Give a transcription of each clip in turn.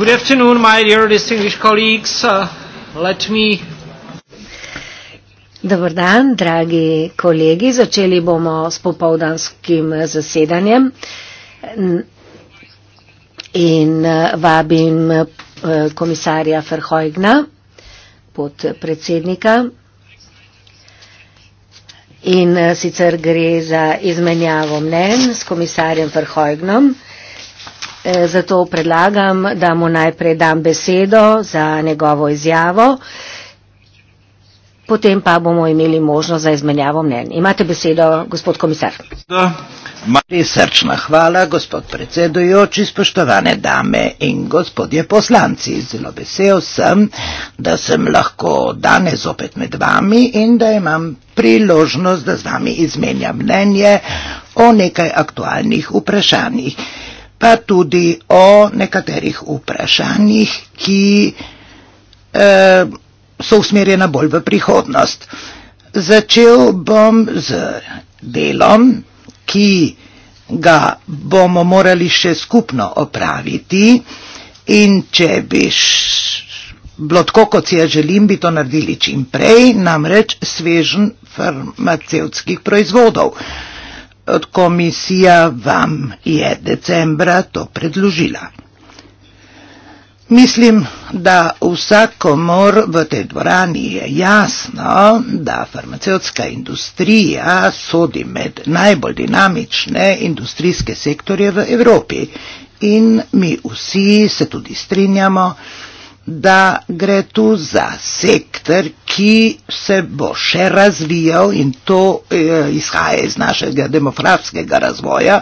Good afternoon, my dear distinguished colleagues. Uh, let me. Dobar dan, dragi kolegi. Začeli bomo s popovdanskim zasedanjem in uh, vabim uh, komisarja Ferhojgna, podpredsednika. In uh, sicer gre za izmenjavo mnen s komisarjem Ferhojgnom. Eh, zato predlagam, da mu najprej dam besedo za njegovo izjavo, potem pa bomo imeli možnost za izmenjavo mnen. Imate besedo, gospod komisar. Mali srčna hvala, gospod predsedujoči, spoštovane dame in gospodje poslanci. Zelo vesel sem, da sem lahko danes opet med vami in da imam priložnost, da z vami izmenjam mnenje o nekaj aktualnih vprašanjih pa tudi o nekaterih vprašanjih, ki eh, so usmerjena bolj v prihodnost. Začel bom z delom, ki ga bomo morali še skupno opraviti in če bi bilo tako, kot si ja želim, bi to naredili čim prej, namreč svežen farmacevskih proizvodov. Eh, komisija vam je decembra to predložila. Mislim, da vsakomor v tej dvorani je jasno, da farmacevtska industrija sodi med najbolj dinamične industrijske sektorje v Evropi in mi vsi se tudi strinjamo, da gre tu za sektor, ki se bo še razvijal in to eh, izhaja iz našega demografskega razvoja,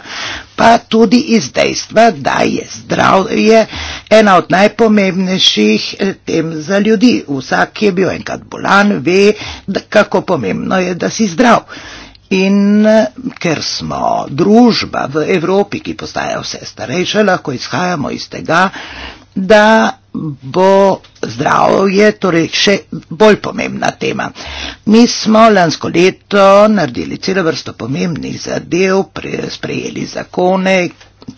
pa tudi iz dejstva, da je zdravje ena od najpomembnejših eh, tem za ljudi. Vsak, ki je bil enkrat bolan, ve, da, kako pomembno je, da si zdrav. In eh, ker smo družba v Evropi, ki postaja vse starejša, lahko izhajamo iz tega, da bo zdravje torej še bolj pomembna tema. Mi smo lansko leto naredili celo vrsto pomembnih zadev, sprejeli zakone,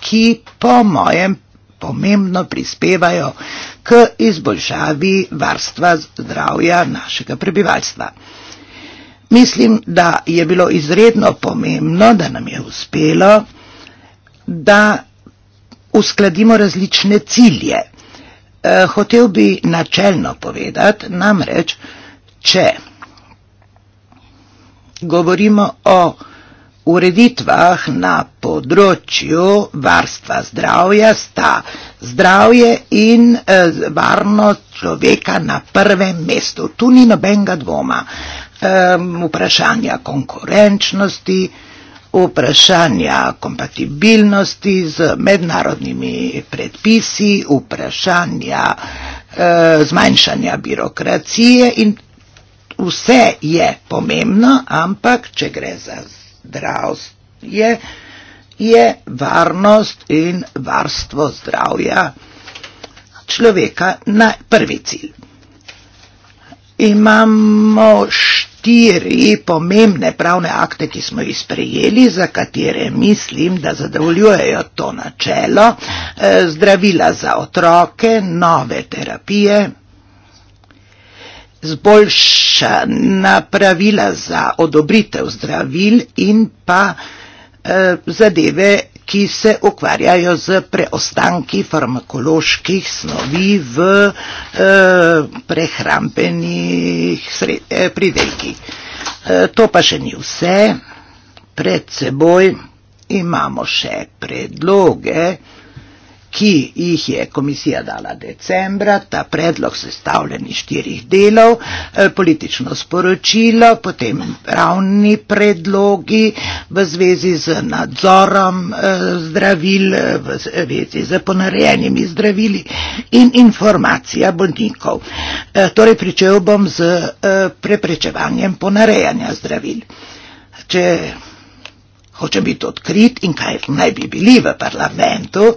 ki po mojem pomembno prispevajo k izboljšavi varstva zdravja našega prebivalstva. Mislim, da je bilo izredno pomembno, da nam je uspelo, da uskladimo različne cilje. Eh, hotel bi načelno povedati, namreč, če govorimo o ureditvah na področju varstva zdravja, sta zdravje in eh, varnost človeka na prvem mestu. Tu ni nobenega dvoma. Eh, vprašanja konkurenčnosti, eh, vprašanja kompatibilnosti z mednarodnimi predpisi, vprašanja e, zmanjšanja birokracije in vse je pomembno, ampak če gre za zdravstvo, je varnost in varstvo zdravja človeka na prvi cilj. Imamo štiri pomembne pravne akte, ki smo jih sprejeli, za katere mislim, da zadovoljujejo to načelo. E, zdravila za otroke, nove terapije, zboljšana pravila za odobritev zdravil in pa e, zadeve ki se ukvarjajo z preostanki farmakoloških snovi v e, prehrambenih sred, e, eh, pridelkih. E, to pa še ni vse. Pred seboj imamo še predloge ki jih je komisija dala decembra, ta predlog sestavljen iz štirih delov, eh, politično sporočilo, potem pravni predlogi v zvezi z nadzorom eh, zdravil, eh, v zvezi z ponarejenimi zdravili in informacija bolnikov. Torej pričel bom z preprečevanjem ponarejanja zdravil. Če hočem biti odkrit in kaj naj bi bili v parlamentu,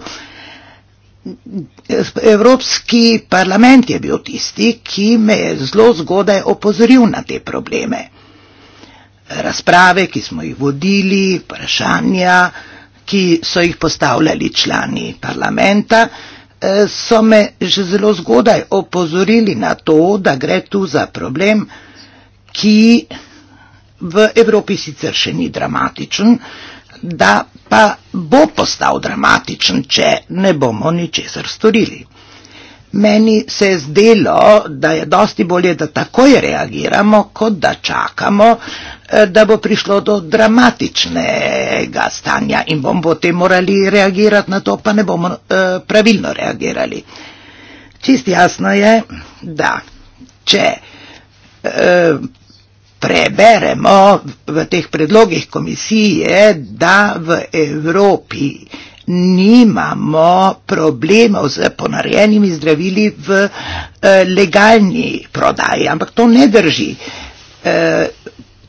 Evropski parlament je bil tisti, ki me je zelo zgodaj opozoril na te probleme. Razprave, ki smo jih vodili, vprašanja, ki so jih postavljali člani parlamenta, eh, so me že zelo zgodaj opozorili na to, da gre tu za problem, ki v Evropi sicer še ni dramatičen, da pa bo postal dramatičen, če ne bomo ničesar storili. Meni se je zdelo, da je dosti bolje, da takoj reagiramo, kot da čakamo, eh, da bo prišlo do dramatičnega stanja in bomo potem morali reagirati na to, pa ne bomo eh, pravilno reagirali. Čist jasno je, da če eh, preberemo v teh predlogih komisije, da v Evropi nimamo problemov z ponarejenimi zdravili v eh, legalni prodaji, ampak to ne drži. Eh,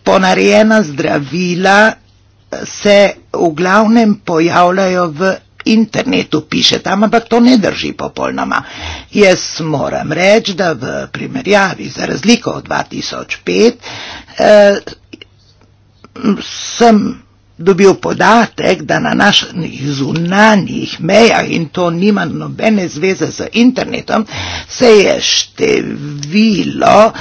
ponarejena zdravila se v glavnem pojavljajo v internetu piše tam, ampak to ne drži popolnoma. Jaz moram reči, da v primerjavi za razliko od 2005 eh, sem dobil podatek, da na naših zunanjih mejah in to nima nobene zveze z internetom, se je število eh,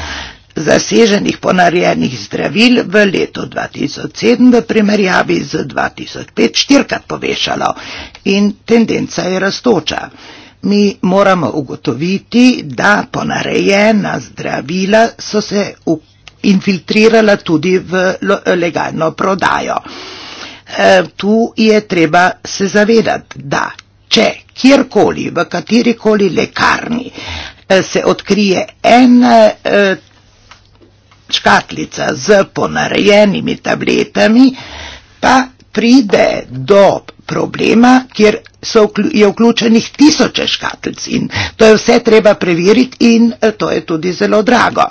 zaseženih ponarjenih zdravil v letu 2007 v primerjavi z 2005 štirkrat povešalo in tendenca je raztoča. Mi moramo ugotoviti, da ponarejena zdravila so se infiltrirala tudi v legalno prodajo. E, tu je treba se zavedati, da če kjerkoli, v katerikoli lekarni e, se odkrije en e, škatlica z ponarejenimi tabletami, pa pride do problema, kjer so je vključenih tisoče škatlic in to je vse treba preveriti in eh, to je tudi zelo drago.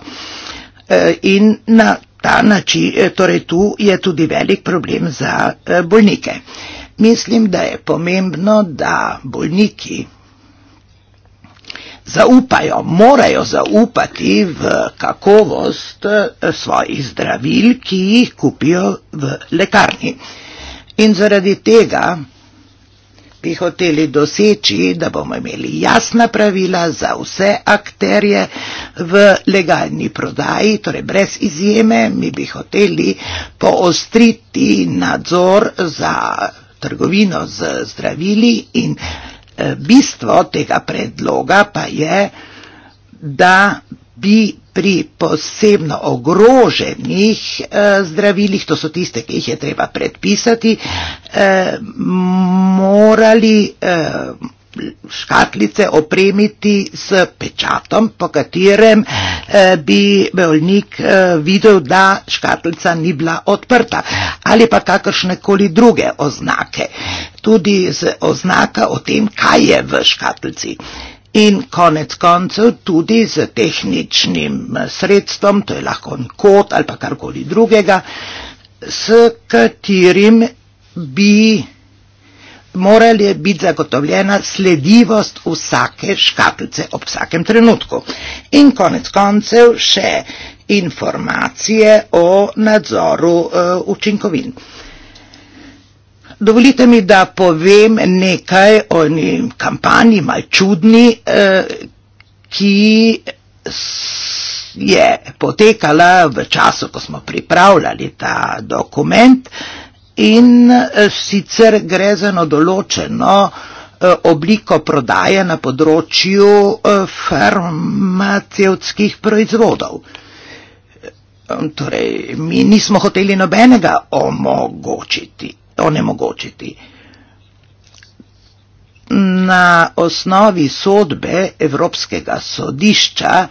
Eh, in na ta način, eh, torej tu je tudi velik problem za bolnike. Mislim, da je pomembno, da bolniki zaupajo, morajo zaupati v kakovost eh, svojih zdravil, ki jih kupijo v lekarni. In zaradi tega bi hoteli doseči, da bomo imeli jasna pravila za vse akterje v legalni prodaji, torej brez izjeme, mi bi hoteli poostriti nadzor za trgovino z zdravili in Eh, bistvo tega predloga pa je, da bi pri posebno ogroženih eh, zdravilih, to so tiste, ki jih je treba predpisati, eh, morali eh, škatlice opremiti s pečatom, po katerem eh, bi bolnik eh, videl, da škatlica ni bila odprta ali pa kakršne koli druge oznake. Tudi z oznaka o tem, kaj je v škatlici. In konec koncev tudi z tehničnim eh, sredstvom, to je lahko kot ali pa karkoli drugega, s katerim bi morali biti zagotovljena sledljivost vsake škatlice ob vsakem trenutku. In konec koncev še informacije o nadzoru uh, učinkovin. Dovolite mi, da povem nekaj o kampanji, mal čudni, eh, ki je potekala v času, ko smo pripravljali ta dokument in eh, sicer gre za eno določeno eh, obliko prodaje na področju eh, farmacevtskih proizvodov. Ehm, torej, mi nismo hoteli nobenega omogočiti, onemogočiti. Na osnovi sodbe Evropskega sodišča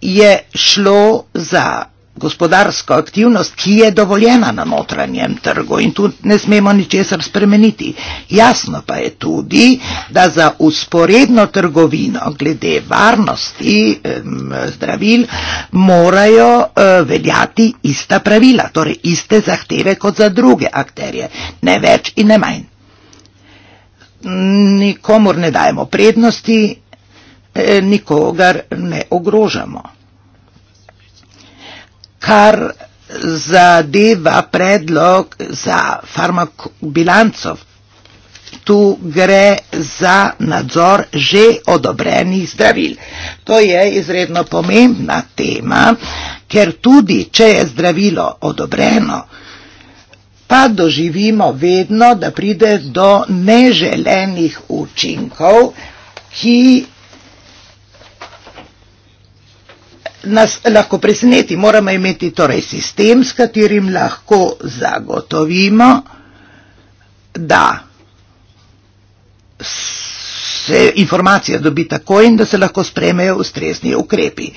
je šlo za gospodarska aktivnost, ki je dovoljena na notranjem trgu in tu ne smemo ničesar spremeniti. Jasno pa je tudi, da za usporedno trgovino glede varnosti zdravil morajo eh, veljati ista pravila, torej iste zahteve kot za druge akterje, ne več in ne manj. Nikomor ne dajemo prednosti, eh, nikogar ne ogrožamo kar zadeva predlog za farmakobilanco. Tu gre za nadzor že odobrenih zdravil. To je izredno pomembna tema, ker tudi, če je zdravilo odobreno, pa doživimo vedno, da pride do neželenih učinkov, ki nas lahko preseneti, moramo imeti torej sistem, s katerim lahko zagotovimo, da se informacija dobi takoj in da se lahko spremejo ustrezni ukrepi.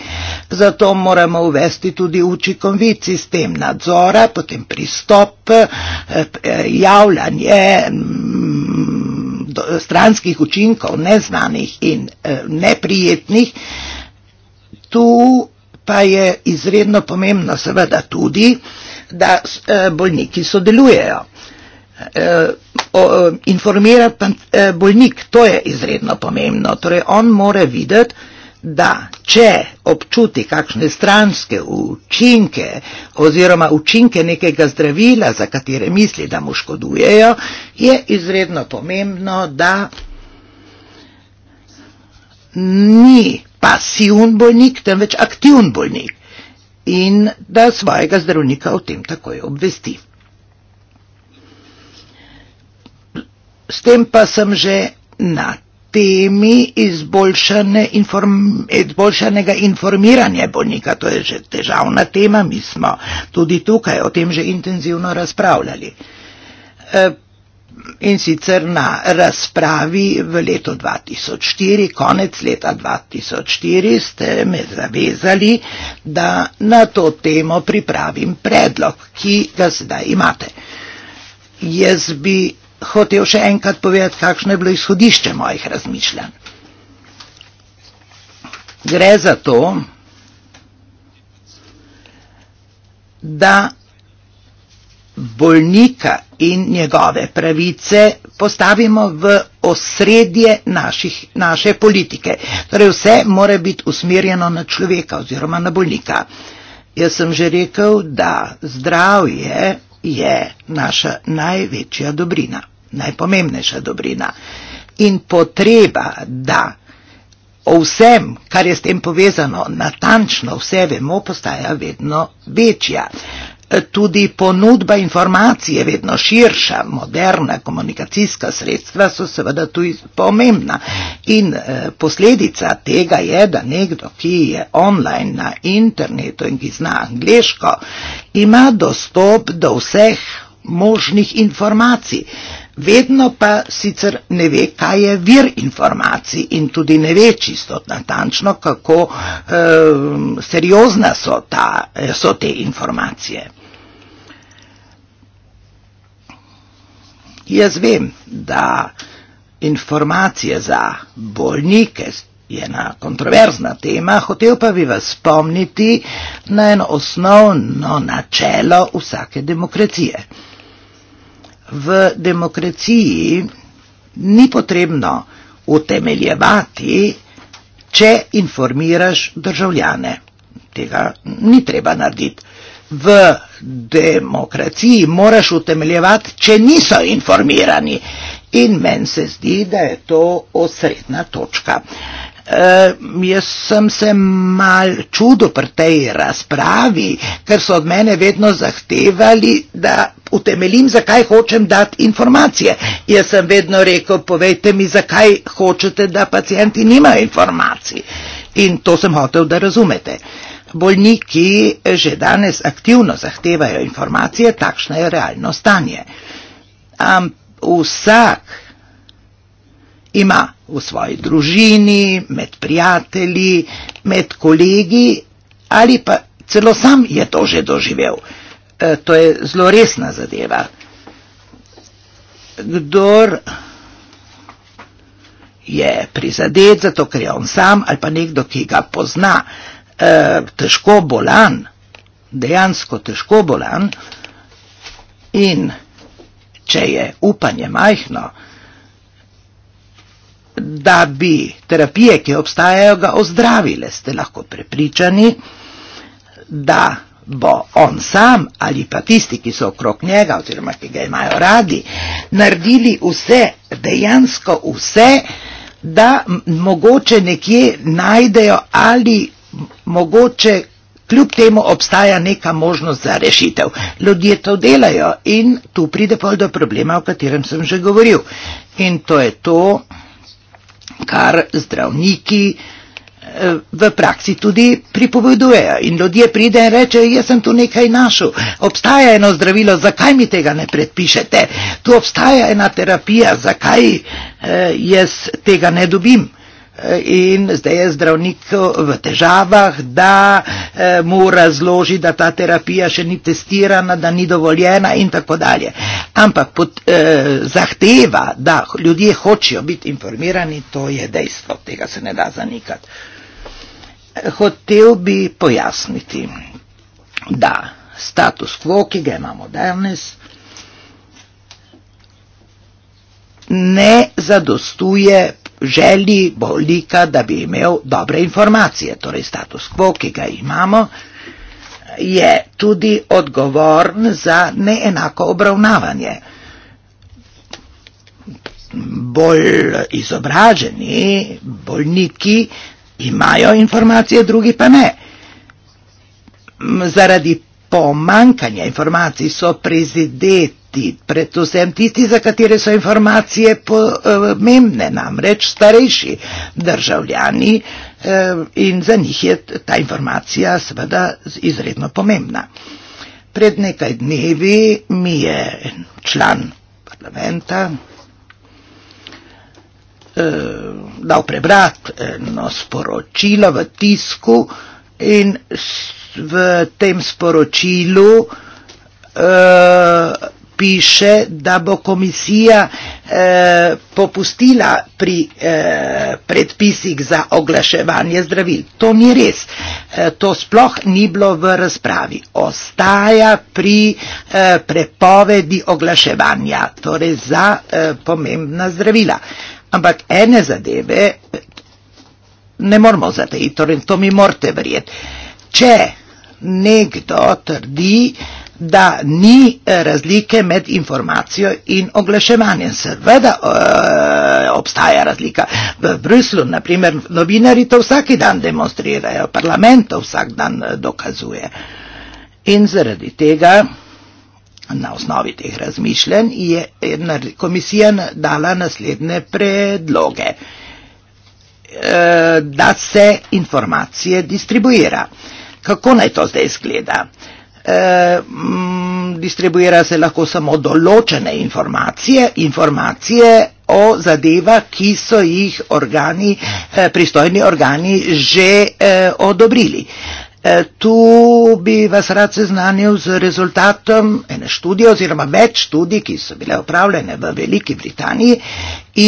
Zato moramo uvesti tudi učinkovit sistem nadzora, potem pristop, eh, javljanje mm, stranskih učinkov, neznanih in eh, neprijetnih. Tu pa je izredno pomembno seveda tudi, da eh, bolniki sodelujejo. Eh, eh, Informira pa bolnik, to je izredno pomembno. Torej, on more videti, da če občuti kakšne stranske učinke oziroma učinke nekega zdravila, za katere misli, da mu škodujejo, je izredno pomembno, da ni pasivni bolnik, temveč aktivni bolnik in da svojega zdravnika o tem takoj obvesti. S tem pa sem že na temi izboljšane inform, izboljšanega informiranja bolnika, to je že težavna tema, mi smo tudi tukaj o tem že intenzivno razpravljali. E, in sicer na razpravi v letu 2004, konec leta 2004 ste me zavezali, da na to temo pripravim predlog, ki ga sedaj imate. Jaz bi hotel še enkrat povedati, kakšno je bilo izhodišče mojih razmišljanj. Gre za to, da bolnika in njegove pravice postavimo v osredje naših, naše politike. Torej vse mora biti usmerjeno na človeka oziroma na bolnika. Jaz sem že rekel, da zdravje je naša največja dobrina, najpomembnejša dobrina. In potreba, da o vsem, kar je s tem povezano, natančno vse vemo, postaja vedno večja. Tudi ponudba informacij je vedno širša, moderna komunikacijska sredstva so seveda tu pomembna. In eh, posledica tega je, da nekdo, ki je online na internetu in ki zna angliško, ima dostop do vseh možnih informacij. Vedno pa sicer ne ve, kaj je vir informacij in tudi ne ve čisto natančno, kako eh, seriozna so, ta, so te informacije. Jaz vem, da informacije za bolnike je ena kontroverzna tema, hotel pa bi vas spomniti na eno osnovno načelo vsake demokracije. V demokraciji ni potrebno utemeljevati, če informiraš državljane. Tega ni treba narediti v demokraciji moraš utemeljevati, če niso informirani. In meni se zdi, da je to osrednja točka. E, jaz sem se mal čudo pri tej razpravi, ker so od mene vedno zahtevali, da utemeljim, zakaj hočem dati informacije. Jaz sem vedno rekel, povejte mi, zakaj hočete, da pacijenti nimajo informacij. In to sem hotel, da razumete. E, bolniki že danes aktivno zahtevajo informacije, takšno je realno stanje. Am vsak ima v svoji družini, med prijatelji, med kolegi ali pa celo sam je to že doživel. E, to je zelo resna zadeva. Kdor je prizadet zato, ker je on sam ali pa nekdo, ki ga pozna, Eh, težko bolan, dejansko težko bolan, in če je upanje majhno, da bi terapije, ki obstajajo, ga ozdravile, ste lahko prepričani, da bo on sam ali pa tisti, ki so okrog njega oziroma ki ga imajo radi, naredili vse, dejansko vse, da mogoče nekje najdejo ali mogoče kljub temu obstaja neka možnost za rešitev. Ljudje to delajo in tu pride pol do problema, o katerem sem že govoril. In to je to, kar zdravniki eh, v praksi tudi pripovedujejo. In ljudje pride in reče, jaz sem tu nekaj našel, obstaja eno zdravilo, zakaj mi tega ne predpišete? Tu obstaja ena terapija, zakaj eh, jaz tega ne dobim? in zdaj je zdravnik v težavah, da eh, mu razloži, da ta terapija še ni testirana, da ni dovoljena in tako dalje. Ampak pod, eh, zahteva, da ljudje hočejo biti informirani, to je dejstvo, tega se ne da zanikati. Eh, Hotev bi pojasniti, da status quo, ki ga imamo danes, ne zadostuje želji, bolnika, da bi imel dobre informacije. Torej, status quo, ki ga imamo, je tudi odgovoren za neenako obravnavanje. Bolj izobraženi bolniki imajo informacije, drugi pa ne. Zaradi pomankanja informacij so prizideti tisti, predvsem tisti, za katere so informacije pomembne, namreč starejši državljani eh, in za njih je ta informacija seveda izredno pomembna. Pred nekaj dnevi mi je član parlamenta eh, dal prebrat eno sporočilo v tisku in v tem sporočilu eh, piše, da bo komisija eh, popustila pri eh, predpisih za oglaševanje zdravil. To ni res. Eh, to sploh ni bilo v razpravi. Ostaja pri eh, prepovedi oglaševanja, torej za eh, pomembna zdravila. Ampak ene zadeve ne moramo zatejiti, torej to mi morate verjeti. Če nekdo trdi, da ni eh, razlike med informacijo in oglaševanjem. Seveda e, obstaja razlika. V Bruslu, naprimer, novinari to vsak dan demonstrirajo, parlament to vsak dan eh, dokazuje. In zaradi tega, na osnovi teh razmišljanj, je ena komisija dala naslednje predloge. E, da se informacije distribuira. Kako naj to zdaj izgleda? Ehm, distribuira se lahko samo določene informacije, informacije o zadevah, ki so jih organi, eh, pristojni organi že eh, odobrili. Eh, tu bi vas rad seznanil z rezultatom ene študije oziroma več študij, ki so bile opravljene v Veliki Britaniji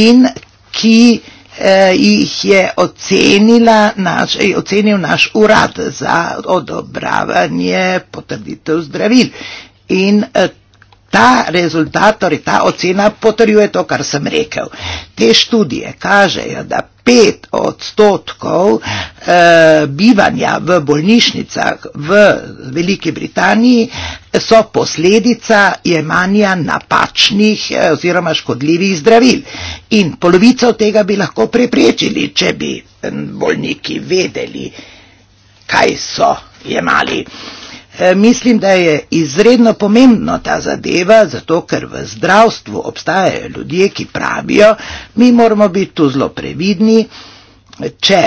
in ki eh, jih je naš, eh, ocenil naš urad za odobravanje potrditev zdravil. In eh, ta rezultat, torej ta ocena potrjuje to, kar sem rekel. Te študije kažejo, da pet odstotkov e, bivanja v bolnišnicah v Veliki Britaniji so posledica jemanja napačnih eh, oziroma škodljivih zdravil. In polovico tega bi lahko preprečili, če bi bolniki vedeli, kaj so jemali. Eh, mislim, da je izredno pomembna ta zadeva, zato ker v zdravstvu obstajajo ljudje, ki pravijo, mi moramo biti tu zelo previdni, če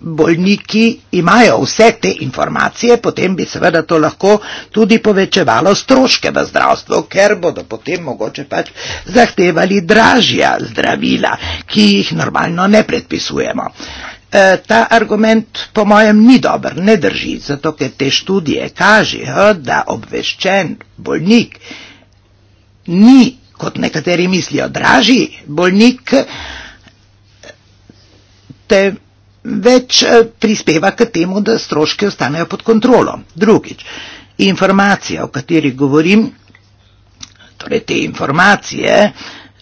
bolniki imajo vse te informacije, potem bi seveda to lahko tudi povečevalo stroške v zdravstvu, ker bodo potem mogoče pač zahtevali dražja zdravila, ki jih normalno ne predpisujemo. Eh, ta argument po mojem ni dober, ne drži, zato ker te študije kažejo, da obveščen bolnik ni, kot nekateri mislijo, dražji bolnik, te več eh, prispeva k temu, da stroške ostanejo pod kontrolo. Drugič, informacija, o kateri govorim, torej te informacije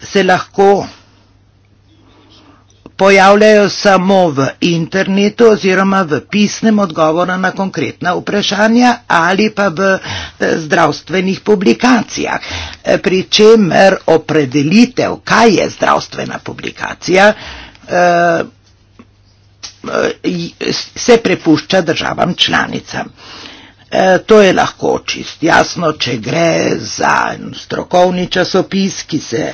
se lahko pojavljajo samo v internetu oziroma v pisnem odgovoru na konkretna vprašanja ali pa v eh, zdravstvenih publikacijah. Eh, Pričemer opredelitev, kaj je zdravstvena publikacija, eh, se prepušča državam članicam. To je lahko čist jasno, če gre za strokovni časopis, ki se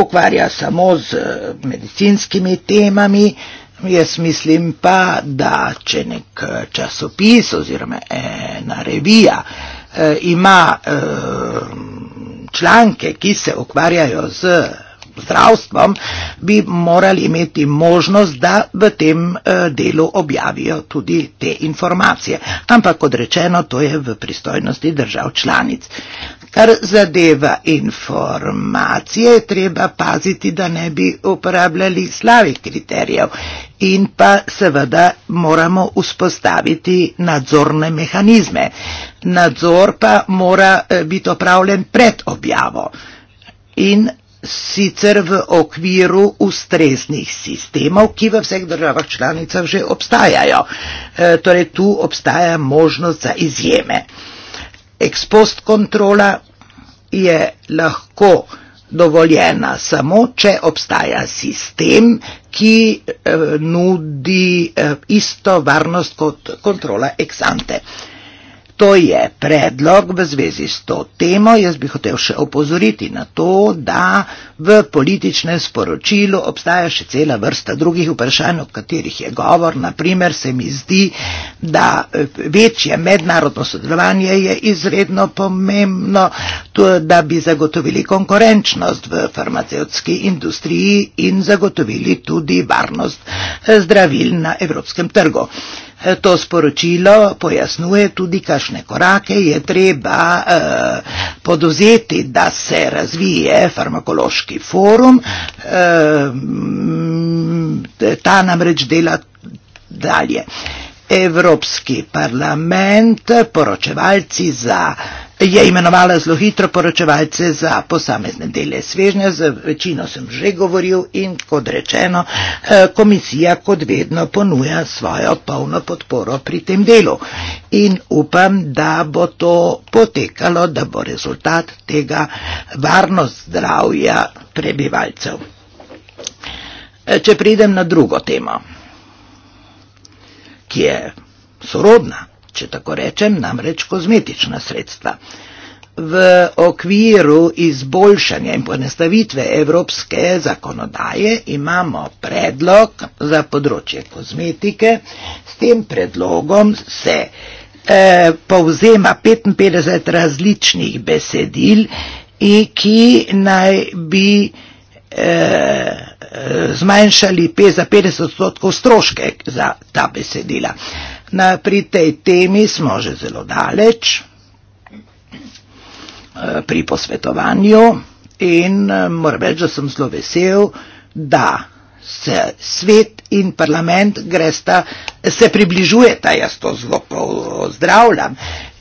ukvarja samo z eh, medicinskimi temami. Jaz mislim pa, da če nek eh, časopis oziroma ena revija eh, ima članke, ki se ukvarjajo z zdravstvom, bi morali imeti možnost, da v tem eh, delu objavijo tudi te informacije. Ampak, kot rečeno, to je v pristojnosti držav članic. Kar zadeva informacije, treba paziti, da ne bi uporabljali slavih kriterijev in pa seveda moramo vzpostaviti nadzorne mehanizme. Nadzor pa mora eh, biti opravljen pred objavo in sicer v okviru ustreznih sistemov, ki v vseh državah članicah že obstajajo. E, torej, tu obstaja možnost za izjeme. Ex post kontrola je lahko dovoljena samo, če obstaja sistem, ki e, nudi e, isto varnost kot kontrola ex ante. E, To je predlog v zvezi s to temo. Jaz bi hotel še opozoriti na to, da v političnem sporočilu obstaja še cela vrsta drugih vprašanj, o katerih je govor. Naprimer se mi zdi, da eh, večje mednarodno sodelovanje je izredno pomembno, to, da bi zagotovili konkurenčnost v farmacevtski industriji in zagotovili tudi varnost eh, zdravil na evropskem trgu. To sporočilo pojasnjuje tudi, kakšne korake je treba eh, podozeti, da se razvije farmakološki forum. Eh, ta namreč dela dalje. Eh, Evropski parlament poročevalci za, je imenovala zelo hitro poročevalce za posamezne dele svežnja, z večino sem že govoril in kot rečeno, eh, komisija kot vedno ponuja svojo polno podporo pri tem delu. In upam, da bo to potekalo, da bo rezultat tega varnost zdravja prebivalcev. Eh, če pridem na drugo temo ki je sorodna, če tako rečem, namreč kozmetična sredstva. V okviru izboljšanja in ponestavitve evropske zakonodaje imamo predlog za področje kozmetike. S tem predlogom se eh, povzema 55 različnih besedil, ki naj bi eh, zmanjšali pet za 50 odstotkov stroške za ta besedila. Na, pri tej temi smo že zelo daleč eh, pri posvetovanju in eh, moram reči, da sem zelo vesel, da se svet in parlament gresta, se približujeta, jaz to zelo pozdravljam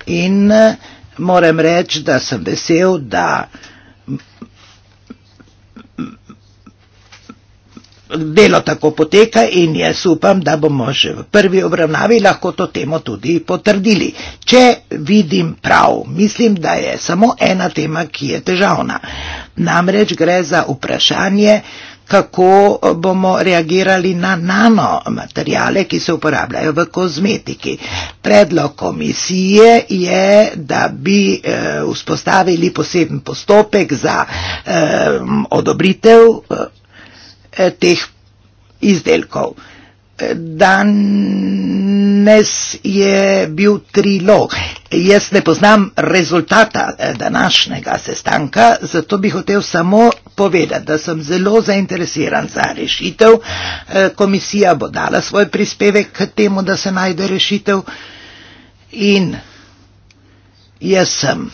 in eh, moram reči, da sem vesel, da delo tako poteka in jaz upam, da bomo že v prvi obravnavi lahko to temo tudi potrdili. Če vidim prav, mislim, da je samo ena tema, ki je težavna. Namreč gre za vprašanje, kako bomo reagirali na nanomaterjale, ki se uporabljajo v kozmetiki. Predlog komisije je, da bi e, vzpostavili poseben postopek za e, odobritev. E, Eh, teh izdelkov. Eh, danes je bil trilog. Jaz ne poznam rezultata eh, današnjega sestanka, zato bi hotel samo povedati, da sem zelo zainteresiran za rešitev. Komisija bo dala svoj prispevek k temu, da se najde rešitev. In jaz sem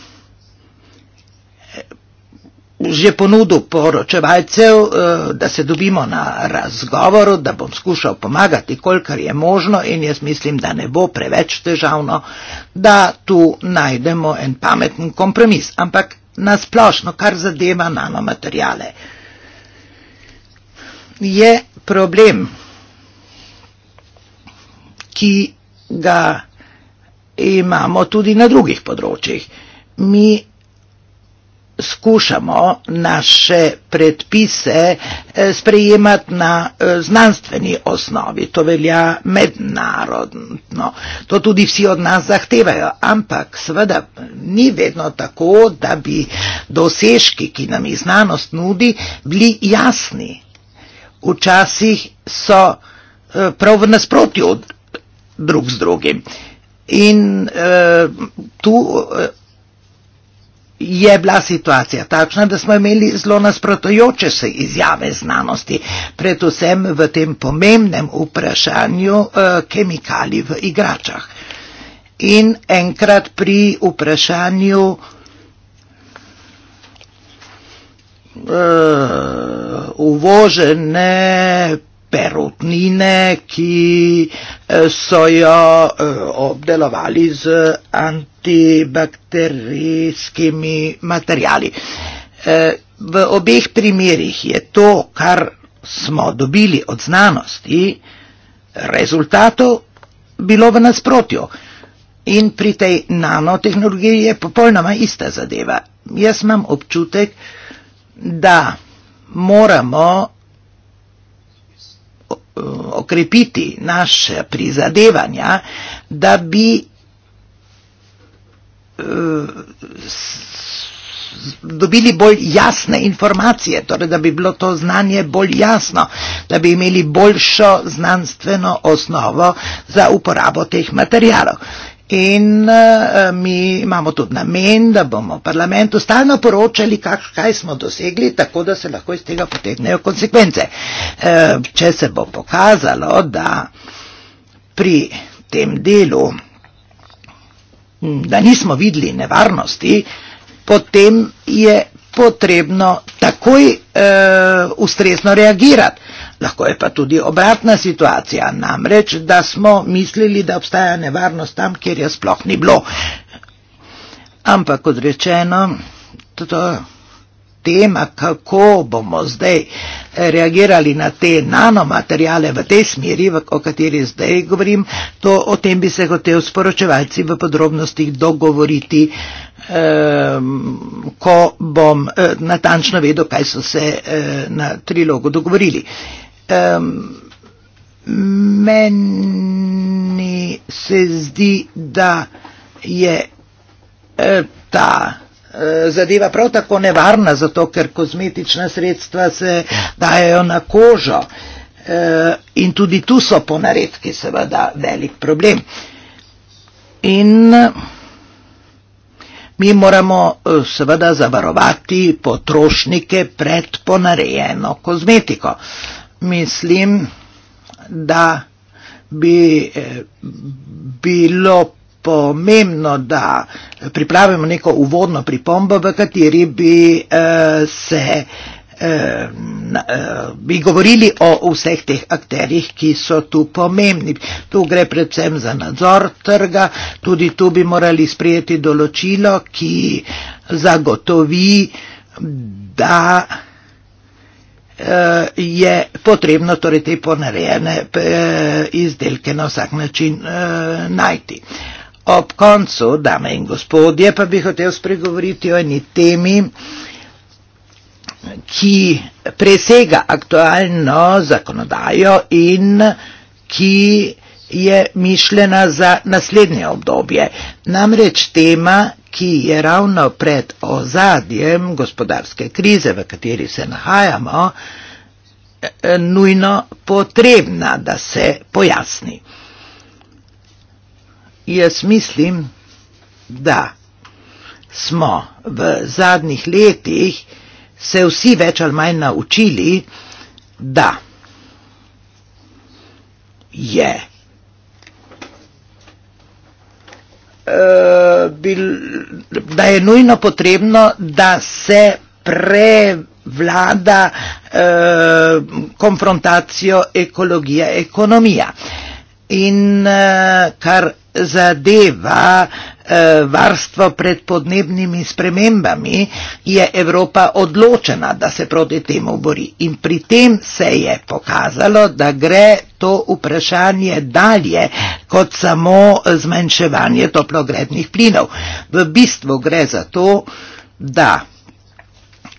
že ponudil poročevalcev, eh, da se dobimo na razgovoru, da bom skušal pomagati, kolikor je možno in jaz mislim, da ne bo preveč težavno, da tu najdemo en pameten kompromis. Ampak nasplošno, kar zadeva nanomaterjale, je problem, ki ga imamo tudi na drugih področjih. Mi skušamo naše predpise eh, sprejemati na eh, znanstveni osnovi. To velja mednarodno. To tudi vsi od nas zahtevajo. Ampak seveda ni vedno tako, da bi dosežki, ki nam jih znanost nudi, bili jasni. Včasih so eh, prav v nasprotju drug z drugim. In e, tu je bila situacija takšna, da smo imeli zelo nasprotujoče se izjave znanosti, predvsem v tem pomembnem vprašanju eh, kemikali v igračah. In enkrat pri vprašanju eh, uvožene perutnine, ki eh, so jo eh, obdelovali z antibakterijskimi materijali. Eh, v obeh primerjih je to, kar smo dobili od znanosti, rezultatov bilo v nasprotju. In pri tej nanotehnologiji je popolnoma ista zadeva. Jaz imam občutek, da moramo Eh, okrepiti naše prizadevanja, da bi eh, dobili bolj jasne informacije, torej da bi bilo to znanje bolj jasno, da bi imeli boljšo znanstveno osnovo za uporabo teh materijalov. In uh, mi imamo tudi namen, da bomo parlamentu stalno poročali, kak, kaj smo dosegli, tako da se lahko iz tega potegnejo konsekvence. Uh, če se bo pokazalo, da pri tem delu, hm, da nismo videli nevarnosti, potem je potrebno takoj e, ustrezno reagirati. Lahko je pa tudi obratna situacija, namreč, da smo mislili, da obstaja nevarnost tam, kjer je sploh ni bilo. Ampak, kot rečeno, to je tema, kako bomo zdaj eh, reagirali na te nanomaterijale v tej smeri, o kateri zdaj govorim, to o tem bi se hotel sporočevalci v podrobnostih dogovoriti, eh, ko bom eh, natančno vedel, kaj so se eh, na trilogu dogovorili. Eh, meni se zdi, da je eh, ta zadeva prav tako nevarna, zato ker kozmetična sredstva se dajo na kožo e, in tudi tu so po naredki seveda velik problem. In mi moramo e, seveda zavarovati potrošnike pred ponarejeno kozmetiko. Mislim, da bi e, bilo pomembno, da pripravimo neko uvodno pripombo, v kateri bi eh, se eh, eh, bi govorili o vseh teh akterjih, ki so tu pomembni. Tu gre predvsem za nadzor trga, tudi tu bi morali sprejeti določilo, ki zagotovi, da eh, je potrebno torej te ponarejene izdelke na vsak način najti. Ob koncu, dame in gospodje, pa bi hotel spregovoriti o eni temi, ki presega aktualno zakonodajo in ki je mišljena za naslednje obdobje. Namreč tema, ki je ravno pred ozadjem gospodarske krize, v kateri se nahajamo, nujno potrebna, da se pojasni jaz mislim, da smo v zadnjih letih se vsi več ali manj naučili, da je eh, da je nujno potrebno, da se prevlada eh, konfrontacijo ekologija-ekonomija. In eh, kar zadeva eh, varstvo pred podnebnimi spremembami, je Evropa odločena, da se proti temu bori. In pri tem se je pokazalo, da gre to vprašanje dalje kot samo zmanjševanje toplogrednih plinov. V bistvu gre za to, da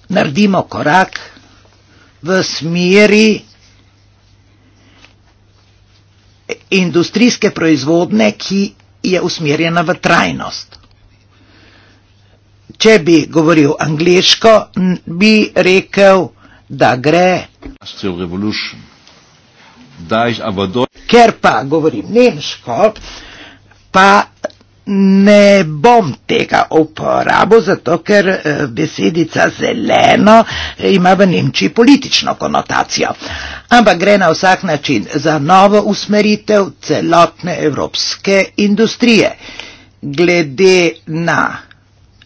naredimo korak v smeri industrijske proizvodne, ki je usmerjena v trajnost. Če bi govoril angliško, bi rekel, da gre. Ker pa govorim nemško, pa Ne bom tega uporabil, zato ker eh, besedica zeleno eh, ima v Nemčiji politično konotacijo. Ampak gre na vsak način za novo usmeritev celotne evropske industrije. Glede na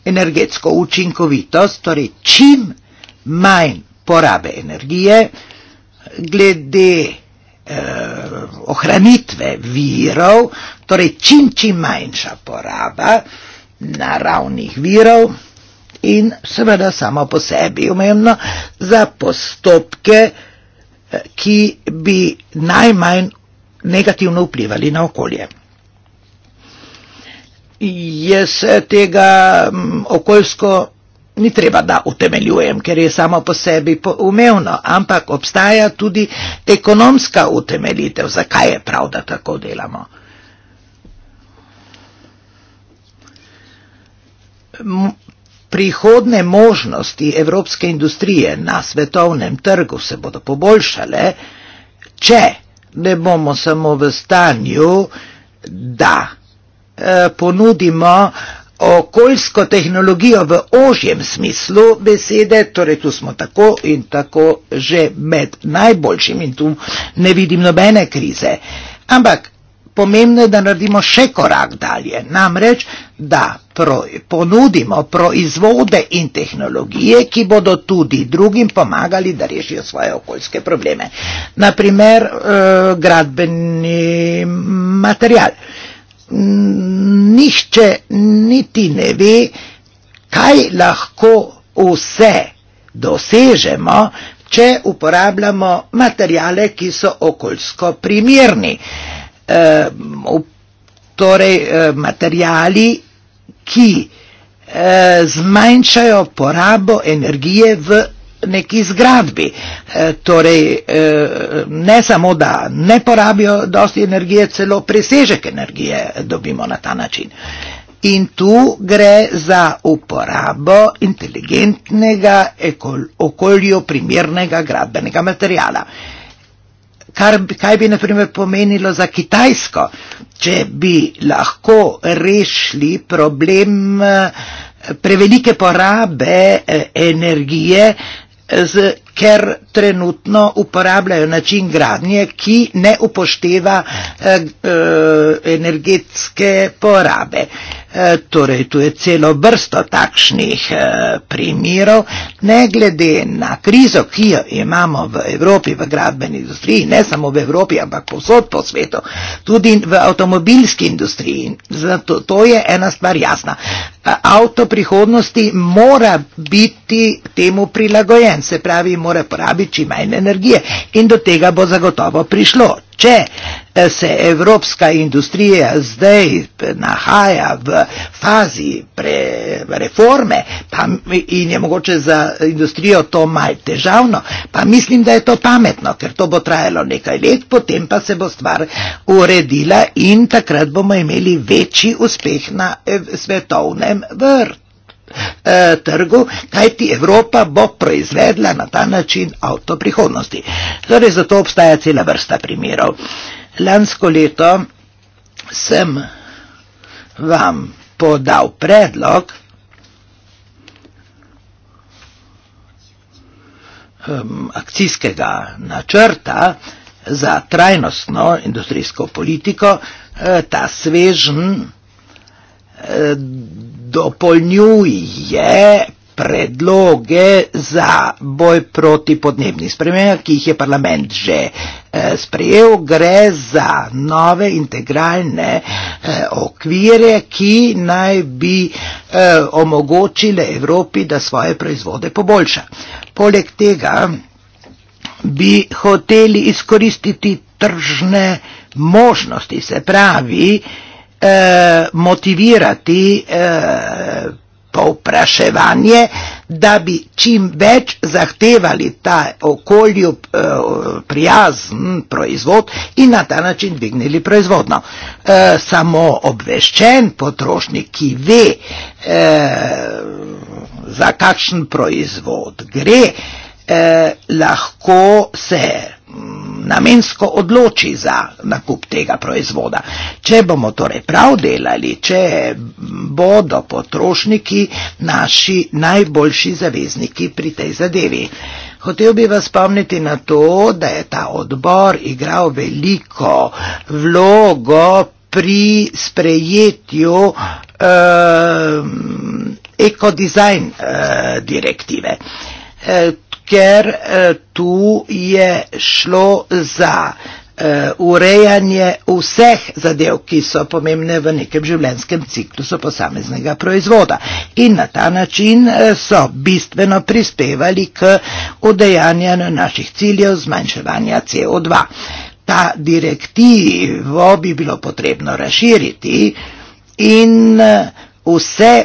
energetsko učinkovitost, torej čim manj porabe energije, glede eh, ohranitve virov, torej čim, čim manjša poraba naravnih virov in seveda samo po sebi umemno za postopke, eh, ki bi najmanj negativno vplivali na okolje. Jaz eh, tega mm, okoljsko ni treba, da utemeljujem, ker je samo po sebi umevno, ampak obstaja tudi ekonomska utemeljitev, zakaj je prav, da tako delamo. Prihodne možnosti evropske industrije na svetovnem trgu se bodo poboljšale, če ne bomo samo v stanju, da eh, ponudimo eh, okoljsko tehnologijo v ožjem smislu besede, torej tu smo tako in tako že med najboljšim in tu ne vidim nobene krize. Ampak pomembno je, da naredimo še korak dalje, namreč, da pro, ponudimo proizvode in tehnologije, ki bodo tudi drugim pomagali, da rešijo svoje okoljske probleme. Naprimer, eh, gradbeni material. Mm, nihče niti ne ve, kaj lahko vse dosežemo, če uporabljamo materijale, ki so okoljsko primirni. E, ehm, torej, ehm, materijali, ki e, zmanjšajo porabo energije v neki zgradbi. E, torej, e, ne samo, da ne porabijo dosti energije, celo presežek energije dobimo na ta način. In tu gre za uporabo inteligentnega, okolju primernega gradbenega materijala. Kar, kaj bi naprimer pomenilo za Kitajsko, če bi lahko rešili problem e, prevelike porabe energije as a ker trenutno uporabljajo način gradnje, ki ne upošteva eh, eh, energetske porabe. Eh, torej, tu je celo vrsto takšnih e, primerov, ne glede na krizo, ki jo imamo v Evropi, v gradbeni industriji, ne samo v Evropi, ampak povsod po svetu, tudi v avtomobilski industriji. Zato to je ena stvar jasna. Eh, avto prihodnosti mora biti temu prilagojen, se pravi, more porabiti čim manj energije in do tega bo zagotovo prišlo. Če eh, se evropska industrija zdaj nahaja v fazi pre, reforme pa, in je mogoče za industrijo to maj težavno, pa mislim, da je to pametno, ker to bo trajalo nekaj let, potem pa se bo stvar uredila in takrat bomo imeli večji uspeh na eh, svetovnem vrtu eh, trgu, kajti Evropa bo proizvedla na ta način avto prihodnosti. Torej, zato obstaja cela vrsta primerov. Lansko leto sem vam podal predlog, akcijskega načrta za trajnostno industrijsko politiko, eh, ta svežen dopolnjuje predloge za boj proti podnebnim spremembam, ki jih je parlament že eh, sprejel. Gre za nove integralne eh, okvire, ki naj bi eh, omogočile Evropi, da svoje proizvode poboljša. Poleg tega bi hoteli izkoristiti tržne možnosti, se pravi, Eh, motivirati eh, povpraševanje, da bi čim več zahtevali ta okolju eh, prijazen proizvod in na ta način dvignili proizvodno. Samo obveščen potrošnik, ki ve, za kakšen proizvod gre, lahko se namensko odloči za nakup tega proizvoda. Če bomo torej prav delali, če bodo potrošniki naši najboljši zavezniki pri tej zadevi. Hotev bi vas spomniti na to, da je ta odbor igral veliko vlogo pri sprejetju eh, ekodizajn eh, direktive. Eh, ker eh, tu je šlo za eh, urejanje vseh zadev, ki so pomembne v nekem življenskem ciklusu posameznega proizvoda. In na ta način eh, so bistveno prispevali k udejanjanju naših ciljev zmanjševanja CO2. Ta direktivo bi bilo potrebno razširiti in vse,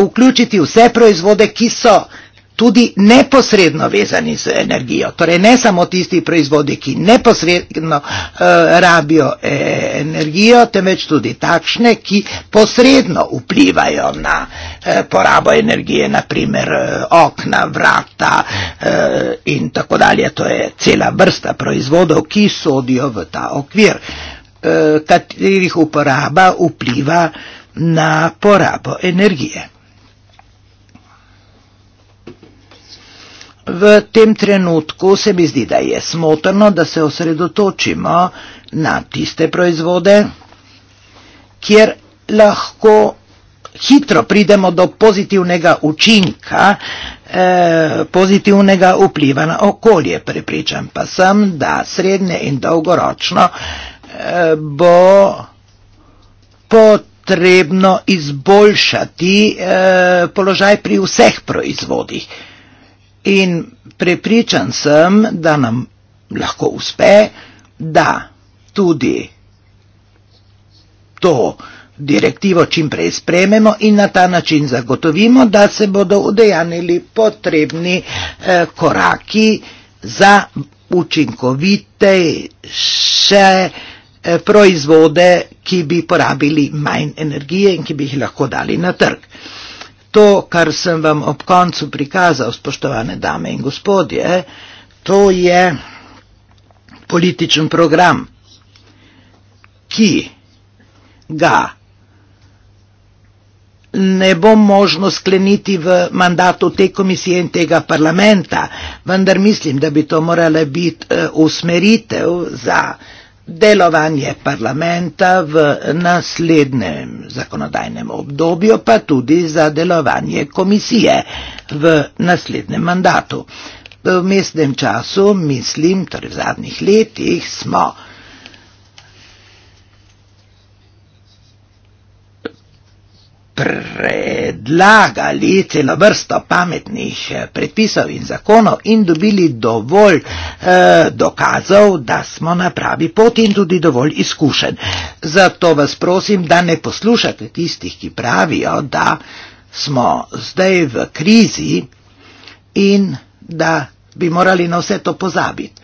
vključiti vse proizvode, ki so tudi neposredno vezani z energijo. Torej ne samo tisti proizvodi, ki neposredno uh, rabijo eh, energijo, temveč tudi takšne, ki posredno vplivajo na eh, porabo energije, naprimer eh, okna, vrata eh, in tako dalje. To je cela vrsta proizvodov, ki sodijo v ta okvir, eh, katerih uporaba vpliva na porabo energije. V tem trenutku se mi zdi, da je smotrno, da se osredotočimo na tiste proizvode, kjer lahko hitro pridemo do pozitivnega učinka, eh, pozitivnega vpliva na okolje. Prepričan pa sem, da srednje in dolgoročno eh, bo potrebno izboljšati eh, položaj pri vseh proizvodih in prepričan sem, da nam lahko uspe, da tudi to direktivo čim prej sprememo in na ta način zagotovimo, da se bodo udejanili potrebni eh, koraki za učinkovitejše eh, proizvode, ki bi porabili manj energije in ki bi jih lahko dali na trg to, kar sem vam ob koncu prikazal, spoštovane dame in gospodje, to je političen program, ki ga ne bo možno skleniti v mandatu te komisije in tega parlamenta, vendar mislim, da bi to morala biti eh, usmeritev za delovanje parlamenta v naslednjem zakonodajnem obdobju, pa tudi za delovanje komisije v naslednjem mandatu. V mestnem času, mislim, torej v zadnjih letih, smo predlagali celo vrsto pametnih eh, predpisov in zakonov in dobili dovolj eh, dokazov, da smo na pravi poti in tudi dovolj izkušen. Zato vas prosim, da ne poslušate tistih, ki pravijo, da smo zdaj v krizi in da bi morali na vse to pozabiti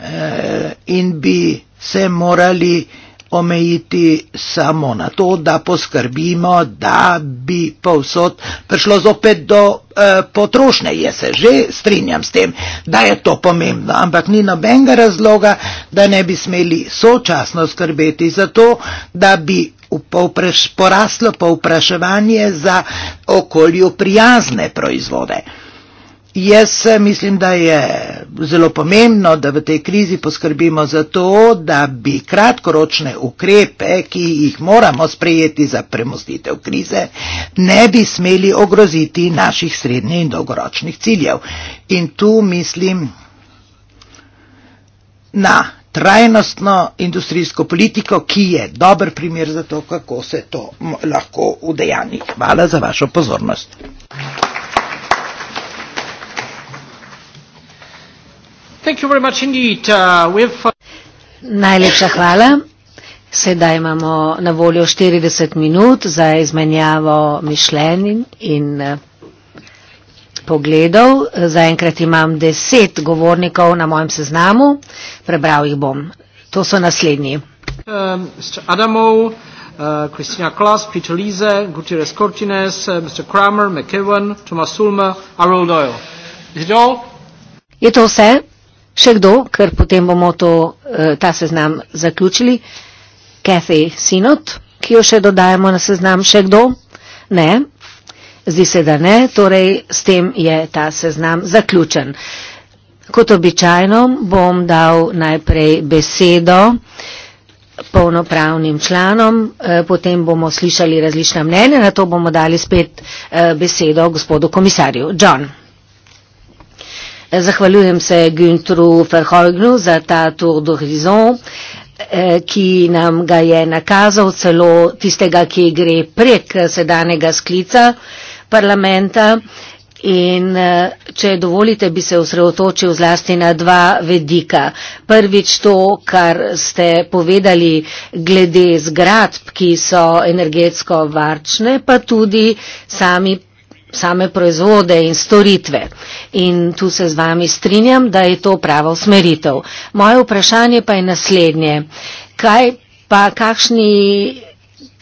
eh, in bi se morali eh, omejiti samo na to, da poskrbimo, da bi povsod prišlo zopet do eh, potrošnje. Jaz se že strinjam s tem, da je to pomembno, ampak ni nobenega razloga, da ne bi smeli sočasno skrbeti za to, da bi povpreš, poraslo povpraševanje za okolju prijazne proizvode. Jaz mislim, da je zelo pomembno, da v tej krizi poskrbimo za to, da bi kratkoročne ukrepe, ki jih moramo sprejeti za premostitev krize, ne bi smeli ogroziti naših srednjih in dolgoročnih ciljev. In tu mislim na trajnostno industrijsko politiko, ki je dober primer za to, kako se to lahko udejani. Hvala za vašo pozornost. Uh, uh, Najlepša hvala. Sedaj imamo na voljo 40 minut za izmenjavo mišljenj in uh, pogledov. Zaenkrat imam 10 govornikov na mojem seznamu, prebral jih bom. To so naslednji. Um, Adamov, Kristina uh, Klaas, Peter Lise, Gutierrez Cortines, uh, Mr. Kramer, McEwen, Thomas Sulmer, Harold Doyle. Je to vse? Še kdo, ker potem bomo to, eh, ta seznam zaključili? Kathy Sinot, ki jo še dodajemo na seznam. Še kdo? Ne. Zdi se, da ne. Torej, s tem je ta seznam zaključen. Kot običajno bom dal najprej besedo polnopravnim članom, eh, potem bomo slišali različna mnenja, na to bomo dali spet eh, besedo gospodu komisarju. John. Zahvaljujem se Günteru Ferhojgnu za ta tour do horizon, eh, ki nam ga je nakazal celo tistega, ki gre prek sedanega sklica parlamenta. In eh, če dovolite, bi se osredotočil zlasti na dva vedika. Prvič to, kar ste povedali glede zgradb, ki so energetsko varčne, pa tudi sami same proizvode in storitve. In tu se z vami strinjam, da je to prava usmeritev. Moje vprašanje pa je naslednje. Kaj pa kakšni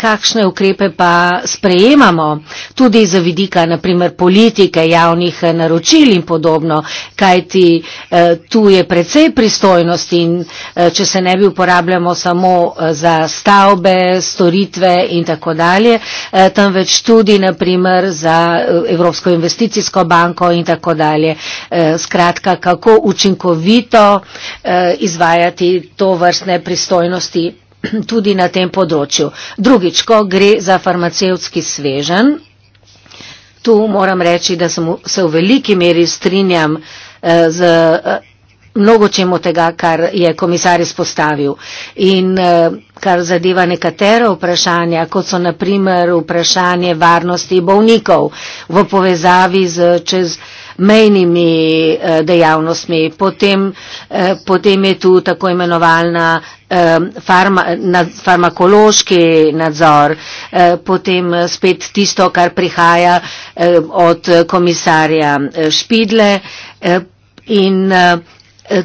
kakšne ukrepe pa sprejemamo, tudi za vidika naprimer politike, javnih eh, naročil in podobno, kajti eh, tu je precej pristojnosti in eh, če se ne bi uporabljamo samo za stavbe, storitve in tako dalje, temveč tudi naprimer za Evropsko investicijsko banko in tako dalje. Skratka, kako učinkovito izvajati to vrstne pristojnosti. tudi na tem področju. Drugič, ko gre za farmacevtski svežen, tu moram reči, da sem se v veliki meri strinjam eh, z eh, mnogo čemu tega, kar je komisar izpostavil. In eh, kar zadeva nekatero vprašanja, kot so naprimer vprašanje varnosti bovnikov v povezavi z čez mejnimi eh, dejavnostmi. Potem, eh, potem je tu tako imenovalna eh, farma, nad, farmakološki nadzor, potem spet tisto, kar prihaja od komisarja Špidle in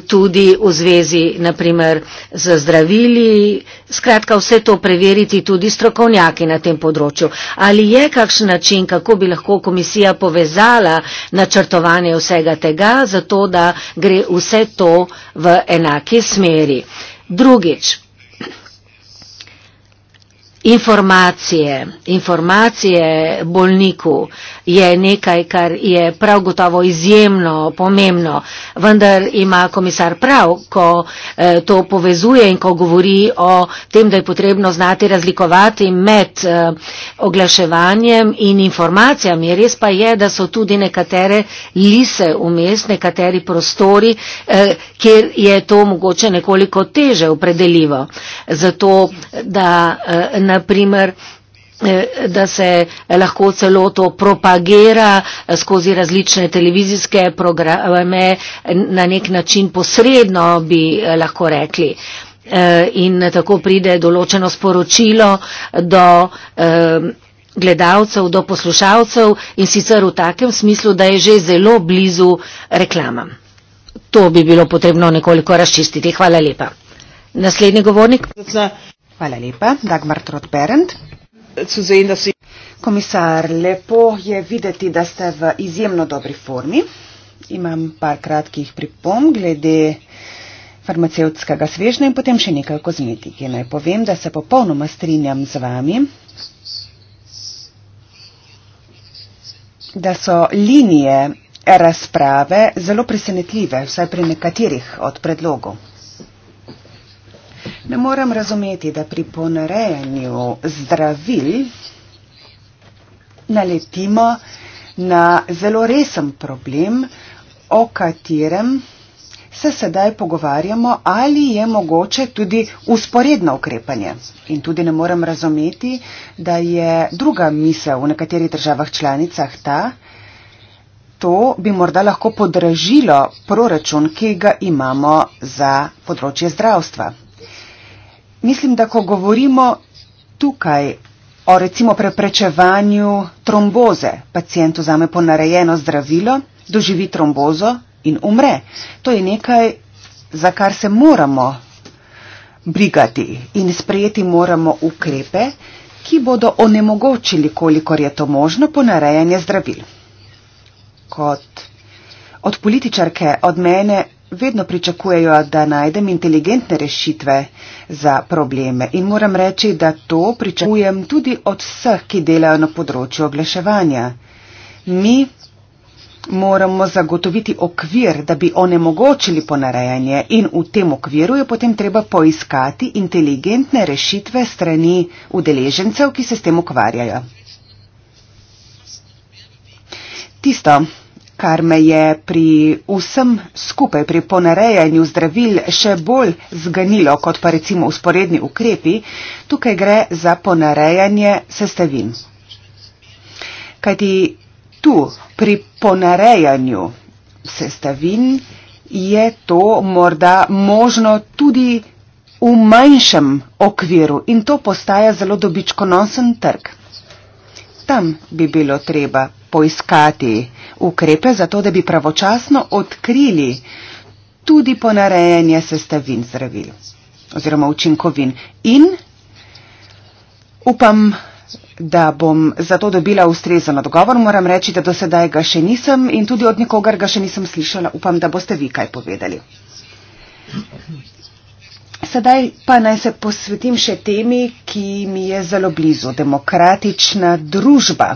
tudi v zvezi, naprimer, z zdravili. Skratka, vse to preveriti tudi strokovnjaki na tem področju. Ali je kakšen način, kako bi lahko komisija povezala načrtovanje vsega tega, zato da gre vse to v enaki smeri? Drugič. Informacije, informacije bolniku je nekaj, kar je prav gotovo izjemno pomembno, vendar ima komisar prav, ko eh, to povezuje in ko govori o tem, da je potrebno znati razlikovati med eh, oglaševanjem in informacijami. Res pa je, da so tudi nekatere lise vmes, nekateri prostori, eh, kjer je to mogoče nekoliko teže opredeljivo. Zato, da naprimer, eh, da se eh, lahko celo to propagira eh, skozi različne televizijske programe, na nek način posredno bi lahko rekli. In tako pride določeno sporočilo do gledalcev, do poslušalcev in sicer v takem smislu, da je že zelo blizu reklama. To bi bilo potrebno nekoliko razčistiti. Hvala lepa. Naslednji govornik. Hvala lepa, Dagmar Trotberend. Komisar, lepo je videti, da ste v izjemno dobri formi. Imam par kratkih pripomb glede farmacevtskega svežnja in potem še nekaj kozmetike. Naj povem, da se popolnoma strinjam z vami, da so linije razprave zelo presenetljive, vsaj pri nekaterih od predlogov. Ne morem razumeti, da pri ponarejanju zdravil naletimo na zelo resen problem, o katerem se sedaj pogovarjamo, ali je mogoče tudi usporedno ukrepanje. In tudi ne morem razumeti, da je druga misel v nekaterih državah članicah ta, to bi morda lahko podražilo proračun, ki ga imamo za področje zdravstva. Mislim, da ko govorimo tukaj o recimo preprečevanju tromboze, pacijent vzame ponarejeno zdravilo, doživi trombozo in umre. To je nekaj, za kar se moramo brigati in sprejeti moramo ukrepe, ki bodo onemogočili, kolikor je to možno, ponarejanje zdravil. Kot od političarke, od mene vedno pričakujejo, da najdem inteligentne rešitve za probleme. In moram reči, da to pričakujem tudi od vseh, ki delajo na področju oglaševanja. Mi moramo zagotoviti okvir, da bi onemogočili ponarejanje in v tem okviru je potem treba poiskati inteligentne rešitve strani udeležencev, ki se s tem ukvarjajo. Tisto, kar me je pri vsem skupaj, pri ponarejanju zdravil še bolj zganilo, kot pa recimo usporedni ukrepi, tukaj gre za ponarejanje sestavin. Kajti tu, pri ponarejanju sestavin, je to morda možno tudi v manjšem okviru in to postaja zelo dobičkonosen trg tam bi bilo treba poiskati ukrepe za to, da bi pravočasno odkrili tudi ponarejanje sestavin zdravil oziroma učinkovin. In upam, da bom za to dobila ustrezen odgovor. Moram reči, da do sedaj ga še nisem in tudi od nikogar ga še nisem slišala. Upam, da boste vi kaj povedali. Sedaj pa naj se posvetim še temi, ki mi je zelo blizu. Demokratična družba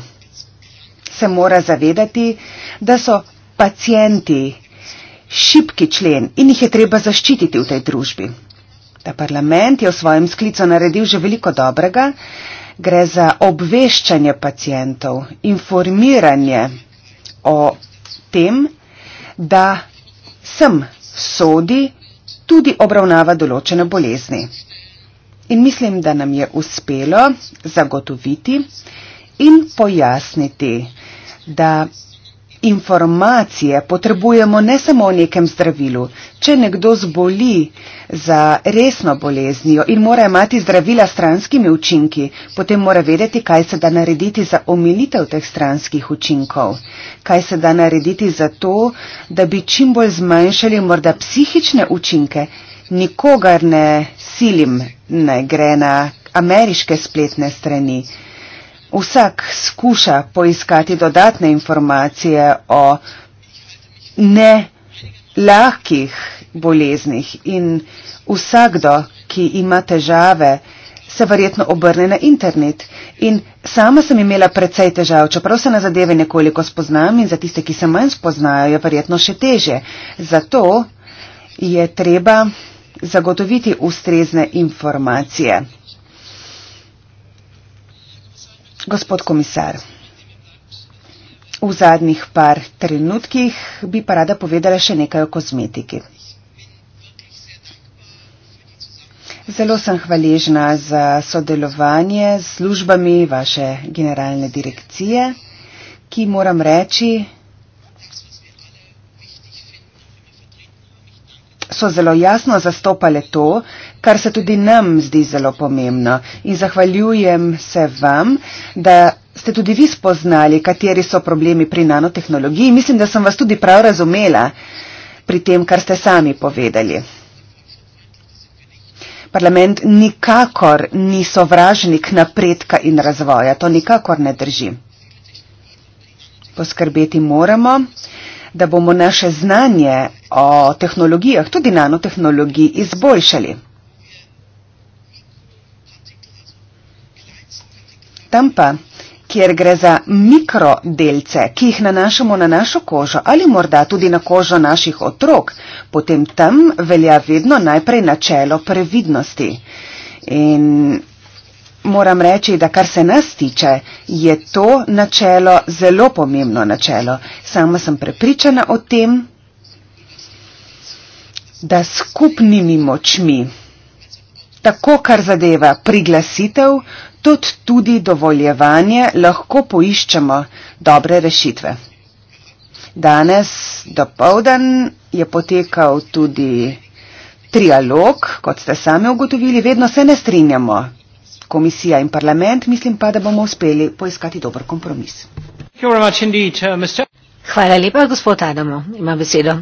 se mora zavedati, da so pacijenti šipki člen in jih je treba zaščititi v tej družbi. Ta parlament je v svojem sklicu naredil že veliko dobrega. Gre za obveščanje pacijentov, informiranje o tem, da sem sodi tudi obravnava določene bolezni. In mislim, da nam je uspelo zagotoviti in pojasniti, da informacije potrebujemo ne samo o nekem zdravilu. Če nekdo zboli za resno boleznijo in mora imati zdravila s stranskimi učinki, potem mora vedeti, kaj se da narediti za omilitev teh stranskih učinkov, kaj se da narediti za to, da bi čim bolj zmanjšali morda psihične učinke. Nikogar ne silim, ne gre na ameriške spletne strani. Vsak skuša poiskati dodatne informacije o nelahkih boleznih in vsakdo, ki ima težave, se verjetno obrne na internet. In sama sem imela precej težav, čeprav se na zadeve nekoliko spoznam in za tiste, ki se manj spoznajo, je verjetno še teže. Zato je treba zagotoviti ustrezne informacije. Gospod komisar, v zadnjih par trenutkih bi pa rada povedala še nekaj o kozmetiki. Zelo sem hvaležna za sodelovanje s službami vaše generalne direkcije, ki moram reči, so zelo jasno zastopale to, kar se tudi nam zdi zelo pomembno. In zahvaljujem se vam, da ste tudi vi spoznali, kateri so problemi pri nanotehnologiji. Mislim, da sem vas tudi prav razumela pri tem, kar ste sami povedali. Parlament nikakor ni sovražnik napredka in razvoja. To nikakor ne drži. Poskrbeti moramo, da bomo naše znanje o tehnologijah, tudi nanotehnologiji, izboljšali. Tam pa, kjer gre za mikrodelce, ki jih nanašamo na našo kožo ali morda tudi na kožo naših otrok, potem tam velja vedno najprej načelo previdnosti. In moram reči, da kar se nas tiče, je to načelo zelo pomembno načelo. Sama sem prepričana o tem, da skupnimi močmi, tako kar zadeva priglasitev, tudi, tudi dovoljevanje lahko poiščemo dobre rešitve. Danes do povdan je potekal tudi trialog, kot ste sami ugotovili, vedno se ne strinjamo. Komisija in parlament, mislim pa, da bomo uspeli poiskati dober kompromis. Hvala lepa, gospod Adamo. Ima besedo.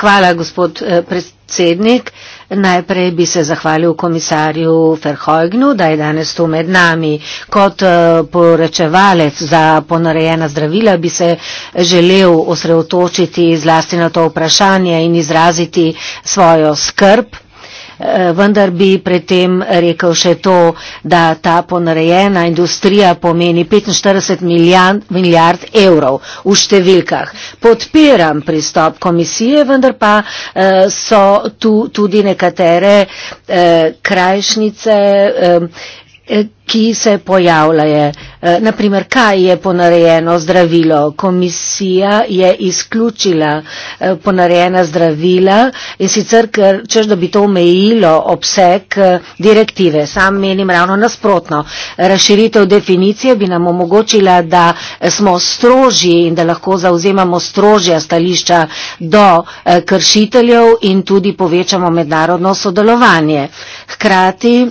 Hvala, gospod eh, predsednik. Najprej bi se zahvalil komisarju Ferhojgnu, da je danes tu med nami. Kot eh, porečevalec za ponarejena zdravila bi se želel osredotočiti zlasti na to vprašanje in izraziti svojo skrb Eh, vendar bi predtem rekel še to, da ta ponarejena industrija pomeni 45 milijard, milijard evrov v številkah. Podpiram pristop komisije, vendar pa eh, so tu tudi nekatere eh, krajšnice, Eh, ki se pojavljajo. Eh, Naprimer, kaj je ponarejeno zdravilo? Komisija je izključila eh, ponarejena zdravila in sicer, ker čež, da bi to omejilo obseg direktive. Sam menim ravno nasprotno. Razširitev definicije bi nam omogočila, da smo strožji in da lahko zauzemamo strožja stališča do kršiteljev in tudi povečamo mednarodno sodelovanje. Hkrati,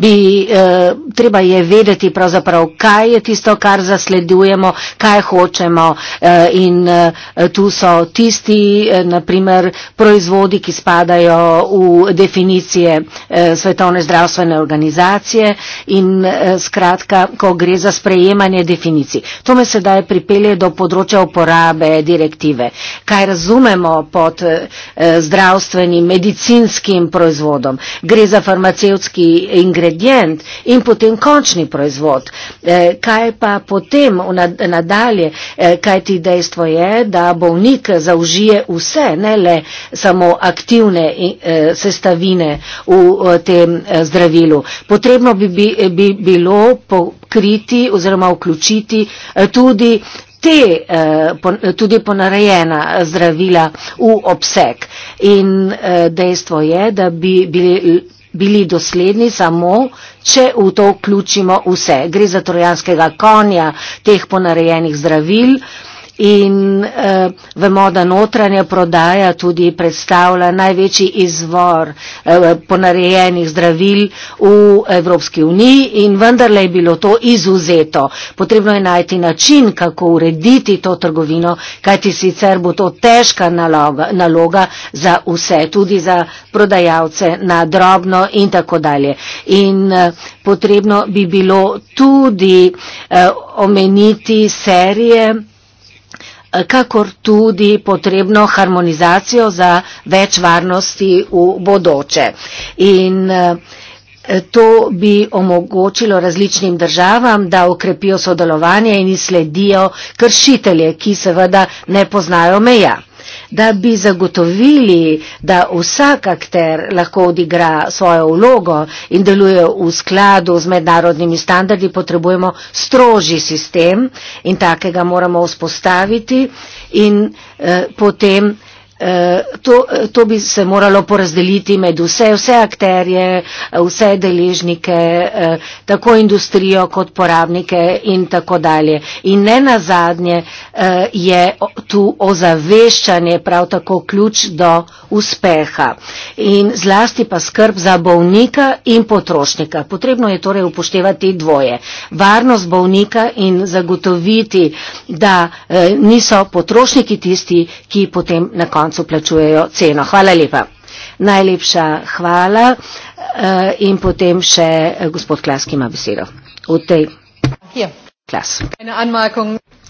bi, eh, treba je vedeti pravzaprav, kaj je tisto, kar zasledujemo, kaj hočemo eh, in eh, tu so tisti, eh, naprimer, proizvodi, ki spadajo v definicije eh, Svetovne zdravstvene organizacije in eh, skratka, ko gre za sprejemanje definicij. To me sedaj pripelje do področja uporabe direktive. Kaj razumemo pod eh, zdravstvenim, medicinskim proizvodom? Gre za farmacevski ingredient ingredient in potem končni proizvod. Eh, kaj pa potem nadalje, eh, kaj ti dejstvo je, da bolnik zaužije vse, ne le samo aktivne eh, sestavine v tem zdravilu. Potrebno bi, bi, bi bilo pokriti oziroma vključiti tudi te tudi ponarejena zdravila v obseg. In dejstvo je, da bi bili bili dosledni samo, če v to vključimo vse. Gre za trojanskega konja teh ponarejenih zdravil, in eh, vemo, da notranja prodaja tudi predstavlja največji izvor eh, ponarejenih zdravil v Evropski uniji in vendarle je bilo to izuzeto. Potrebno je najti način, kako urediti to trgovino, kajti sicer bo to težka naloga, naloga za vse, tudi za prodajalce na drobno in tako dalje. In eh, potrebno bi bilo tudi eh, omeniti serije, kakor tudi potrebno harmonizacijo za več varnosti v bodoče. In eh, to bi omogočilo različnim državam, da ukrepijo sodelovanje in izsledijo kršitelje, ki seveda ne poznajo meja da bi zagotovili, da vsak akter lahko odigra svojo vlogo in deluje v skladu z mednarodnimi standardi, potrebujemo strožji sistem in takega moramo vzpostaviti in eh, potem. Eh, to, eh, to bi se moralo porazdeliti med vse, vse akterje, eh, vse deležnike, tako industrijo kot porabnike in tako dalje. In ne nazadnje je tu ozaveščanje prav tako ključ do uspeha. In zlasti pa skrb za bolnika in potrošnika. Potrebno je torej upoštevati dvoje. Varnost bolnika in zagotoviti, da niso potrošniki tisti, ki potem na koncu koncu plačujejo ceno. Hvala lepa. Najlepša hvala eh, in potem še eh, gospod Klas, ki ima besedo. V tej. Klas.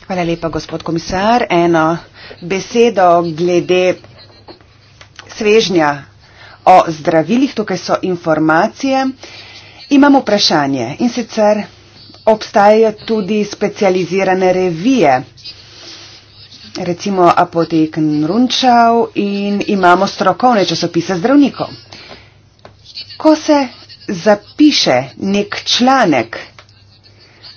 Hvala lepa, gospod komisar. Eno besedo glede svežnja o zdravilih. Tukaj so informacije. Imam vprašanje in sicer obstajajo tudi specializirane revije recimo apotek Nrunčav in imamo strokovne časopise zdravnikov. Ko se zapiše nek članek,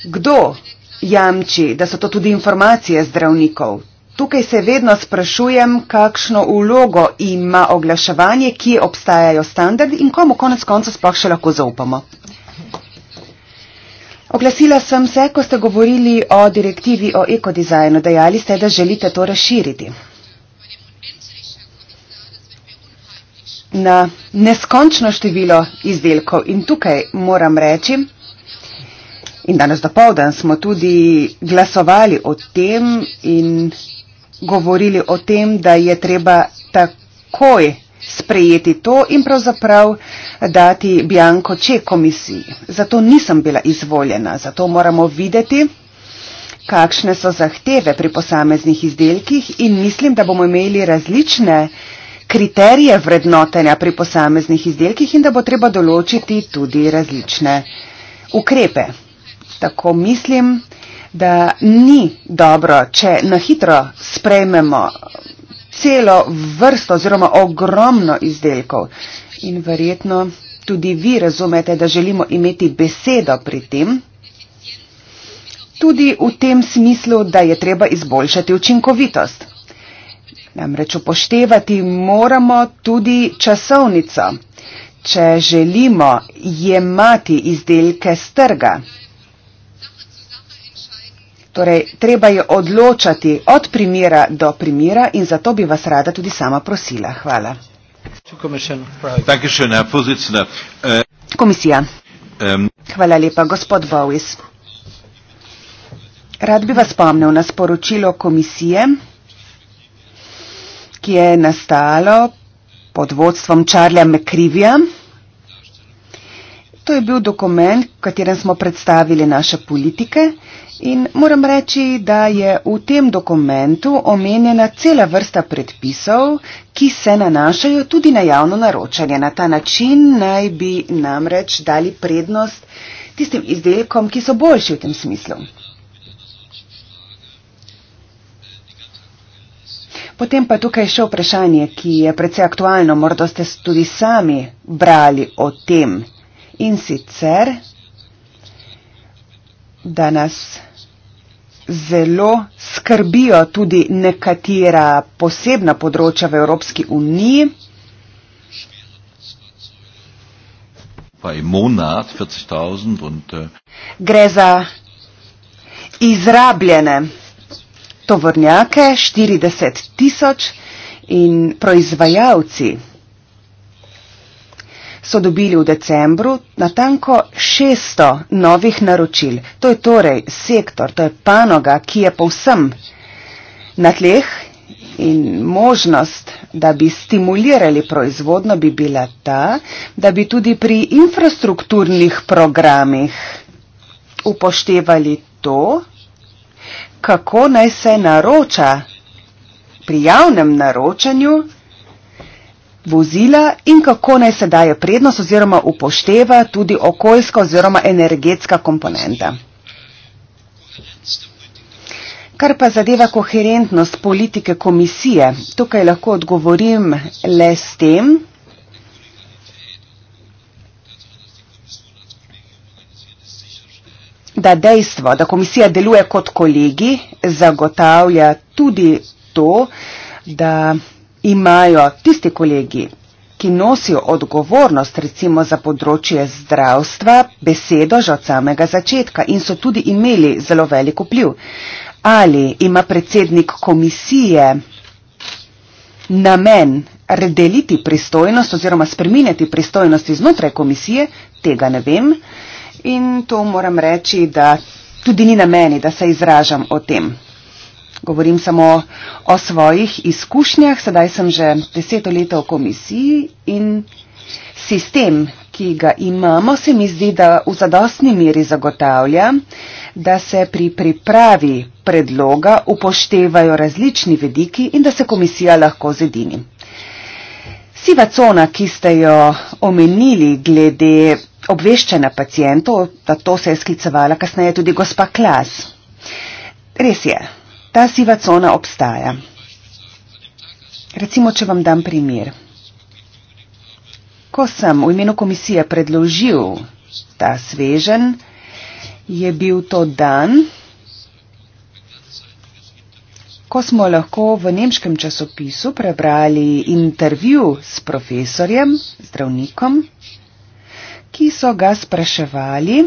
kdo jamči, da so to tudi informacije zdravnikov? Tukaj se vedno sprašujem, kakšno ulogo ima oglaševanje, kje obstajajo standardi in komu konec koncev sploh še lahko zaupamo. Oglasila sem se, ko ste govorili o direktivi o ekodizajnu. Dejali ste, da želite to razširiti. Na neskončno število izdelkov in tukaj moram reči, in danes dopovdan smo tudi glasovali o tem in govorili o tem, da je treba takoj sprejeti to in pravzaprav dati bianko če komisiji. Zato nisem bila izvoljena, zato moramo videti, kakšne so zahteve pri posameznih izdelkih in mislim, da bomo imeli različne kriterije vrednotenja pri posameznih izdelkih in da bo treba določiti tudi različne ukrepe. Tako mislim, da ni dobro, če na hitro sprejmemo celo vrsto oziroma ogromno izdelkov. In verjetno tudi vi razumete, da želimo imeti besedo pri tem. Tudi v tem smislu, da je treba izboljšati učinkovitost. Namreč upoštevati moramo tudi časovnico, če želimo jemati izdelke z trga. Torej, treba je odločati od primera do primera in zato bi vas rada tudi sama prosila. Hvala. Äh, Komisija. Ähm, Hvala lepa, gospod Bowis. Rad bi vas spomnil na sporočilo komisije, ki je nastalo pod vodstvom Čarlja Mekrivija. To je bil dokument, v katerem smo predstavili naše politike In moram reči, da je v tem dokumentu omenjena cela vrsta predpisov, ki se nanašajo tudi na javno naročanje. Na ta način naj bi namreč dali prednost tistim izdelkom, ki so boljši v tem smislu. Potem pa tukaj še vprašanje, ki je predvsej aktualno, morda ste tudi sami brali o tem. In sicer, da nas zelo skrbijo tudi nekatera posebna področja v Evropski uniji. Monat, 40 und, uh... Gre za izrabljene tovrnjake 40 tisoč in proizvajalci so dobili v decembru natanko 600 novih naročil. To je torej sektor, to je panoga, ki je povsem na tleh in možnost, da bi stimulirali proizvodno, bi bila ta, da bi tudi pri infrastrukturnih programih upoštevali to, kako naj se naroča pri javnem naročanju vozila in kako naj se daje prednost oziroma upošteva tudi okoljska oziroma energetska komponenta. Kar pa zadeva koherentnost politike komisije, tukaj lahko odgovorim le s tem, da dejstvo, da komisija deluje kot kolegi, zagotavlja tudi to, da imajo tisti kolegi, ki nosijo odgovornost recimo za področje zdravstva, besedo že od samega začetka in so tudi imeli zelo velik vpliv. Ali ima predsednik komisije namen redeliti pristojnost oziroma spreminjati pristojnosti znotraj komisije, tega ne vem. In to moram reči, da tudi ni na meni, da se izražam o tem. Govorim samo o svojih izkušnjah. Sedaj sem že deseto leto v komisiji in sistem, ki ga imamo, se mi zdi, da v zadostni meri zagotavlja, da se pri pripravi predloga upoštevajo različni vediki in da se komisija lahko zedini. Siva cona, ki ste jo omenili glede obveščanja pacijentov, da to se je sklicevala kasneje tudi gospa Klas. Res je ta siva cona obstaja. Recimo, če vam dam primer. Ko sem v imenu komisije predložil ta svežen, je bil to dan, ko smo lahko v nemškem časopisu prebrali intervju s profesorjem, zdravnikom, ki so ga spraševali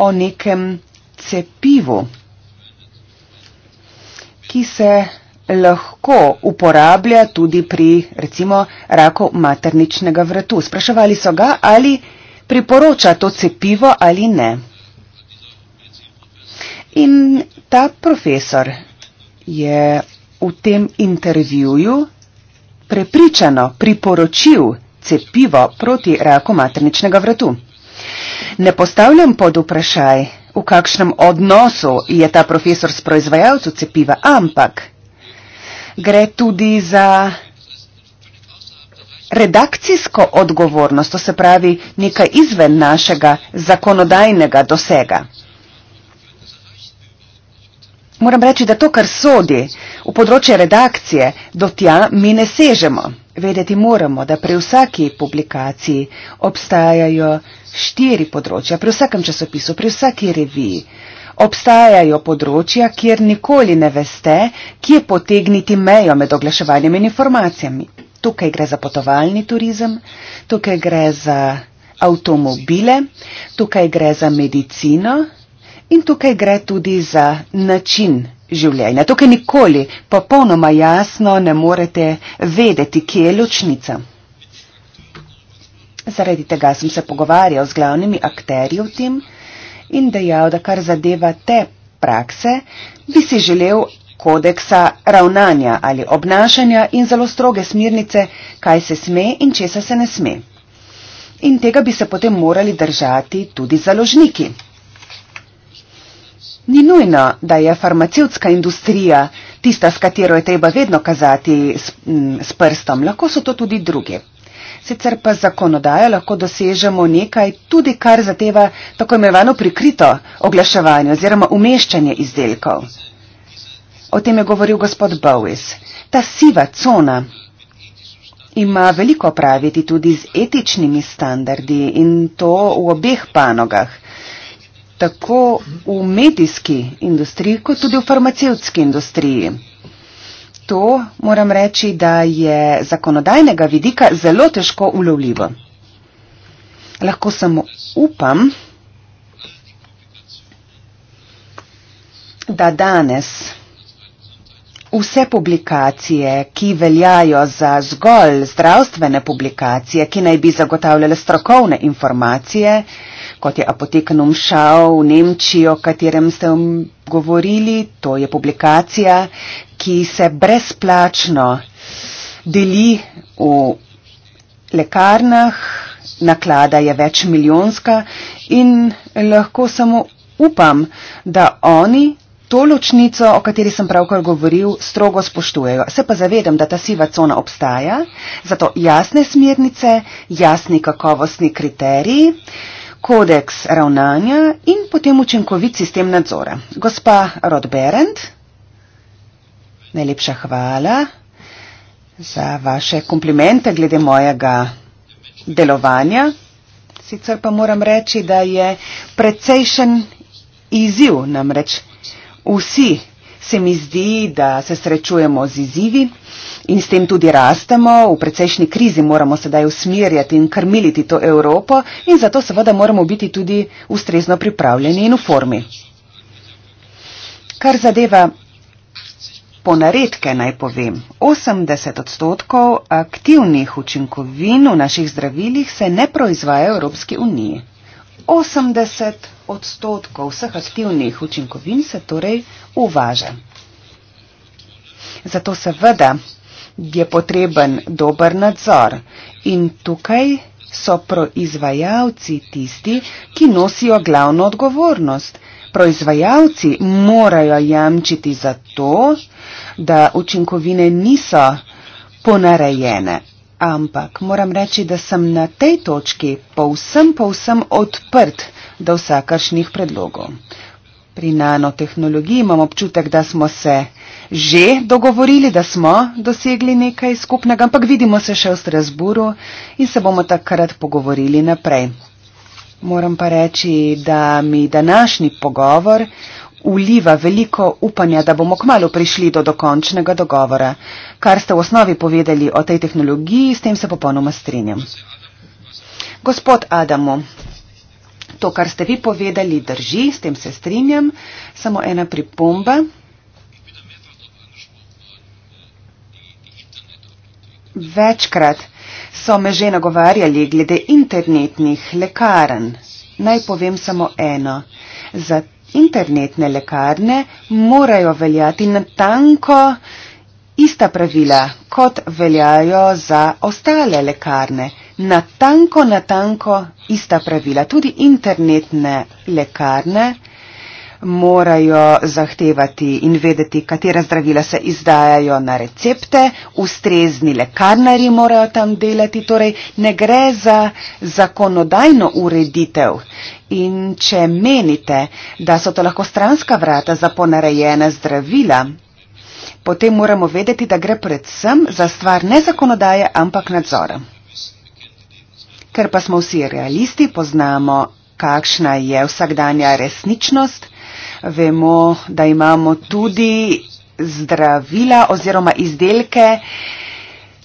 o nekem cepivu ki se lahko uporablja tudi pri recimo raku materničnega vratu. Spraševali so ga, ali priporoča to cepivo ali ne. In ta profesor je v tem intervjuju prepričano priporočil cepivo proti raku materničnega vratu. Ne postavljam pod vprašaj v kakšnem odnosu je ta profesor s proizvajalcem cepiva, ampak gre tudi za redakcijsko odgovornost, to se pravi nekaj izven našega zakonodajnega dosega. Moram reči, da to, kar sodi v področje redakcije, do tja mi ne sežemo. Vedeti moramo, da pri vsaki publikaciji obstajajo štiri področja, pri vsakem časopisu, pri vsaki reviji. Obstajajo področja, kjer nikoli ne veste, kje potegniti mejo med oglaševanjem in informacijami. Tukaj gre za potovalni turizem, tukaj gre za avtomobile, tukaj gre za medicino in tukaj gre tudi za način življenja. Tukaj nikoli popolnoma jasno ne morete vedeti, kje je ločnica. Zaradi tega sem se pogovarjal z glavnimi akterji v tem in dejal, da kar zadeva te prakse, bi si želel kodeksa ravnanja ali obnašanja in zelo stroge smirnice, kaj se sme in česa se ne sme. In tega bi se potem morali držati tudi založniki. Ni nujno, da je farmacevtska industrija tista, s katero je treba vedno kazati s, m, s prstom, lahko so to tudi druge. Sicer pa zakonodajo lahko dosežemo nekaj, tudi kar zateva tako imenovano prikrito oglaševanje oziroma umeščanje izdelkov. O tem je govoril gospod Bowis. Ta siva cona ima veliko praviti tudi z etičnimi standardi in to v obeh panogah tako v medijski industriji, kot tudi v farmacevtski industriji. To moram reči, da je zakonodajnega vidika zelo težko ulovljivo. Lahko samo upam, da danes vse publikacije, ki veljajo za zgolj zdravstvene publikacije, ki naj bi zagotavljale strokovne informacije, kot je apotekanom šal v Nemčijo, o katerem ste govorili. To je publikacija, ki se brezplačno deli v lekarnah, naklada je večmiljonska in lahko samo upam, da oni to ločnico, o kateri sem pravkar govoril, strogo spoštujejo. Se pa zavedam, da ta siva cona obstaja, zato jasne smernice, jasni kakovostni kriteriji. Uh, kodeks ravnanja in potem učinkovit sistem nadzora. Gospa Rodberend, najlepša hvala za vaše komplimente glede mojega delovanja. Sicer pa moram reči, da je precejšen izziv, namreč vsi se mi zdi, da se srečujemo z izzivi in s tem tudi rastemo. V precejšnji krizi moramo sedaj usmerjati in krmiliti to Evropo in zato seveda moramo biti tudi ustrezno pripravljeni in v formi. Kar zadeva ponaredke, naj povem, 80 odstotkov aktivnih učinkovin v naših zdravilih se ne proizvaja v Evropski uniji. 80 odstotkov vseh aktivnih učinkovin se torej uvaža. Zato seveda je potreben dober nadzor in tukaj so proizvajalci tisti, ki nosijo glavno odgovornost. Proizvajalci morajo jamčiti za to, da učinkovine niso ponarejene ampak moram reči, da sem na tej točki povsem, povsem odprt do vsakršnih predlogov. Pri nanotehnologiji imam občutek, da smo se že dogovorili, da smo dosegli nekaj skupnega, ampak vidimo se še v Strasburu in se bomo takrat pogovorili naprej. Moram pa reči, da mi današnji pogovor uliva veliko upanja, da bomo kmalo prišli do dokončnega dogovora. Kar ste v osnovi povedali o tej tehnologiji, s tem se popolnoma strinjam. Gospod Adamo, to, kar ste vi povedali, drži, s tem se strinjam. Samo ena pripomba. Večkrat so me že nagovarjali glede internetnih lekarn. Naj povem samo eno. Za internetne lekarne morajo veljati natanko ista pravila, kot veljajo za ostale lekarne. Natanko, natanko ista pravila. Tudi internetne lekarne morajo zahtevati in vedeti, katera zdravila se izdajajo na recepte, ustrezni lekarnari morajo tam delati, torej ne gre za zakonodajno ureditev. In če menite, da so to lahko stranska vrata za ponarejena zdravila, potem moramo vedeti, da gre predvsem za stvar ne zakonodaje, ampak nadzora. Ker pa smo vsi realisti, poznamo, kakšna je vsakdanja resničnost, Vemo, da imamo tudi zdravila oziroma izdelke,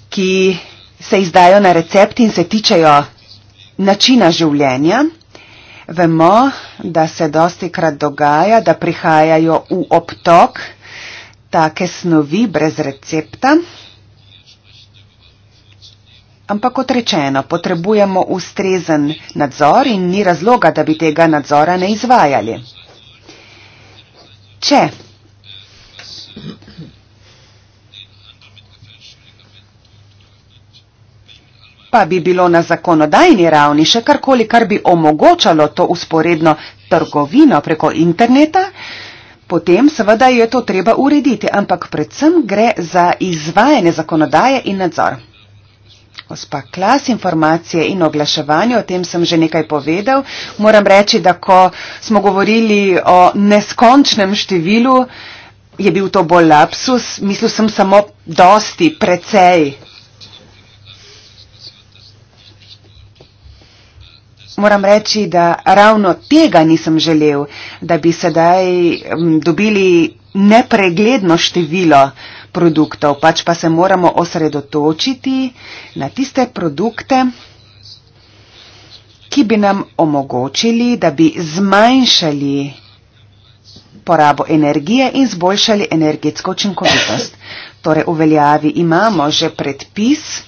ki se izdajo na recept in se tičejo načina življenja. Vemo, da se dosti krat dogaja, da prihajajo v obtok take snovi brez recepta. Ampak kot rečeno, potrebujemo ustrezen nadzor in ni razloga, da bi tega nadzora ne izvajali če pa bi bilo na zakonodajni ravni še karkoli, kar bi omogočalo to usporedno trgovino preko interneta, potem seveda je to treba urediti, ampak predvsem gre za izvajanje zakonodaje in nadzor. Gospa Klas, informacije in oglaševanje, o tem sem že nekaj povedal. Moram reči, da ko smo govorili o neskončnem številu, je bil to bolj lapsus. Mislil sem samo dosti, precej. Moram reči, da ravno tega nisem želel, da bi sedaj mm, dobili nepregledno število produktov, pač pa se moramo osredotočiti na tiste produkte, ki bi nam omogočili, da bi zmanjšali porabo energije in zboljšali energetsko učinkovitost. Torej, v veljavi imamo že predpis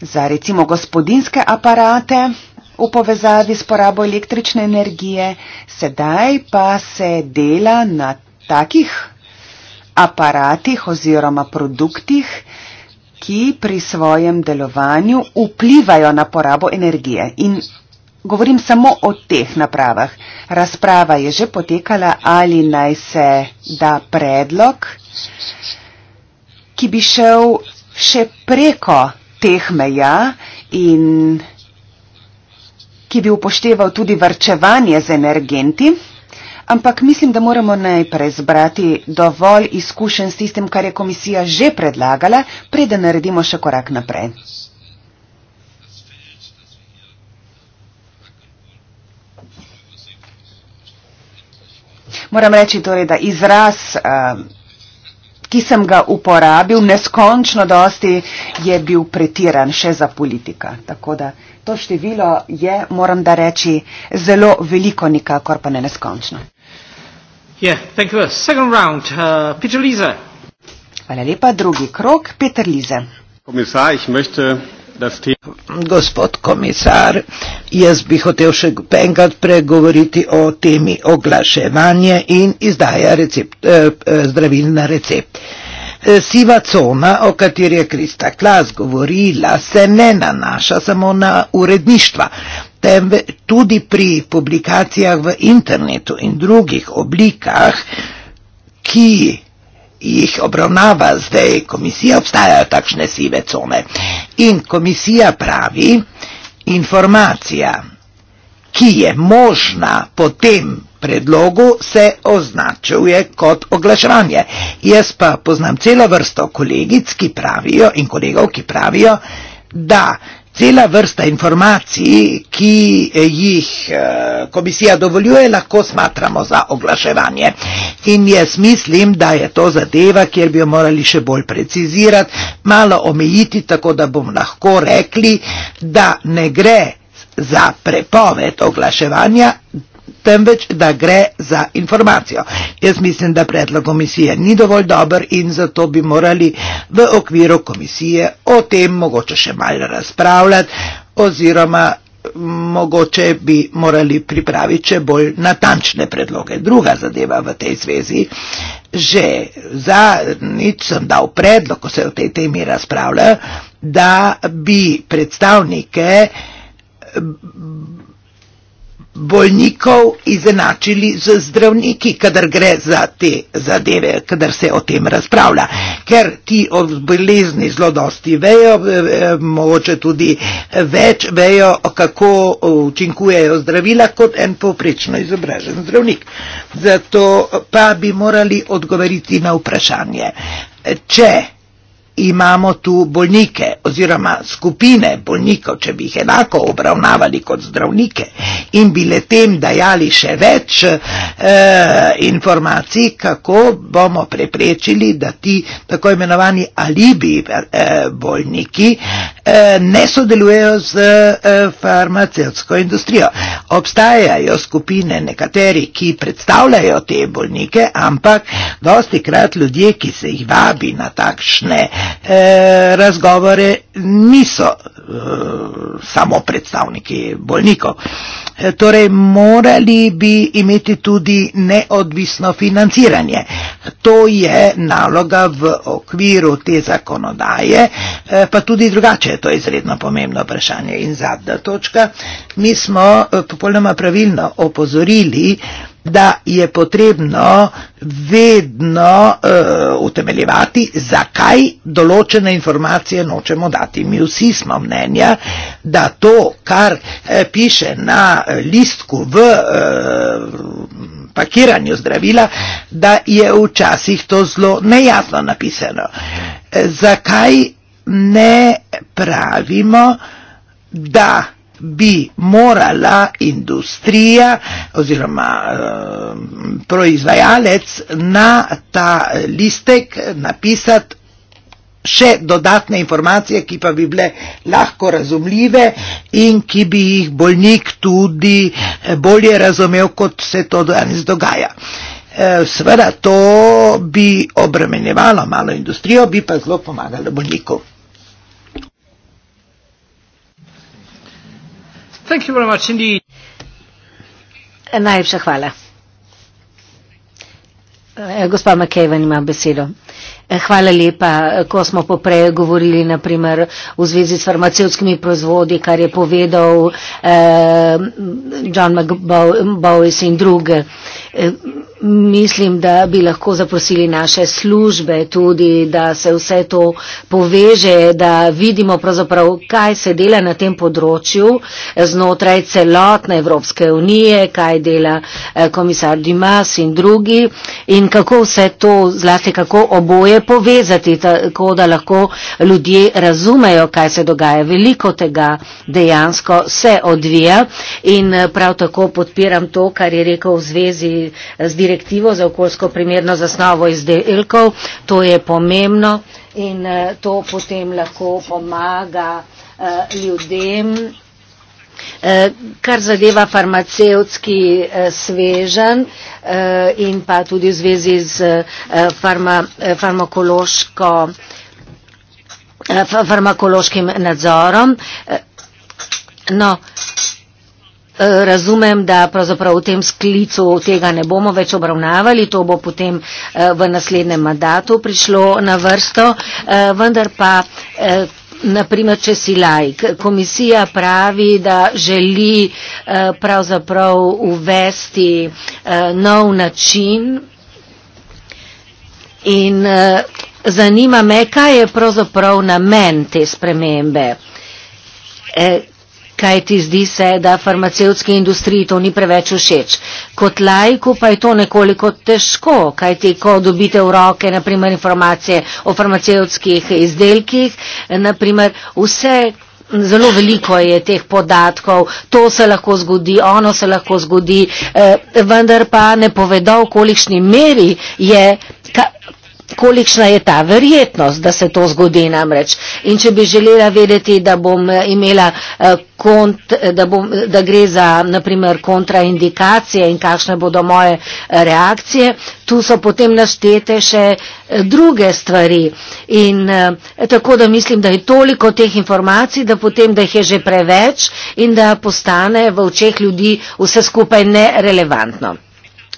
za recimo gospodinske aparate v povezavi s porabo električne energije, sedaj pa se dela na takih aparatih oziroma produktih, ki pri svojem delovanju vplivajo na porabo energije. In govorim samo o teh napravah. Razprava je že potekala, ali naj se da predlog, ki bi šel še preko teh meja in ki bi upošteval tudi vrčevanje z energenti ampak mislim, da moramo najprej zbrati dovolj izkušen s tistem, kar je komisija že predlagala, preden naredimo še korak naprej. Moram reči torej, da izraz, eh, ki sem ga uporabil neskončno dosti, je bil pretiran še za politika. Tako da to število je, moram da reči, zelo veliko, nikakor pa ne neskončno. Yeah, thank you. Second round, uh, Peter Liese. Hvala lepa, drugi krok, Peter Liese. Komisar, ich möchte das Thema. Gospod komisar, jaz bi hotel še enkrat pregovoriti o temi oglaševanje in izdaja recept, eh, eh zdravil na recept. Eh, siva cona, o kateri je Krista Klas govorila, se ne nanaša samo na uredništva, temveč tudi pri publikacijah v internetu in drugih oblikah, ki jih obravnava zdaj komisija, obstajajo takšne sive cone. In komisija pravi, informacija, ki je možna po tem predlogu, se označuje kot oglaševanje. Jaz pa poznam celo vrsto kolegic, ki pravijo in kolegov, ki pravijo, da Cela vrsta informacij, ki eh, jih eh, komisija dovoljuje, lahko smatramo za oglaševanje. In jaz mislim, da je to zadeva, kjer bi jo morali še bolj precizirati, malo omejiti, tako da bom lahko rekli, da ne gre za prepoved oglaševanja, temveč da gre za informacijo. Jaz mislim, da predlog komisije ni dovolj dober in zato bi morali v okviru komisije o tem mogoče še malo razpravljati oziroma mm, mogoče bi morali pripraviti še bolj natančne predloge. Druga zadeva v tej zvezi, že za nič sem dal predlog, ko se o tej temi razpravlja, da bi predstavnike bolnikov izenačili z zdravniki, kadar gre za te zadeve, kadar se o tem razpravlja. Ker ti o bolezni zelo dosti vejo, e, e, mogoče tudi več vejo, kako učinkujejo zdravila kot en poprečno izobražen zdravnik. Zato pa bi morali odgovoriti na vprašanje. Če imamo tu bolnike oziroma skupine bolnikov, če bi jih enako obravnavali kot zdravnike in bi le tem dajali še več eh, informacij, kako bomo preprečili, da ti tako imenovani alibi eh, bolniki eh, ne sodelujejo z eh, farmacevtsko industrijo. Obstajajo skupine nekateri, ki predstavljajo te bolnike, ampak dosti krat ljudje, ki se jih vabi na takšne Eh, razgovore niso eh, samo predstavniki bolnikov. E, torej morali bi imeti tudi neodvisno financiranje. To je naloga v okviru te zakonodaje, e, pa tudi drugače je to izredno pomembno vprašanje. In zadnja točka, mi smo e, popolnoma pravilno opozorili, da je potrebno vedno uh, utemeljevati, zakaj določene informacije nočemo dati. Mi vsi smo mnenja, da to, kar uh, piše na Eh, listku v eh, pakiranju zdravila, da je včasih to zelo nejasno napisano. Eh, zakaj ne pravimo, da bi morala industrija oziroma proizvajalec na ta listek napisati še dodatne informacije, ki pa bi bile lahko razumljive in ki bi jih bolnik tudi eh, bolje razumel, kot se to danes dogaja. Eh, Sveda to bi obremenjevalo malo industrijo, bi pa zelo pomagalo bolniku. Najlepša hvala. Eh, gospa McKeven ima besedo. Eh, hvala lepa. Eh, ko smo poprej govorili naprimer v zvezi s farmacevskimi proizvodi, kar je povedal eh, John McBowis in druge. Eh, Mislim, da bi lahko zaprosili naše službe tudi, da se vse to poveže, da vidimo pravzaprav, kaj se dela na tem področju znotraj celotne Evropske unije, kaj dela eh, komisar Dimas in drugi in kako vse to, zlasti kako oboje povezati, tako da lahko ljudje razumejo, kaj se dogaja. Veliko tega dejansko se odvija in eh, prav tako podpiram to, kar je rekel v zvezi z dimasom direktivo za okoljsko primerno zasnovo izdelkov. To je pomembno in eh, to potem lahko pomaga eh, ljudem. Eh, kar zadeva farmacevtski svežan in pa tudi v zvezi z farmakološko farmakološkim nadzorom. No, Eh, razumem, da pravzaprav v tem sklicu tega ne bomo več obravnavali, to bo potem eh, v naslednjem mandatu prišlo na vrsto, eh, vendar pa, naprimer, če si lajk, komisija pravi, da želi pravzaprav uvesti nov način in zanima me, kaj je pravzaprav namen te spremembe kaj ti zdi se, da farmacevtski industriji to ni preveč všeč. Kot lajku pa je to nekoliko težko, kaj ti, ko dobite v roke, naprimer, informacije o farmacevtskih izdelkih, naprimer, vse. Zelo veliko je teh podatkov, to se lahko zgodi, ono se lahko zgodi, eh, vendar pa ne povedal, v kolikšni meri je kolikšna je ta verjetnost, da se to zgodi namreč. In če bi želela vedeti, da bom eh, imela, eh, kont, eh, da, bom, da gre za naprimer kontraindikacije in kakšne bodo moje reakcije, tu so potem naštete še druge stvari. In tako da mislim, da je toliko teh informacij, da potem, da jih je že preveč in da postane v očeh ljudi vse skupaj nerelevantno.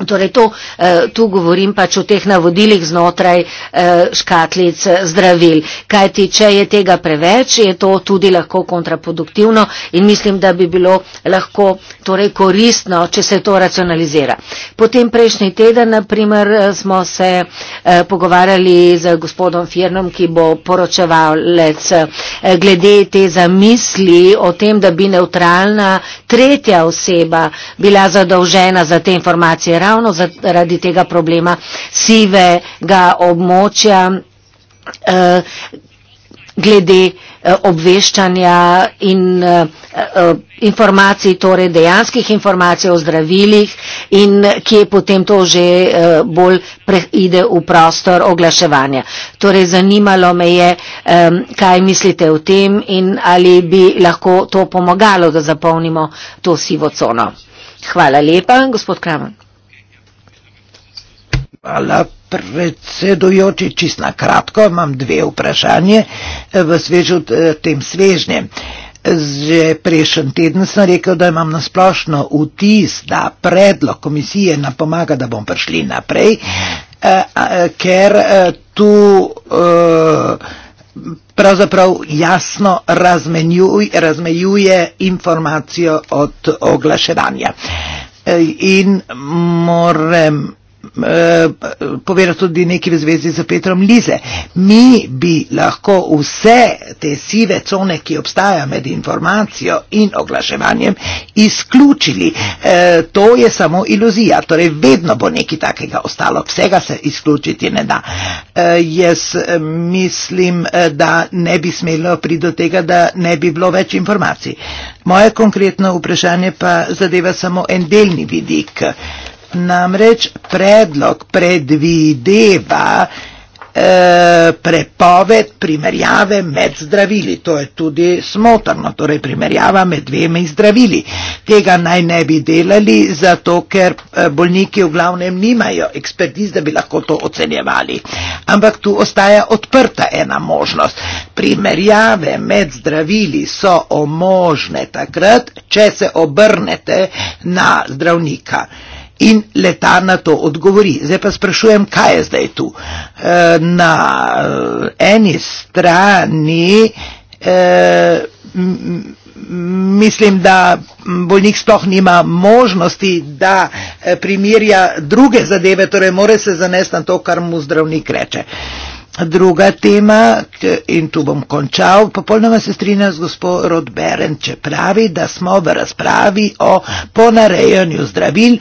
Torej to, eh, tu govorim pač o teh navodilih znotraj eh, škatlic eh, zdravil. Kaj ti, če je tega preveč, je to tudi lahko kontraproduktivno in mislim, da bi bilo lahko torej, koristno, če se to racionalizira. Potem prejšnji teden, naprimer, smo se pogovarjali z gospodom Firnom, ki bo poročevalec glede te zamisli o tem, da bi neutralna tretja oseba bila zadolžena za te informacije ravno zaradi tega problema sivega območja eh, glede eh, obveščanja in eh, informacij, torej dejanskih informacij o zdravilih in kje potem to že bolj ide v prostor oglaševanja. Torej zanimalo me je, kaj mislite o tem in ali bi lahko to pomagalo, da zapolnimo to sivo cono. Hvala lepa, gospod Kramer. Hvala, predsedujoči, čist na kratko, imam dve vprašanje eh, v svežu eh, tem svežnjem. Že prejšnji teden sem rekel, da imam nasplošno vtis, da predlog komisije nam pomaga, da bom prišli naprej, eh, ker tu pravzaprav jasno razmejuje informacijo od oglaševanja. In moram Eh, povedal tudi nekaj v zvezi z Petrom Lize. Mi bi lahko vse te sive cone, ki obstaja med informacijo in oglaševanjem, izključili. E, to je samo iluzija, torej vedno bo nekaj takega ostalo, vsega se izključiti ne da. E, jaz mislim, da ne bi smelo priti do tega, da ne bi bilo več informacij. Moje konkretno vprašanje pa zadeva samo en delni vidik. Namreč predlog predvideva e, prepoved primerjave med zdravili. To je tudi smotrno, torej primerjava med dvemi zdravili. Tega naj ne bi delali, zato ker eh, bolniki v glavnem nimajo ekspertiz, da bi lahko to ocenjevali. Ampak tu ostaja odprta ena možnost. Primerjave med zdravili so omožne takrat, če se obrnete na zdravnika in leta na to odgovori. Zdaj pa sprašujem, kaj je zdaj tu. E, na e, eni strani e, mislim, da bolnik sploh nima možnosti, da primirja druge zadeve, torej more se zanesti na to, kar mu zdravnik reče. Druga tema, in tu bom končal, popolnoma se strinja z gospod Beren, če pravi, da smo v razpravi o ponarejanju zdravil,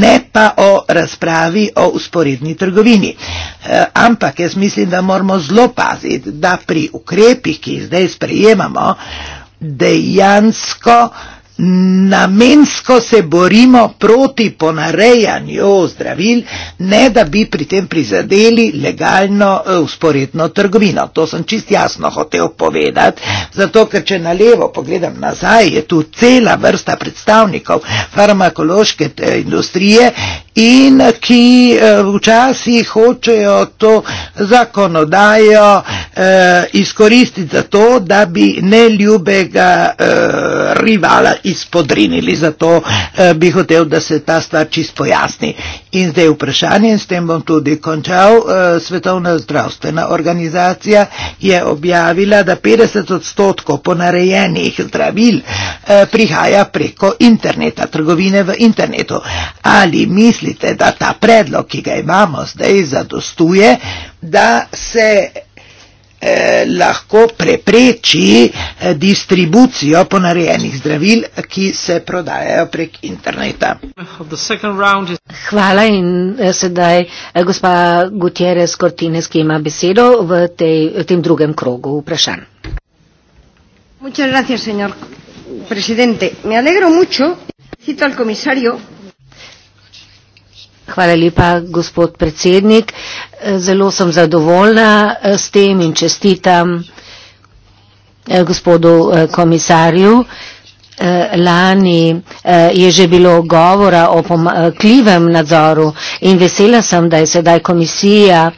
ne pa o razpravi o usporedni trgovini. E, ampak jaz mislim, da moramo zelo paziti, da pri ukrepih, ki jih zdaj sprejemamo, dejansko namensko se borimo proti ponarejanju zdravil, ne da bi pri tem prizadeli legalno usporedno eh, trgovino. To sem čist jasno hotel povedati, zato ker če na levo pogledam nazaj, je tu cela vrsta predstavnikov farmakološke eh, industrije in ki eh, včasih hočejo to zakonodajo eh, izkoristiti za to, da bi neljubega eh, rivala izpodrinili, zato eh, bi hotel, da se ta stvar čist pojasni. In zdaj vprašanje, in s tem bom tudi končal, eh, Svetovna zdravstvena organizacija je objavila, da 50 odstotkov ponarejenih zdravil eh, prihaja preko interneta, trgovine v internetu. Ali mislite, da ta predlog, ki ga imamo zdaj, zadostuje, da se Eh, lahko prepreči eh, distribucijo ponarejenih zdravil, ki se prodajajo prek interneta. Hvala in eh, sedaj gospa Gutierrez Cortines, ki ima besedo v, tej, v tem drugem krogu vprašanj. Muchas gracias, señor presidente. Me alegro mucho, cito al comisario, Hvala lepa, gospod predsednik. Eh, zelo sem zadovoljna eh, s tem in čestitam eh, gospodu komisarju. Lani je že bilo govora o pomakljivem nadzoru in vesela sem, da je sedaj komisija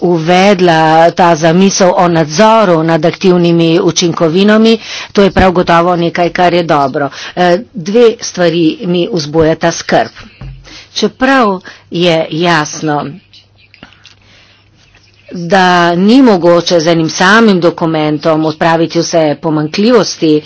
uvedla ta zamisel o nadzoru nad aktivnimi učinkovinami. To je prav gotovo nekaj, kar je dobro. Dve stvari mi vzbojata skrb čeprav je jasno da ni mogoče z enim samim dokumentom odpraviti vse pomankljivosti,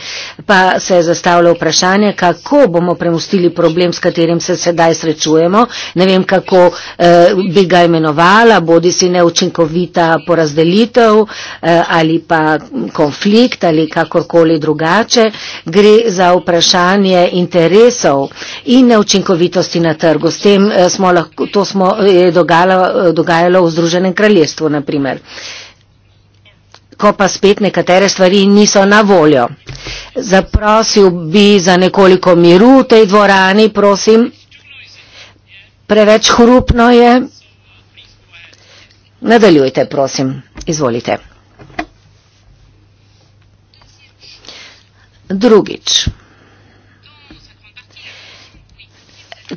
pa se je zastavilo vprašanje, kako bomo premustili problem, s katerim se sedaj srečujemo. Ne vem, kako eh, bi ga imenovala, bodi si neučinkovita porazdelitev eh, ali pa konflikt ali kakorkoli drugače. Gre za vprašanje interesov in neučinkovitosti na trgu. Tem, eh, smo lahko, to smo, je eh, dogajalo, eh, dogajalo v Združenem kraljestvu naprimer. Ko pa spet nekatere stvari niso na voljo. Zaprosil bi za nekoliko miru v tej dvorani, prosim. Preveč hrupno je. Nadaljujte, prosim. Izvolite. Drugič.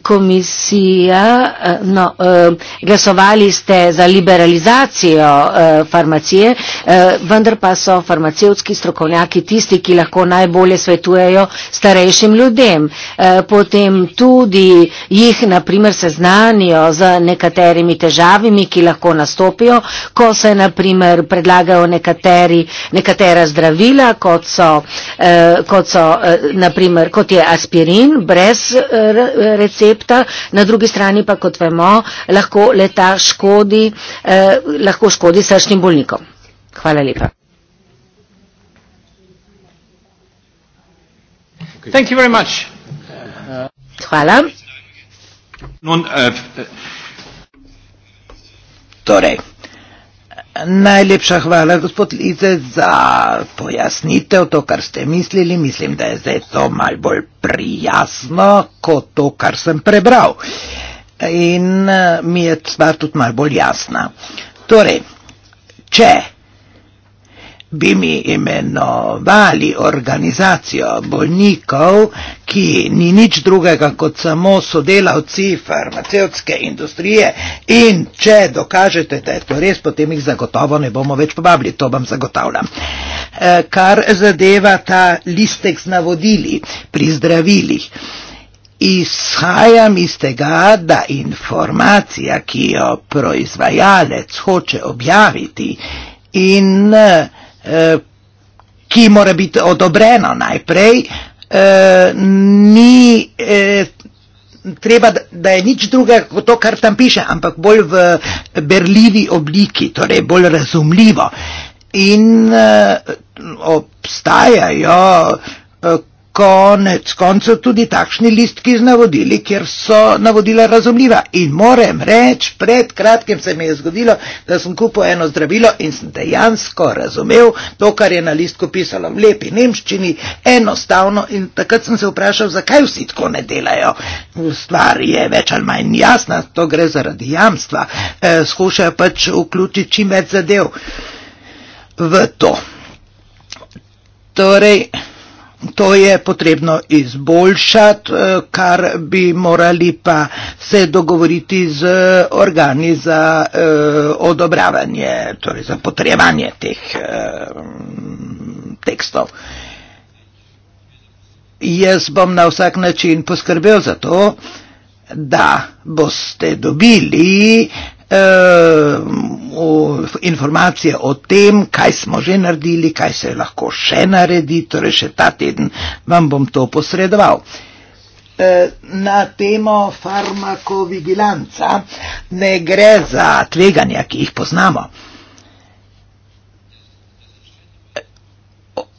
komisija, eh, no, eh, glasovali ste za liberalizacijo eh, farmacije, vendar pa so farmacevtski strokovnjaki tisti, ki lahko najbolje svetujejo starejšim ljudem. Potem tudi jih, na primer, seznanijo z nekaterimi težavami, ki lahko nastopijo, ko se, na primer, predlagajo nekateri, nekatera zdravila, kot so, kot so, na primer, kot je aspirin brez recepta, koncepta, na drugi strani pa, kot vemo, lahko leta škodi, eh, lahko škodi srčnim bolnikom. Hvala lepa. Hvala. Torej. Najlepša hvala, gospod Lize, za pojasnitev to, kar ste mislili. Mislim, da je zdaj to malj bolj prijasno, kot to, kar sem prebral. In eh, mi je stvar tudi malj bolj jasna. Torej, če bi mi imenovali organizacijo bolnikov, ki ni nič drugega kot samo sodelavci farmacevtske industrije in če dokažete, da je to res, potem jih zagotovo ne bomo več povabili, to vam zagotavljam. E, kar zadeva ta listek z navodili pri zdravilih. Izhajam iz tega, da informacija, ki jo proizvajalec hoče objaviti in uh, Eh, ki mora biti odobreno najprej, eh, ni eh, treba, da je nič druga kot to, kar tam piše, ampak bolj v berljivi obliki, torej bolj razumljivo. In obstajajo konec konca tudi takšni listki z navodili, kjer so navodila razumljiva. In moram reči, pred kratkim se mi je zgodilo, da sem kupil eno zdravilo in sem dejansko razumel to, kar je na listku pisalo v lepi nemščini, enostavno in takrat sem se vprašal, zakaj vsi tako ne delajo. Stvar je več ali manj jasna, to gre zaradi jamstva. E, skušajo pač vključiti čim več zadev v to. Torej, to je potrebno izboljšati, eh, kar bi morali pa se dogovoriti z eh, organi za eh, odobravanje, torej za potrebanje teh eh, tekstov. Jaz bom na vsak način poskrbel za to, da boste dobili eh, eh, informacije o tem, kaj smo že naredili, kaj se lahko še naredi, torej še ta teden vam bom to posredoval. Ehm, na temo farmakovigilanca ne gre za tveganja, ki jih poznamo.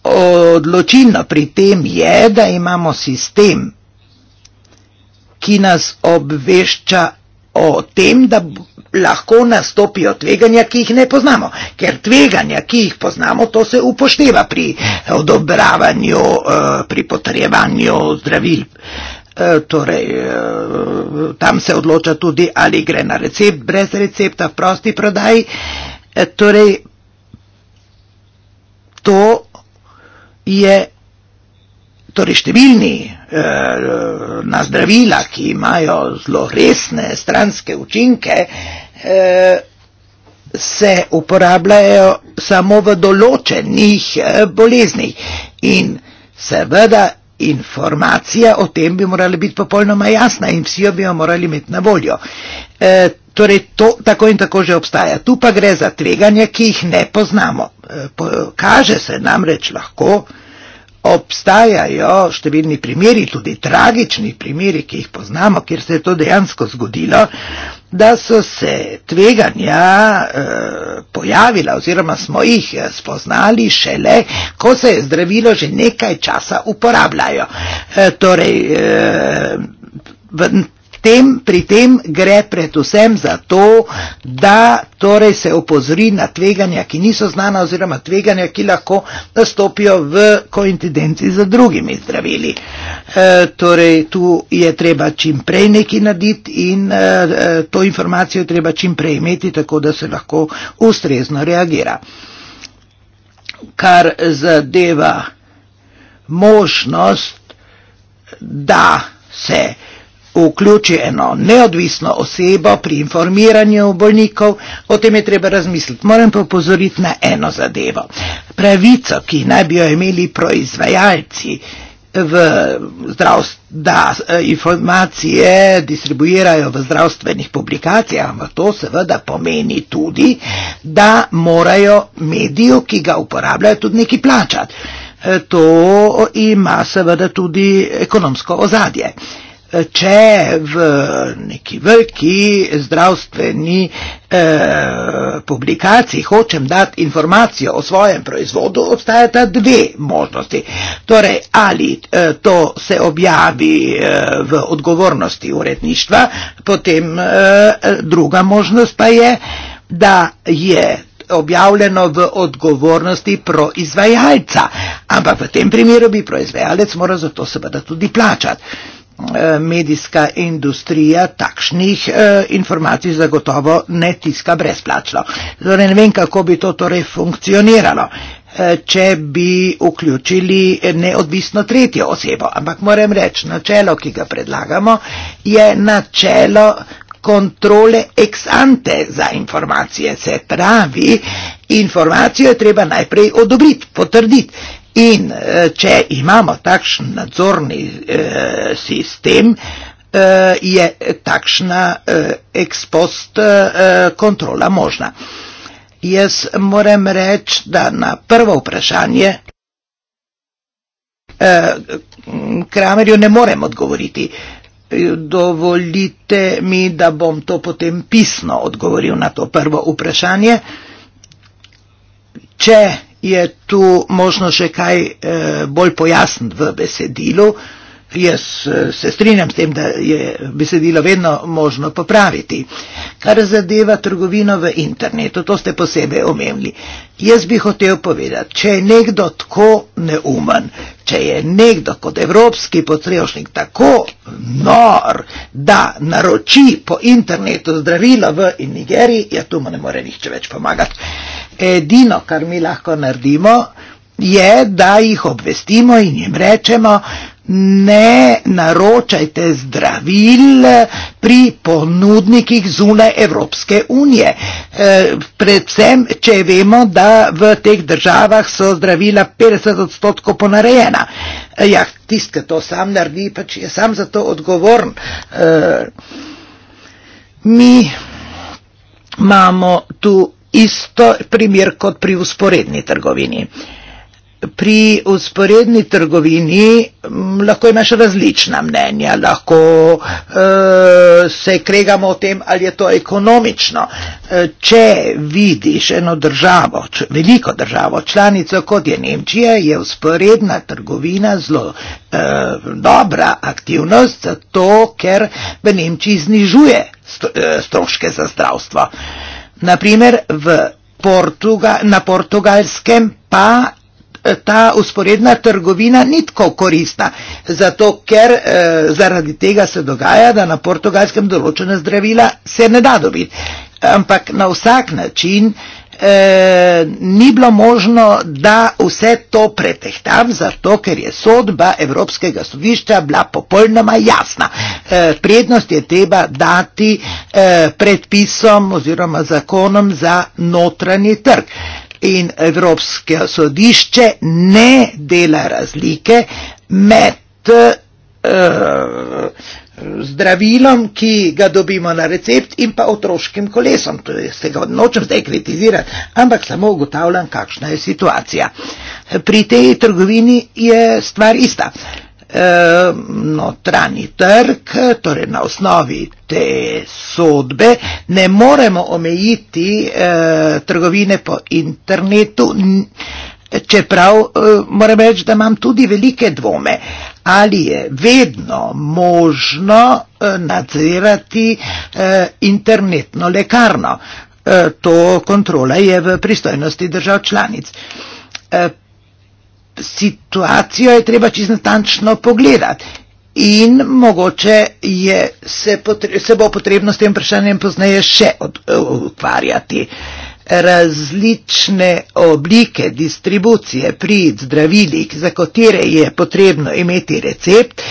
Odločilno pri tem je, da imamo sistem, ki nas obvešča o tem, da lahko nastopijo tveganja, ki jih ne poznamo, ker tveganja, ki jih poznamo, to se upošteva pri odobravanju, eh, pri potrebanju zdravil. Eh, torej, eh, tam se odloča tudi, ali gre na recept, brez recepta, v prosti prodaji. Torej, to je torej številni eh, na zdravila, ki imajo zelo resne stranske učinke, eh, se uporabljajo samo v določenih eh, boleznih. In seveda informacija o tem bi morala biti popolnoma jasna in vsi jo bi jo morali imeti na voljo. Eh, Torej, to tako in tako že obstaja. Tu pa gre za tveganja, ki jih ne poznamo. Eh, kaže se namreč lahko, Obstajajo številni primeri, tudi tragični primeri, ki jih poznamo, kjer se je to dejansko zgodilo, da so se tveganja eh, pojavila oziroma smo jih eh, spoznali šele, ko se je zdravilo že nekaj časa uporabljajo. Eh, torej, eh, tem, pri tem gre predvsem za to, da torej se opozori na tveganja, ki niso znana oziroma tveganja, ki lahko nastopijo v koincidenci z drugimi zdravili. E, torej, tu je treba čim prej neki naditi in e, e, to informacijo treba čim prej imeti, tako da se lahko ustrezno reagira. Kar zadeva možnost, da se vključi eno neodvisno osebo pri informiranju bolnikov, o tem je treba razmisliti. Moram pa upozoriti na eno zadevo. Pravico, ki naj bi jo imeli proizvajalci, v zdravst, da eh, informacije distribuirajo v zdravstvenih publikacijah, ampak to seveda pomeni tudi, da morajo mediju, ki ga uporabljajo, tudi neki plačati. Eh, to ima seveda tudi ekonomsko ozadje če v neki veliki zdravstveni eh, publikaciji hočem dati informacijo o svojem proizvodu, obstajata dve možnosti. Torej, ali eh, to se objavi eh, v odgovornosti uredništva, potem druga možnost pa je, da je objavljeno v odgovornosti proizvajalca. Ampak v tem primeru bi proizvajalec moral za to seveda tudi plačati. Eh, medijska industrija takšnih eh, informacij zagotovo ne tiska brezplačno. Torej ne vem, kako bi to torej funkcioniralo, eh, če bi vključili neodvisno tretjo osebo. Ampak moram reči, načelo, ki ga predlagamo, je načelo kontrole ex ante za informacije. Se pravi, informacijo je treba najprej odobriti, potrditi. In eh, če imamo takšen nadzorni eh, sistem, eh, je takšna ekspost kontrola možna. Jaz moram reči, da na prvo vprašanje Kramerju ne morem odgovoriti. Dovolite mi, da bom to potem pisno odgovoril na to prvo vprašanje. Če je tu možno še kaj eh, bolj pojasniti v besedilu. Jaz eh, se strinjam s tem, da je besedilo vedno možno popraviti. Kar zadeva trgovino v internetu, to ste posebej omenili. Jaz bi hotel povedati, če je nekdo tako neumen, če je nekdo kot evropski potrošnik tako nor, da naroči po internetu zdravilo v Nigeriji, ja tu mu ne more nihče več pomagati. Edino, kar mi lahko naredimo, je, da jih obvestimo in jim rečemo, ne naročajte zdravil pri ponudnikih zune Evropske unije. E, predvsem, če vemo, da v teh državah so zdravila 50 odstotkov ponarejena. E, ja, tist, ki to sam naredi, pač je sam za to odgovoren. E, mi imamo tu isto primer kot pri usporedni trgovini. Pri usporedni trgovini mm, lahko imaš različna mnenja, lahko e, se kregamo o tem, ali je to ekonomično. E, če vidiš eno državo, č, veliko državo, članico kot je Nemčija, je usporedna trgovina zelo e, dobra aktivnost, zato ker v Nemčiji znižuje st, e, stroške za zdravstvo. E, Naprimer, Portuga, na portugalskem pa eh, ta usporedna trgovina ni tako korista, zato ker eh, zaradi tega se dogaja, da na portugalskem določena zdravila se ne da dobiti. Ampak na vsak način eh, E, ni bilo možno, da vse to pretehtam, zato ker je sodba Evropskega sodišča bila popolnoma jasna. E, prednost je treba dati e, predpisom oziroma zakonom za notranji trg. In Evropske sodišče ne dela razlike med e, zdravilom, ki ga dobimo na recept in pa otroškim kolesom. To je, se ga nočem zdaj kritizirati, ampak samo ugotavljam, kakšna je situacija. Pri tej trgovini je stvar ista. E, Notrani trg, torej na osnovi te sodbe, ne moremo omejiti eh, trgovine po internetu. N Čeprav eh, moram reči, da imam tudi velike dvome, ali je vedno možno eh, nadzirati eh, internetno lekarno. To kontrola je v pristojnosti držav članic. Situacijo je treba čisto natančno pogledati in mogoče je, se, potre, se bo potrebno s tem vprašanjem pozneje še ukvarjati. Od, od, različne oblike distribucije pri zdravilih, za katere je potrebno imeti recept,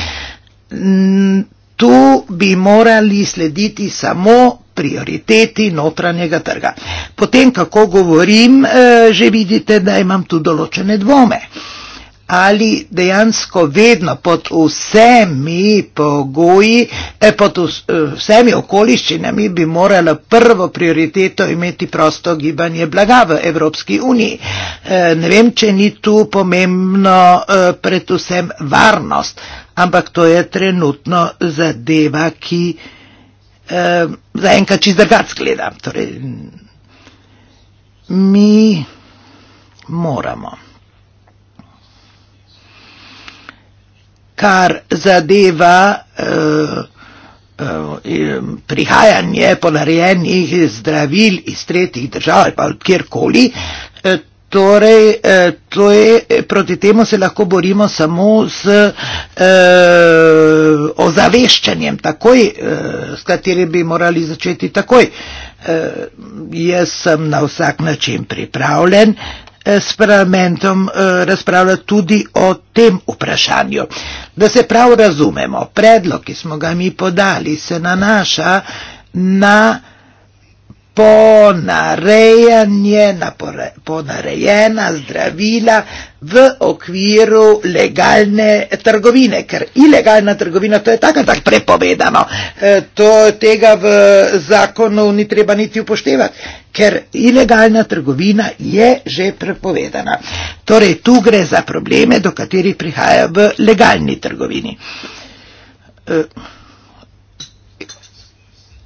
tu bi morali slediti samo prioriteti notranjega trga. Potem, kako govorim, eh, že vidite, da imam tu določene dvome ali dejansko vedno pod vsemi pogoji, eh, pod eh, vsemi okoliščinami bi morala prvo prioriteto imeti prosto gibanje blaga v Evropski uniji. Eh, ne vem, če ni tu pomembno predvsem varnost, ampak to je trenutno zadeva, ki zaenkrat čisto drugač gleda. Torej, mi moramo. kar zadeva eh, eh, eh, prihajanje ponarejenih zdravil iz tretjih držav ali pa kjerkoli. Torej, to je, proti temu se lahko borimo samo z eh, ozaveščanjem, takoj, eh, s katerim bi morali začeti takoj. Eh, jaz sem na vsak način pripravljen, eh, s parlamentom eh, razpravljati tudi o tem vprašanju. Da se prav razumemo, predlog, ki smo ga mi podali, se nanaša na ponarejanje, napore, ponarejena zdravila v okviru legalne trgovine, ker ilegalna trgovina to je tako ali tako prepovedano. E, to tega v zakonu ni treba niti upoštevati, ker ilegalna trgovina je že prepovedana. Torej, tu gre za probleme, do katerih prihaja v legalni trgovini. E,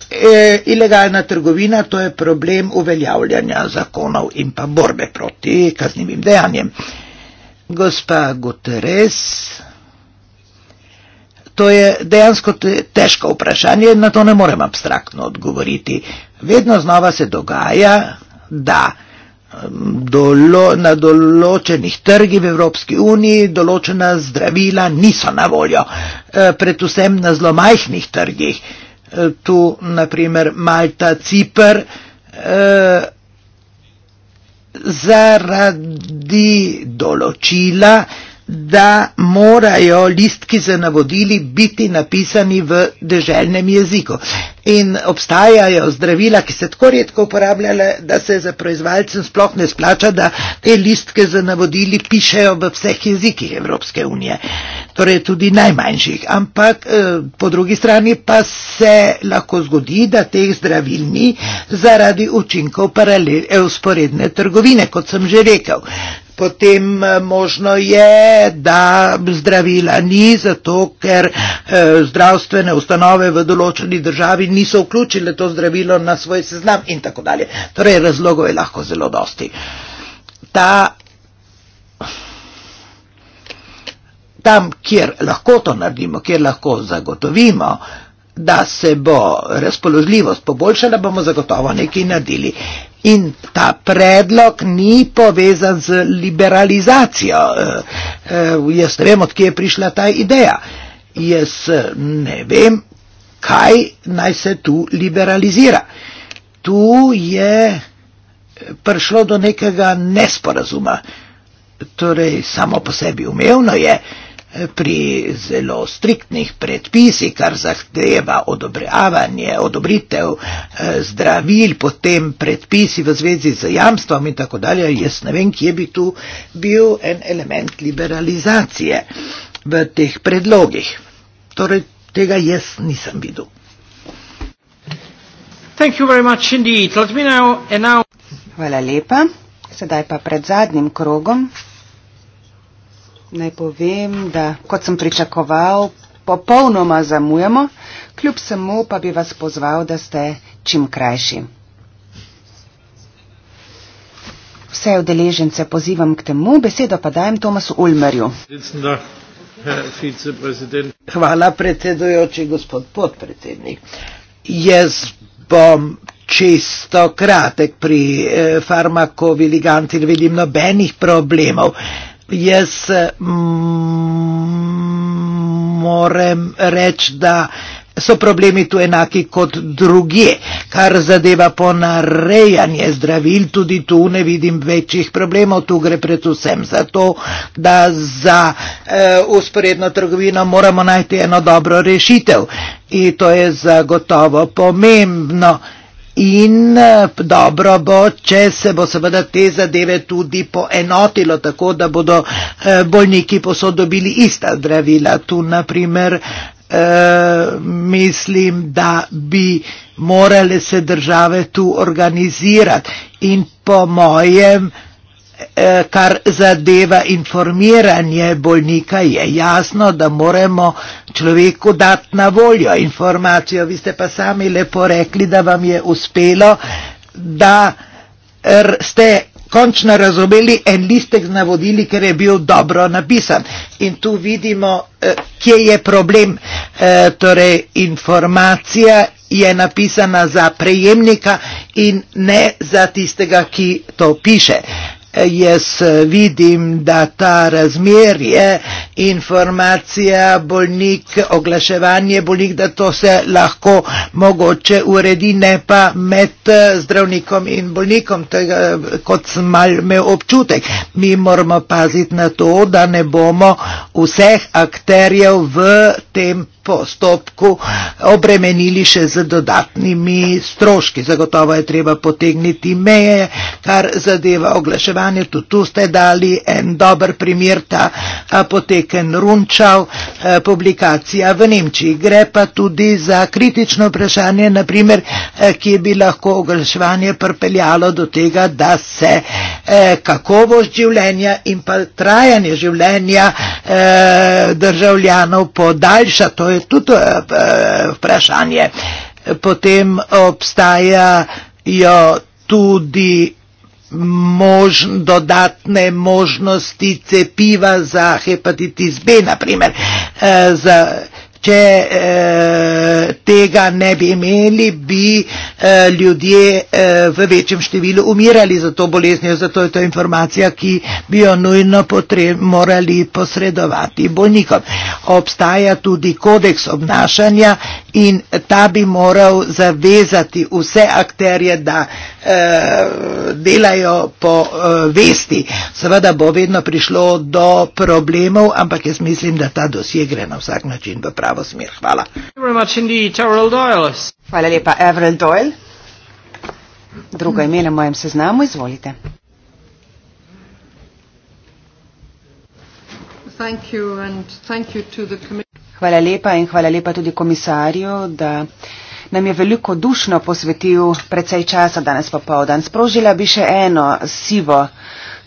E, ilegalna trgovina, to je problem uveljavljanja zakonov in pa borbe proti kaznjivim dejanjem. Gospa Guterres, to je dejansko težko vprašanje, na to ne morem abstraktno odgovoriti. Vedno znova se dogaja, da dolo, na določenih trgih v Evropski uniji določena zdravila niso na voljo, e, predvsem na zelo majhnih trgih. Eh, tu na primer Malta, Cipr, eh, zaradi določila, da morajo listki za navodili biti napisani v deželnem jeziku in obstajajo zdravila, ki se tako redko uporabljale, da se za proizvajalcem sploh ne splača, da te listke za navodili pišejo v vseh jezikih Evropske unije, torej tudi najmanjših. Ampak eh, po drugi strani pa se lahko zgodi, da teh zdravil ni zaradi učinkov paralel, usporedne eh, trgovine, kot sem že rekel potem eh, možno je, da zdravila ni, zato ker eh, zdravstvene ustanove v določeni državi niso vključile to zdravilo na svoj seznam in tako dalje. Torej, razlogov je lahko zelo dosti. Ta, tam, kjer lahko to naredimo, kjer lahko zagotovimo, da se bo razpoložljivost poboljšala, bomo zagotovo nekaj naredili. In ta predlog ni povezan z liberalizacijo. Eh, eh, jaz ne vem, odkje je prišla ta ideja. Jaz mm, ne vem, kaj naj se tu liberalizira. Tu je eh, prišlo do nekega nesporazuma. Torej, samo po sebi umevno je, pri zelo striktnih predpisih, kar zahteva odobravanje, odobritev eh, zdravil, potem predpisi v zvezi z jamstvom in tako dalje, jaz ne vem, kje bi tu bil en element liberalizacije v teh predlogih. Torej, tega jaz nisem videl. Hvala lepa. Sedaj pa pred zadnjim krogom Naj povem, da kot sem pričakoval, popolnoma zamujamo, kljub samo pa bi vas pozval, da ste čim krajši. Vse odeležence pozivam k temu, besedo pa dajem Tomasu Ulmerju. Hvala predsedujoči, gospod podpredsednik. Jaz bom čisto kratek pri eh, farmakovi ligantin, vidim nobenih problemov jaz mm, moram reči, da so problemi tu enaki kot druge. Kar zadeva ponarejanje zdravil, tudi tu ne vidim večjih problemov. Tu gre predvsem za to, da za e, eh, usporedno trgovino moramo najti eno dobro rešitev. In to je zagotovo pomembno. In eh, dobro bo, če se bo seveda te zadeve tudi poenotilo, tako da bodo eh, bolniki posodobili ista zdravila. Tu naprimer eh, mislim, da bi morale se države tu organizirati in po mojem. Eh, kar zadeva informiranje bolnika, je jasno, da moramo človeku dati na voljo informacijo. Vi ste pa sami lepo rekli, da vam je uspelo, da er, ste končno razumeli en listek z navodili, ker je bil dobro napisan. In tu vidimo, eh, kje je problem. Eh, torej, informacija je napisana za prejemnika in ne za tistega, ki to piše jaz eh, vidim, da ta razmerje informacija, bolnik, oglaševanje bolnik, da to se lahko mogoče uredi, ne pa med eh, zdravnikom in bolnikom, tega, eh, kot sem mal imel občutek. Mi moramo paziti na to, da ne bomo vseh akterjev v tem postopku obremenili še z dodatnimi stroški. Zagotovo je treba potegniti meje, kar zadeva oglaševanje. Tudi tu ste dali en dober primer, ta apoteken Runčal, eh, publikacija v Nemčiji. Gre pa tudi za kritično vprašanje, naprimer, eh, ki bi lahko oglaševanje prpeljalo do tega, da se eh, kakovost življenja in pa trajanje življenja državljanov podaljša. To je tudi eh, vprašanje. Potem obstajajo tudi mož, dodatne možnosti cepiva za hepatitis B, naprimer. Eh, za, Če eh, tega ne bi imeli, bi eh, ljudje eh, v večjem številu umirali za to boleznijo, zato je to informacija, ki bi jo nujno potreb, morali posredovati bolnikom. Obstaja tudi kodeks obnašanja in ta bi moral zavezati vse akterje, da eh, delajo po eh, vesti. Seveda bo vedno prišlo do problemov, ampak jaz mislim, da ta dosje gre na vsak način v pravo pravo smer. Hvala. Hvala lepa, Avril Doyle. Drugo ime na mojem seznamu, izvolite. Hvala lepa in hvala lepa tudi komisarju, da nam je veliko dušno posvetil precej časa danes popovdan. Sprožila bi še eno sivo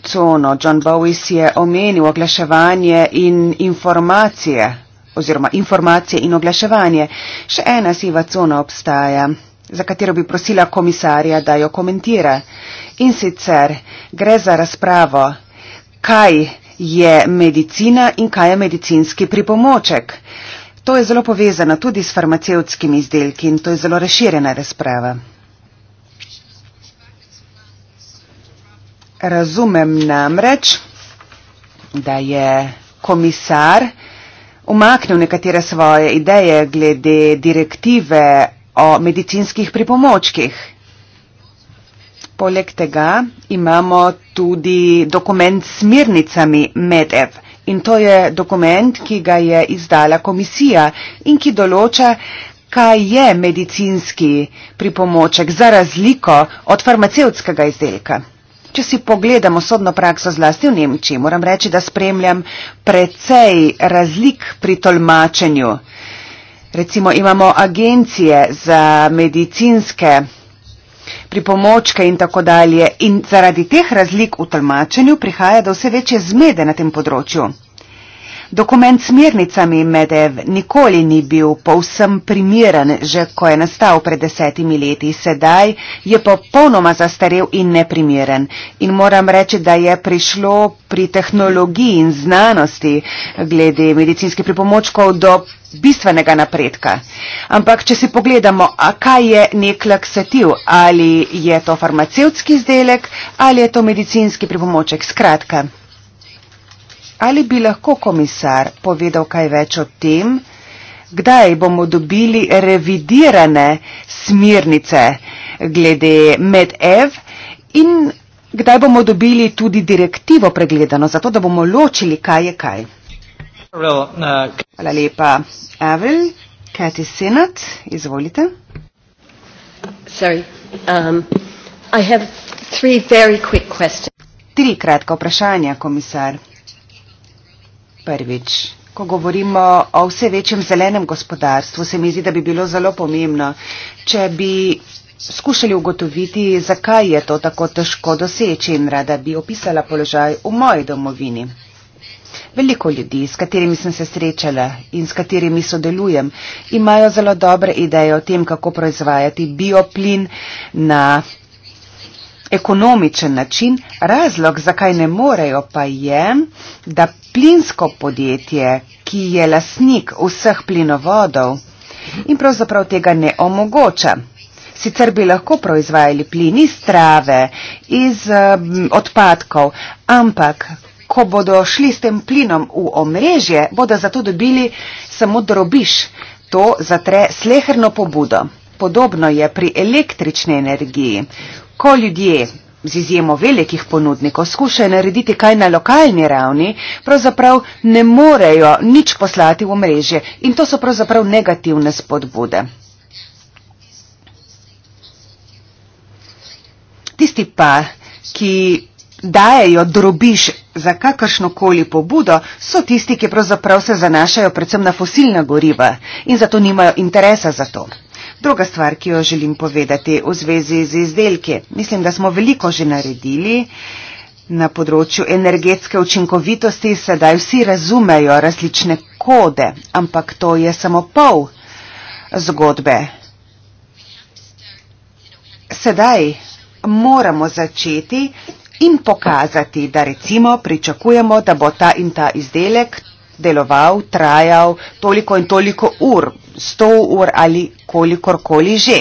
cono. John Bowis je omenil oglaševanje in informacije oziroma informacije in oglaševanje. Še ena siva cona obstaja, za katero bi prosila komisarja, da jo komentira. In sicer gre za razpravo, kaj je medicina in kaj je medicinski pripomoček. To je zelo povezano tudi s farmacevskimi izdelki in to je zelo razširjena razprava. Razumem namreč, da je komisar umaknil nekatere svoje ideje glede direktive o medicinskih pripomočkih. Poleg tega imamo tudi dokument s smirnicami MEDEV in to je dokument, ki ga je izdala komisija in ki določa, kaj je medicinski pripomoček za razliko od farmacevtskega izdelka. Če si pogledamo sodno prakso zlasti v Nemčiji, moram reči, da spremljam precej razlik pri tolmačenju. Recimo imamo agencije za medicinske pripomočke in tako dalje in zaradi teh razlik v tolmačenju prihaja do vse večje zmede na tem področju. Dokument s smernicami Medev nikoli ni bil povsem primiran, že ko je nastal pred desetimi leti. Sedaj je popolnoma zastarel in neprimeren. In moram reči, da je prišlo pri tehnologiji in znanosti glede medicinskih pripomočkov do bistvenega napredka. Ampak, če si pogledamo, a kaj je nek laksativ, ali je to farmacevtski izdelek, ali je to medicinski pripomoček, skratka. Ali bi lahko komisar povedal kaj več o tem, kdaj bomo dobili revidirane smernice glede MedEv in kdaj bomo dobili tudi direktivo pregledano, zato da bomo ločili, kaj je kaj. Uh, Hvala lepa, Avril. Kati Sinat, izvolite. Sorry, um, I have three very quick questions. Tri kratka vprašanja, komisar. Prvič, ko govorimo o vse večjem zelenem gospodarstvu, se mi zdi, da bi bilo zelo pomembno, če bi skušali ugotoviti, zakaj je to tako težko doseči in rada bi opisala položaj v moji domovini. Veliko ljudi, s katerimi sem se srečala in s katerimi sodelujem, imajo zelo dobre ideje o tem, kako proizvajati bioplin na ekonomičen način, razlog, zakaj ne morejo, pa je, da plinsko podjetje, ki je lasnik vseh plinovodov in pravzaprav tega ne omogoča. Sicer bi lahko proizvajali plin iz trave, iz odpadkov, ampak ko bodo šli s tem plinom v omrežje, bodo zato dobili samo drobiš. To zatre sleherno pobudo. Podobno je pri električni energiji ko ljudje z izjemo velikih ponudnikov skušajo narediti kaj na lokalni ravni, pravzaprav ne morejo nič poslati v mreže in to so pravzaprav negativne spodbude. Tisti pa, ki dajejo drobiš za kakršnokoli pobudo, so tisti, ki pravzaprav se zanašajo predvsem na fosilna goriva in zato nimajo interesa za to. Druga stvar, ki jo želim povedati v zvezi z izdelki. Mislim, da smo veliko že naredili na področju energetske učinkovitosti, sedaj vsi razumejo različne kode, ampak to je samo pol zgodbe. Sedaj moramo začeti in pokazati, da recimo pričakujemo, da bo ta in ta izdelek deloval, trajal toliko in toliko ur, 100 ur ali kolikorkoli že.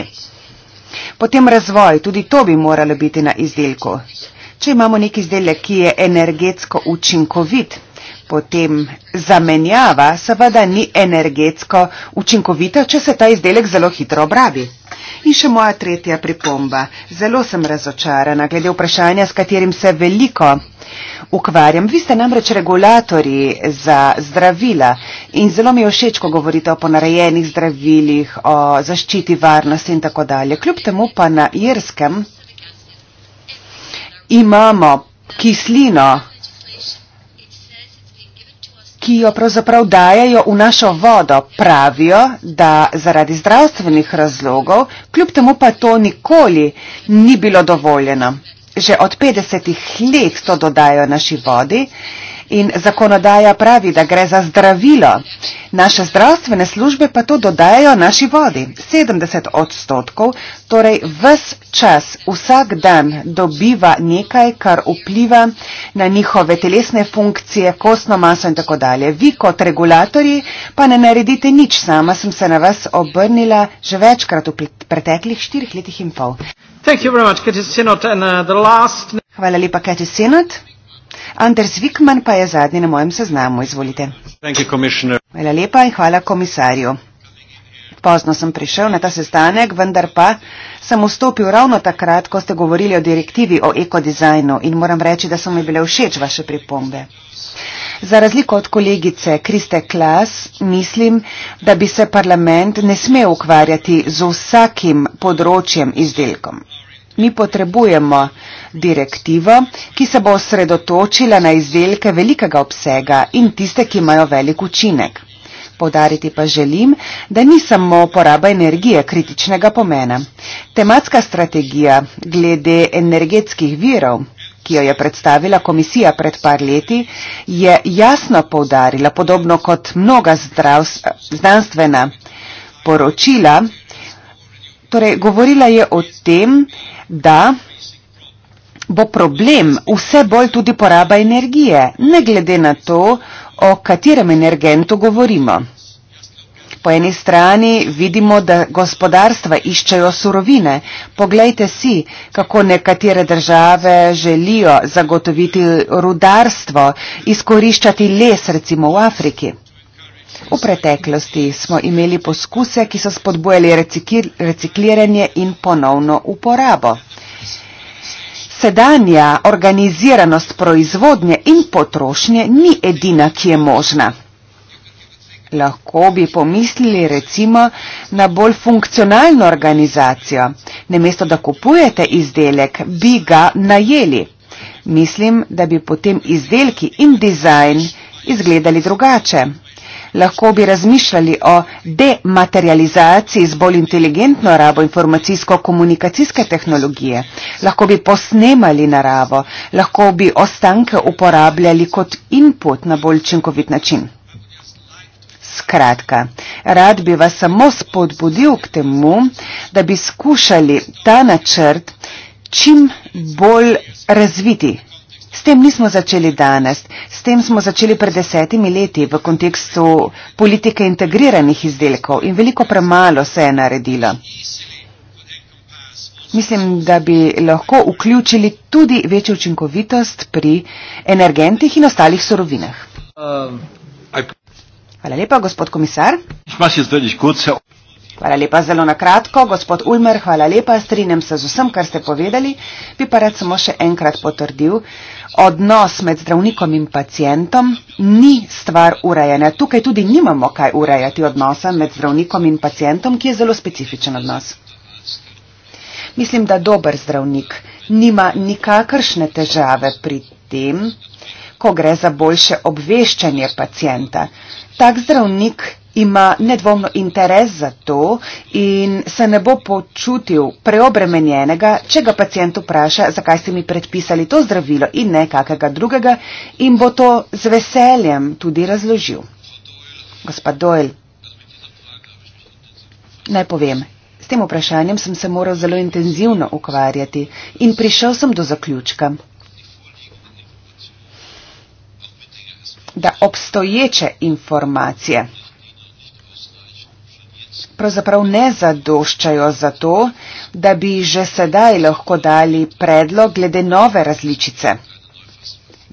Potem razvoj, tudi to bi moralo biti na izdelku. Če imamo nek izdelek, ki je energetsko učinkovit, potem zamenjava seveda ni energetsko učinkovita, če se ta izdelek zelo hitro obrabi. In še moja tretja pripomba. Zelo sem razočarana glede vprašanja, s katerim se veliko ukvarjam. Vi ste namreč regulatori za zdravila in zelo mi je všeč, ko govorite o ponarejenih zdravilih, o zaščiti varnosti in tako dalje. Kljub temu pa na Irskem imamo kislino, ki jo pravzaprav dajajo v našo vodo, pravijo, da zaradi zdravstvenih razlogov, kljub temu pa to nikoli ni bilo dovoljeno že od 50-ih let to dodajo naši vodi in zakonodaja pravi, da gre za zdravilo. Naše zdravstvene službe pa to dodajo naši vodi. 70 odstotkov, torej ves čas, vsak dan dobiva nekaj, kar vpliva na njihove telesne funkcije, kostno maso in tako dalje. Vi kot regulatorji pa ne naredite nič sama, sem se na vas obrnila že večkrat v preteklih štirih letih in pol. Uh, hvala lepa, Kati Sinot. Anders Wickman pa je zadnji na mojem seznamu. Izvolite. Hvala lepa in hvala komisarju. Pozno sem prišel na ta sestanek, vendar pa sem vstopil ravno takrat, ko ste govorili o direktivi o ekodizajnu in moram reči, da so mi bile všeč vaše pripombe. Za razliko od kolegice Kriste Klas, mislim, da bi se parlament ne smel ukvarjati z vsakim področjem izdelkom. Mi potrebujemo direktivo, ki se bo osredotočila na izdelke velikega obsega in tiste, ki imajo velik učinek. Podariti pa želim, da ni samo poraba energije kritičnega pomena. Tematska strategija glede energetskih virov ki jo je predstavila komisija pred par leti, je jasno povdarila, podobno kot mnoga zdrav, znanstvena poročila, torej govorila je o tem, da bo problem vse bolj tudi poraba energije, ne glede na to, o katerem energentu govorimo. Po eni strani vidimo, da gospodarstva iščejo surovine. Poglejte si, kako nekatere države želijo zagotoviti rudarstvo, izkoriščati les recimo v Afriki. V preteklosti smo imeli poskuse, ki so spodbojali recikliranje in ponovno uporabo. Sedanja organiziranost proizvodnje in potrošnje ni edina, ki je možna. Lahko bi pomislili recimo na bolj funkcionalno organizacijo. Namesto, da kupujete izdelek, bi ga najeli. Mislim, da bi potem izdelki in dizajn izgledali drugače. Lahko bi razmišljali o dematerializaciji z bolj inteligentno rabo informacijsko-komunikacijske tehnologije. Lahko bi posnemali naravo. Lahko bi ostanke uporabljali kot input na bolj učinkovit način. Skratka, rad bi vas samo spodbudil k temu, da bi skušali ta načrt čim bolj razviti. S tem nismo začeli danes, s tem smo začeli pred desetimi leti v kontekstu politike integriranih izdelkov in veliko premalo se je naredilo. Mislim, da bi lahko vključili tudi večjo učinkovitost pri energentih in ostalih sorovinah. Uh. Um, Hvala lepa, gospod komisar. Hvala lepa, zelo na kratko. Gospod Ulmer, hvala lepa, strinjam se z vsem, kar ste povedali. Bi pa rad samo še enkrat potrdil, odnos med zdravnikom in pacijentom ni stvar urejena. Tukaj tudi nimamo kaj urejati odnosa med zdravnikom in pacijentom, ki je zelo specifičen odnos. Mislim, da dober zdravnik nima nikakršne težave pri tem, ko gre za boljše obveščanje pacijenta. Tak zdravnik ima nedvomno interes za to in se ne bo počutil preobremenjenega, če ga pacijent vpraša, zakaj ste mi predpisali to zdravilo in ne kakega drugega in bo to z veseljem tudi razložil. Gospod Doyle, naj povem, s tem vprašanjem sem se moral zelo intenzivno ukvarjati in prišel sem do zaključka. da obstoječe informacije pravzaprav ne zadoščajo za to, da bi že sedaj lahko dali predlog glede nove različice.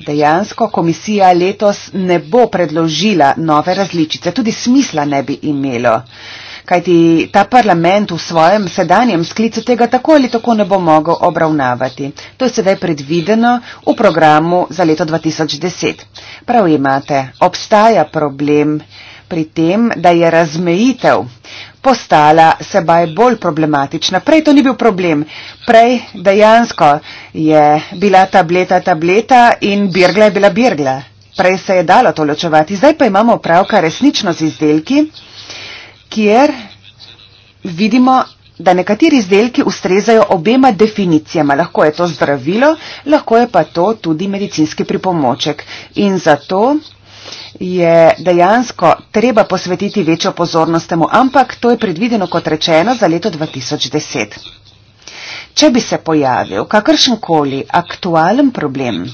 Dejansko komisija letos ne bo predložila nove različice, tudi smisla ne bi imelo kajti ta parlament v svojem sedanjem sklicu tega tako ali tako ne bo mogel obravnavati. To je sedaj predvideno v programu za leto 2010. Prav imate, obstaja problem pri tem, da je razmejitev postala sebaj bolj problematična. Prej to ni bil problem. Prej dejansko je bila tableta tableta in birgla je bila birgla. Prej se je dalo to ločevati. Zdaj pa imamo pravka resnično z izdelki, kjer vidimo, da nekateri izdelki ustrezajo obema definicijama. Lahko je to zdravilo, lahko je pa to tudi medicinski pripomoček. In zato je dejansko treba posvetiti večjo pozornost temu, ampak to je predvideno, kot rečeno, za leto 2010. Če bi se pojavil kakršenkoli aktualen problem,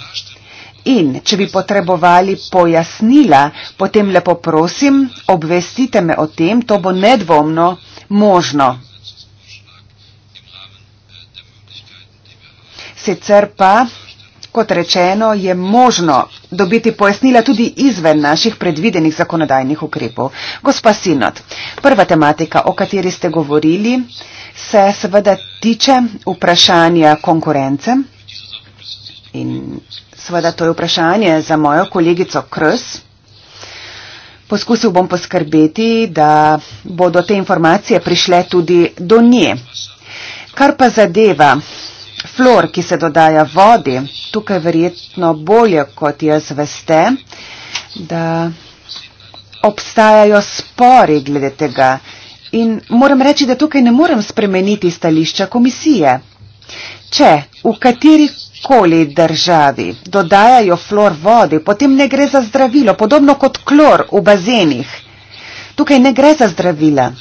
In če bi potrebovali pojasnila, potem lepo prosim, obvestite me o tem, to bo nedvomno možno. Sicer pa, kot rečeno, je možno dobiti pojasnila tudi izven naših predvidenih zakonodajnih ukrepov. Gospa Sinot, prva tematika, o kateri ste govorili, se seveda tiče vprašanja konkurence. In Sveda to je vprašanje za mojo kolegico Krs. Poskusil bom poskrbeti, da bodo te informacije prišle tudi do nje. Kar pa zadeva flor, ki se dodaja vodi, tukaj verjetno bolje kot jaz veste, da obstajajo spori glede tega. In moram reči, da tukaj ne morem spremeniti stališča komisije. Če v kateri koli državi. Dodajajo flor vodi, potem ne gre za zdravilo, podobno kot klor v bazenih. Tukaj ne gre za zdravila.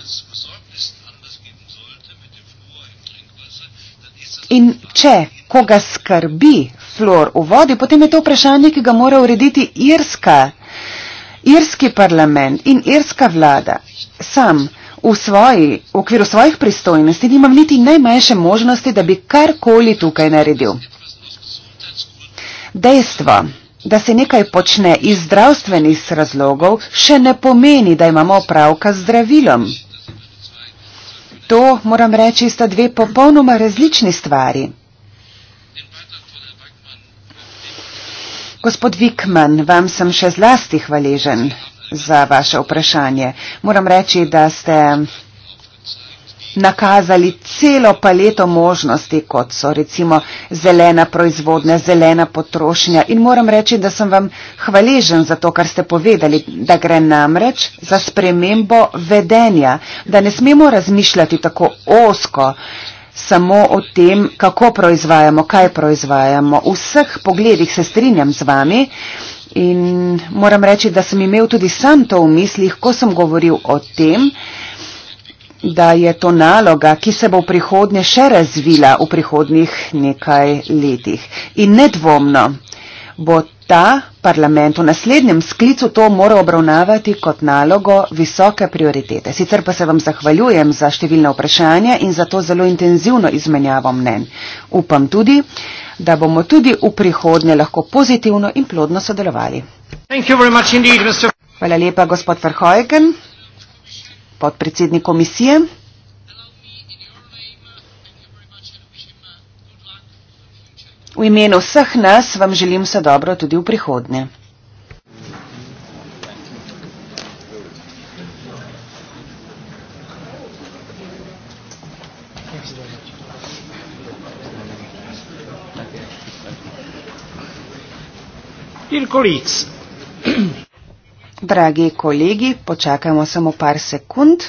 In če koga skrbi flor v vodi, potem je to vprašanje, ki ga mora urediti Irska, Irski parlament in Irska vlada. Sam v, svoji, v okviru svojih pristojnosti nimam niti najmanjše možnosti, da bi karkoli tukaj naredil. Dejstvo, da se nekaj počne iz zdravstvenih razlogov, še ne pomeni, da imamo opravka z zdravilom. To, moram reči, sta dve popolnoma različni stvari. Gospod Vikman, vam sem še zlasti hvaležen za vaše vprašanje. Moram reči, da ste nakazali celo paleto možnosti, kot so recimo zelena proizvodnja, zelena potrošnja. In moram reči, da sem vam hvaležen za to, kar ste povedali, da gre namreč za spremembo vedenja, da ne smemo razmišljati tako osko samo o tem, kako proizvajamo, kaj proizvajamo. V vseh pogledih se strinjam z vami. In moram reči, da sem imel tudi sam to v mislih, ko sem govoril o tem, uh, da je to naloga, ki se bo v prihodnje še razvila v prihodnih nekaj letih. In nedvomno bo ta parlament v naslednjem sklicu to mora obravnavati kot nalogo visoke prioritete. Sicer pa se vam zahvaljujem za številne vprašanja in za to zelo intenzivno izmenjavo mnen. Upam tudi, da bomo tudi v prihodnje lahko pozitivno in plodno sodelovali. Hvala lepa, gospod Verhojgen podpredsednik komisije. V imenu vseh nas vam želim vse dobro tudi v prihodnje. Dear colleagues, Dragi kolegi, počakajmo samo par sekund.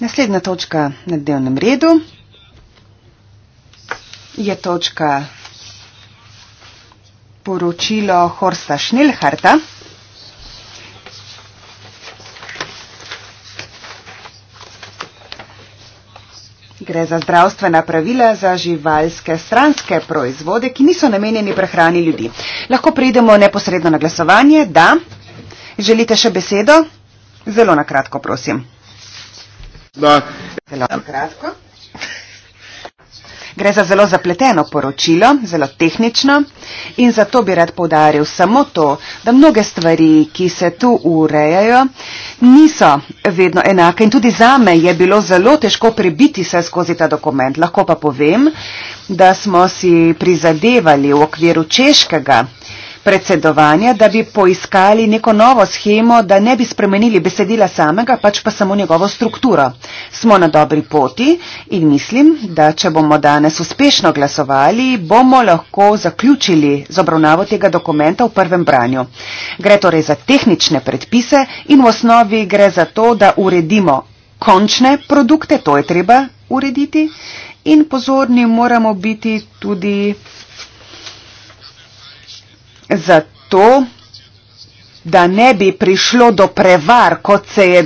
Naslednja točka na dnevnem redu je točka poročilo Horsta Schnellharta. Gre za zdravstvena pravila za živalske stranske proizvode, ki niso namenjeni prehrani ljudi. Lahko pridemo neposredno na glasovanje. Da. Želite še besedo? Zelo nakratko, prosim. Da. Zelo nakratko. Gre za zelo zapleteno poročilo, zelo tehnično in zato bi rad povdaril samo to, da mnoge stvari, ki se tu urejajo, niso vedno enake in tudi zame je bilo zelo težko prebiti se skozi ta dokument. Lahko pa povem, da smo si prizadevali v okviru češkega predsedovanja, da bi poiskali neko novo schemo, da ne bi spremenili besedila samega, pač pa samo njegovo strukturo. Smo na dobri poti in mislim, da če bomo danes uspešno glasovali, bomo lahko zaključili z obravnavo tega dokumenta v prvem branju. Gre torej za tehnične predpise in v osnovi gre za to, da uredimo končne produkte, to je treba urediti. In pozorni moramo biti tudi zato, da ne bi prišlo do prevar, kot se je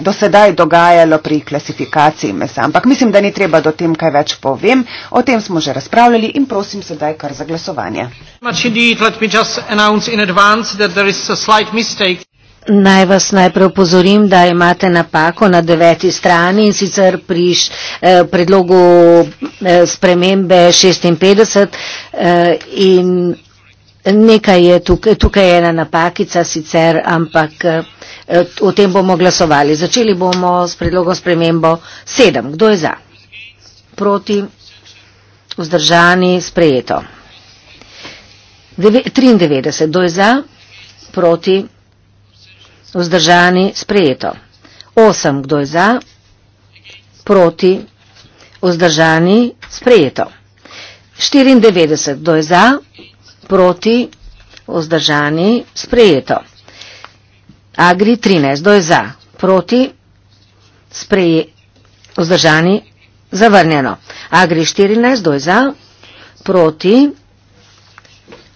do sedaj dogajalo pri klasifikaciji mesa. Ampak mislim, da ni treba do tem kaj več povem. O tem smo že razpravljali in prosim sedaj kar za glasovanje. Naj vas najprej upozorim, da imate napako na deveti strani in sicer pri š, eh, predlogu eh, spremembe 56 eh, in Nekaj je tukaj, tukaj je ena napakica sicer, ampak eh, eh, o tem bomo glasovali. Začeli bomo s predlogom spremembo 7. Kdo je za? Proti? Vzdržani? Sprejeto. 93. Kdo je za? Proti? Vzdržani? Sprejeto. 8. Kdo je za? Proti? Vzdržani? Sprejeto. 94. Kdo je za? proti vzdržani sprejeto. Agri 13, do je za, proti sprejeto, vzdržani zavrnjeno. Agri 14, do je za, proti,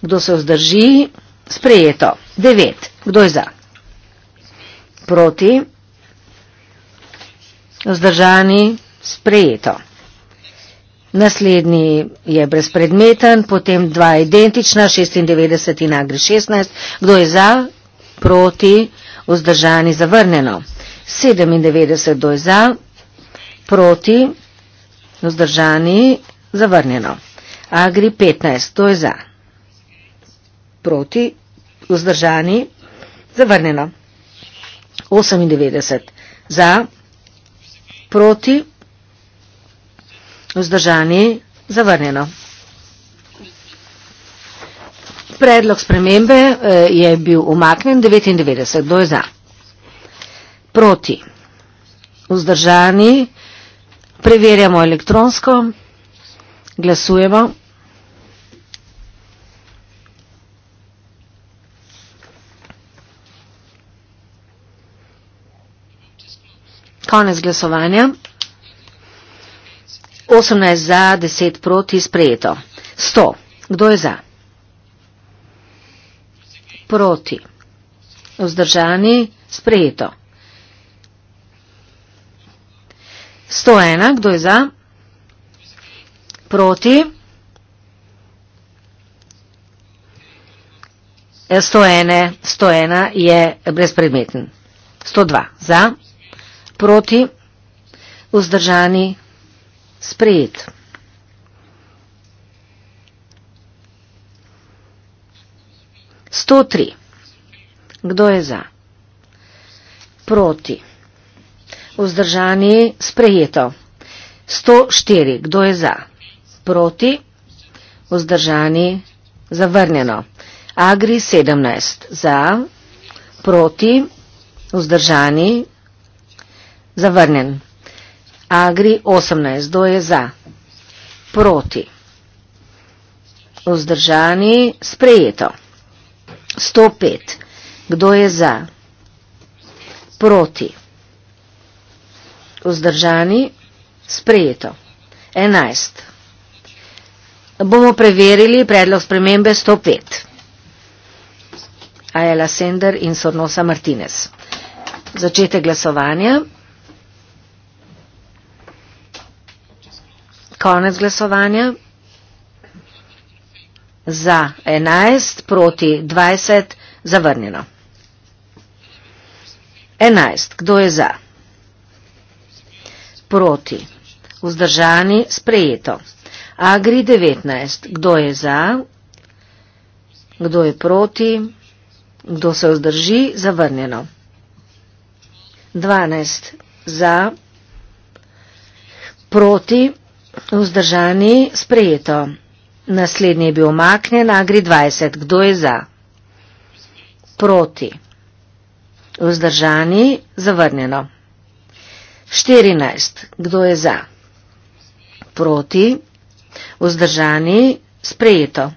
kdo se vzdrži, sprejeto. 9, kdo je za, proti, vzdržani sprejeto. Naslednji je brezpredmeten, potem dva identična, 96 in agri 16. Kdo je za, proti, vzdržani, zavrnjeno. 97 do je za, proti, vzdržani, zavrnjeno. Agri 15, to je za, proti, vzdržani, zavrnjeno. 98 za, proti, vzdržani, zavrnjeno. Vzdržani zavrnjeno. Predlog spremembe eh, je bil umaknen 99, kdo je za? Proti. Vzdržani preverjamo elektronsko, glasujemo. Konec glasovanja. 18 za, 10 proti, sprejeto. 100. Kdo je za? Proti. Vzdržani, sprejeto. 101. Kdo je za? Proti. 101, e, 101 je brezpredmeten. 102. Za. Proti. Vzdržani, sprejet. Sto tri. Kdo je za? Proti. Vzdržani je sprejeto. Sto štiri. Kdo je za? Proti. Vzdržani zavrnjeno. Agri 17. Za. Proti. Vzdržani zavrnjen. Agri 18, doje za. Proti. Vzdržani, sprejeto. 105. Kdo je za? Proti. Vzdržani, sprejeto. 11. Bomo preverili predlog spremembe 105. Ajela Sender in Sornosa Martinez. Začete glasovanja. konec glasovanja. Za 11, proti 20, zavrnjeno. 11, kdo je za? Proti, vzdržani, sprejeto. Agri 19, kdo je za? Kdo je proti? Kdo se vzdrži? Zavrnjeno. 12, za? Proti, Vzdržani sprejeto. Naslednji je bil omaknjen, agri 20. Kdo je za? Proti. Vzdržani zavrnjeno. 14. Kdo je za? Proti. Vzdržani sprejeto.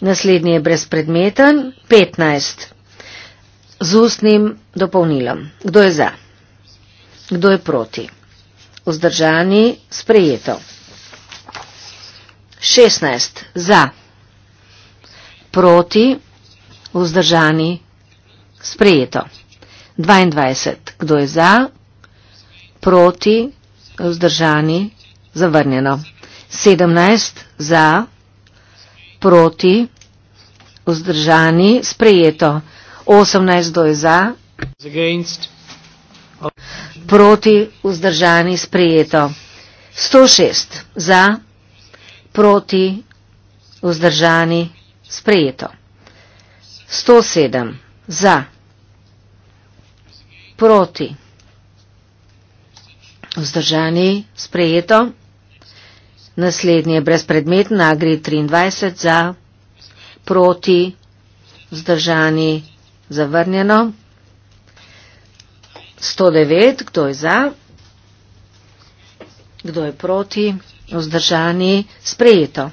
Naslednji je brezpredmeten, 15, z ustnim dopolnilom. Kdo je za? Kdo je proti? Vzdržani, sprejeto. 16. Za. Proti, vzdržani, sprejeto. 22. Kdo je za? Proti, vzdržani, zavrnjeno. 17. Za. Proti, vzdržani, sprejeto. 18. Kdo je za? proti, vzdržani, sprijeto. 106 za, proti, vzdržani, sprijeto. 107 za, proti, vzdržani, sprijeto. Naslednji je brezpredmeten, nagri 23 za, proti, vzdržani, zavrnjeno. 109, kdo je za, kdo je proti, vzdržani, sprejeto.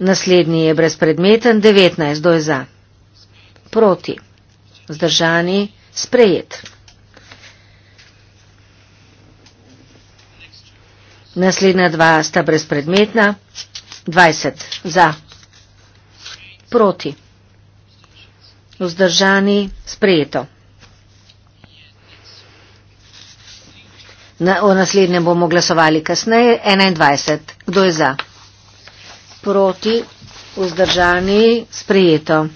Naslednji je brezpredmeten, 19, kdo je za, proti, vzdržani, sprejet. Naslednja dva sta brezpredmetna, 20, za, proti, vzdržani, sprejeto. Na, o naslednjem bomo glasovali kasneje. 21. Kdo je za? Proti, vzdržani, sprejeto.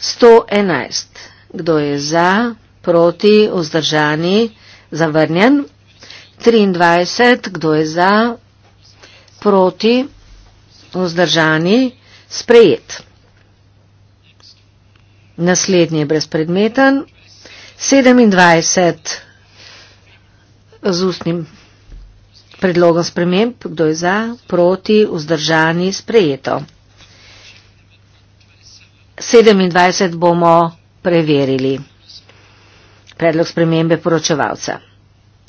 111. Kdo je za? Proti, vzdržani, zavrnjen. 23. Kdo je za? Proti, vzdržani, sprejet. Naslednji je brezpredmeten. 27 z ustnim predlogom sprememb, kdo je za, proti, vzdržani, sprejeto. 27 bomo preverili predlog spremembe poročevalca.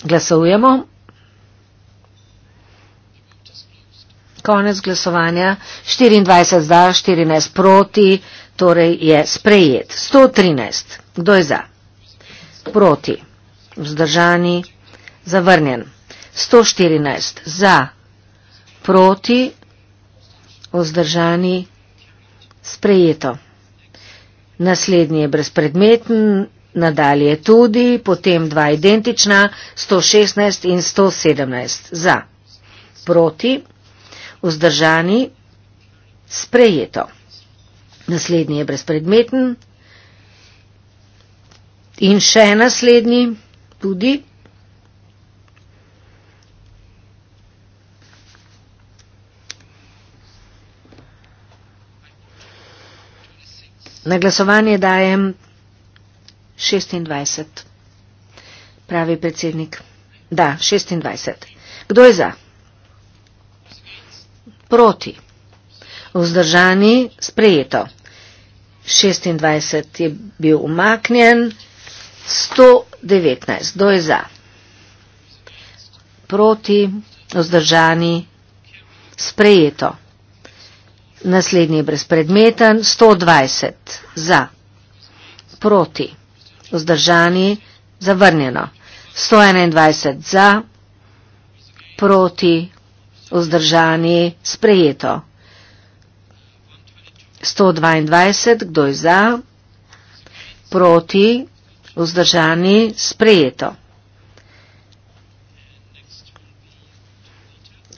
Glasujemo. Konec glasovanja. 24 za, 14 proti, torej je sprejet. 113. Kdo je za? Proti. Vzdržani, zavrnjen. 114 za, proti, vzdržani, sprejeto. Naslednji je brezpredmeten, nadalje tudi, potem dva identična, 116 in 117 za, proti, vzdržani, sprejeto. Naslednji je brezpredmeten in še naslednji tudi. Na glasovanje dajem 26. Pravi predsednik. Da, 26. Kdo je za? Proti. Vzdržani sprejeto. 26 je bil umaknjen. 119. Kdo je za? Proti. Vzdržani sprejeto. Naslednji je brezpredmeten, 120 za, proti, vzdržani, zavrnjeno, 121 za, proti, vzdržani, sprejeto, 122, kdo je za, proti, vzdržani, sprejeto.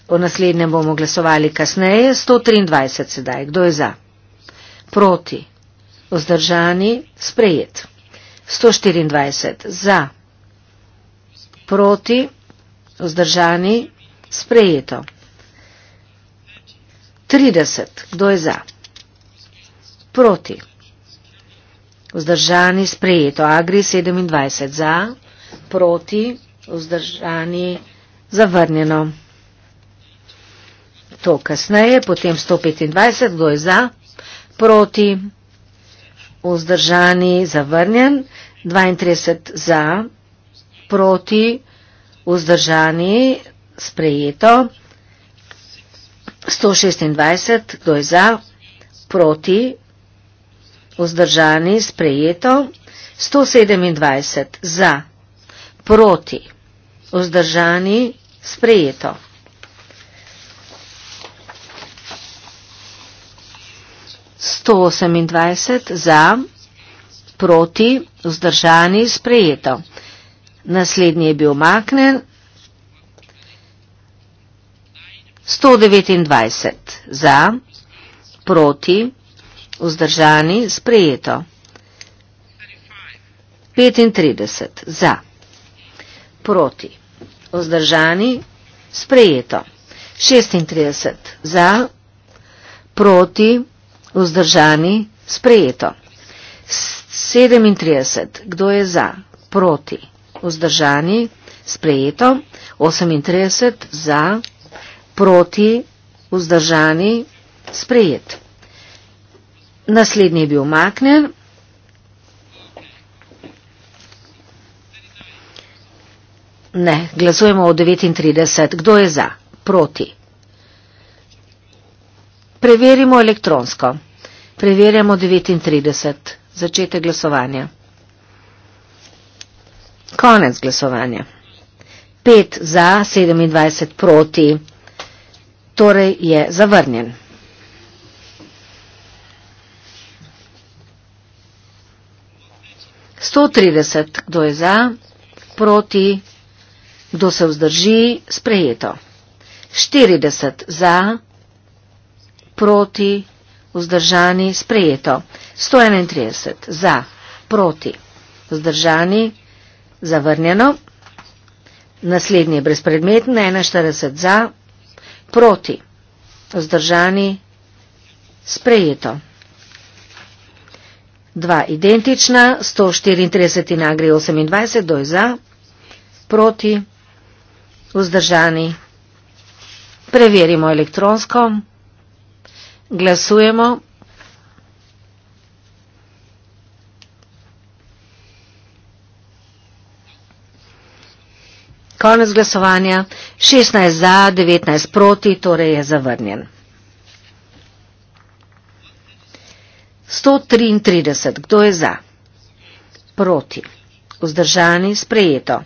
Po naslednjem bomo glasovali kasneje, 123 sedaj. Kdo je za? Proti. Ozdržani. Sprejet. 124. Za. Proti. Ozdržani. Sprejeto. 30. Kdo je za? Proti. Vzdržani sprejeto. Agri 27 za, proti, vzdržani zavrnjeno to kasneje, potem 125, kdo je za, proti, vzdržani, zavrnjen, 32 za, proti, vzdržani, sprejeto, 126, kdo je za, proti, vzdržani, sprejeto, 127 za, proti, vzdržani, sprejeto. 128 za, proti, vzdržani, sprejeto. Naslednji je bil maknen. 129 za, proti, vzdržani, sprejeto. 35 za, proti, vzdržani, sprejeto. 36 za, proti, vzdržani, sprejeto. Vzdržani, sprejeto. 37. Kdo je za? Proti. Vzdržani, sprejeto. 38. Za. Proti. Vzdržani, sprejet. Naslednji je bil umaknen. Ne, glasujemo o 39. Kdo je za? Proti. Preverimo elektronsko. Preverjamo 39. Začete glasovanje. Konec glasovanja. 5 za, 27 proti. Torej je zavrnjen. Sto trideset, kdo je za, proti, kdo se vzdrži, sprejeto. Štirideset za, proti, vzdržani, sprejeto. 131 za, proti, vzdržani, zavrnjeno. Naslednji je brezpredmeten, 41 za, proti, vzdržani, sprejeto. Dva identična, 134 in agri 28, doj za, proti, vzdržani, preverimo elektronsko. Glasujemo. Konec glasovanja. 16 za, 19 proti, torej je zavrnjen. 133. Kdo je za? Proti. Vzdržani, sprejeto.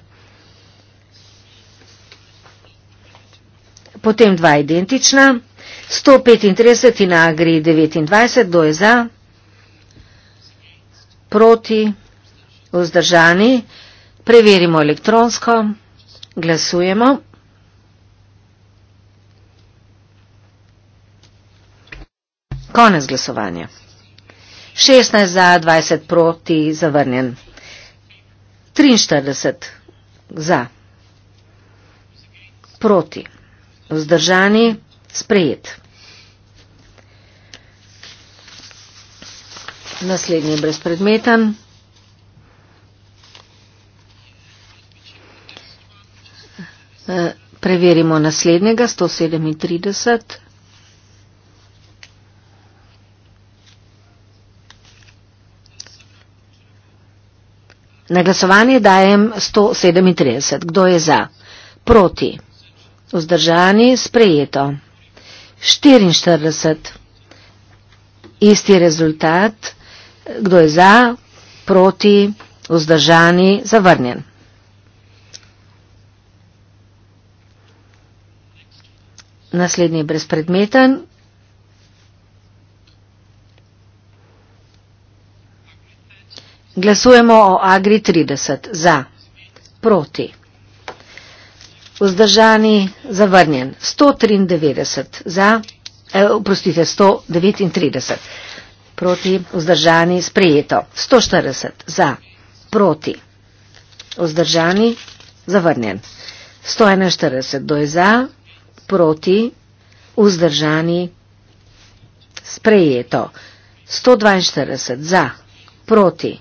Potem dva identična. 135 na agri 29, kdo je za, proti, vzdržani, preverimo elektronsko, glasujemo. Konec glasovanja. 16 za, 20 proti, zavrnjen. 43 za, proti, vzdržani, preverimo sprejet. Naslednji je brezpredmeten. E, preverimo naslednjega, 137. Na glasovanje dajem 137. Kdo je za? Proti. Vzdržani, sprejeto. 44. Isti rezultat, kdo je za, proti, vzdržani, zavrnjen. Naslednji je brezpredmeten. Glasujemo o Agri 30. Za. Proti. Vzdržani zavrnjen. 193 za, eh, prostite, 139 proti, vzdržani sprejeto. 140 za, proti, vzdržani zavrnjen. 141 do je za, proti, vzdržani sprejeto. 142 za, proti,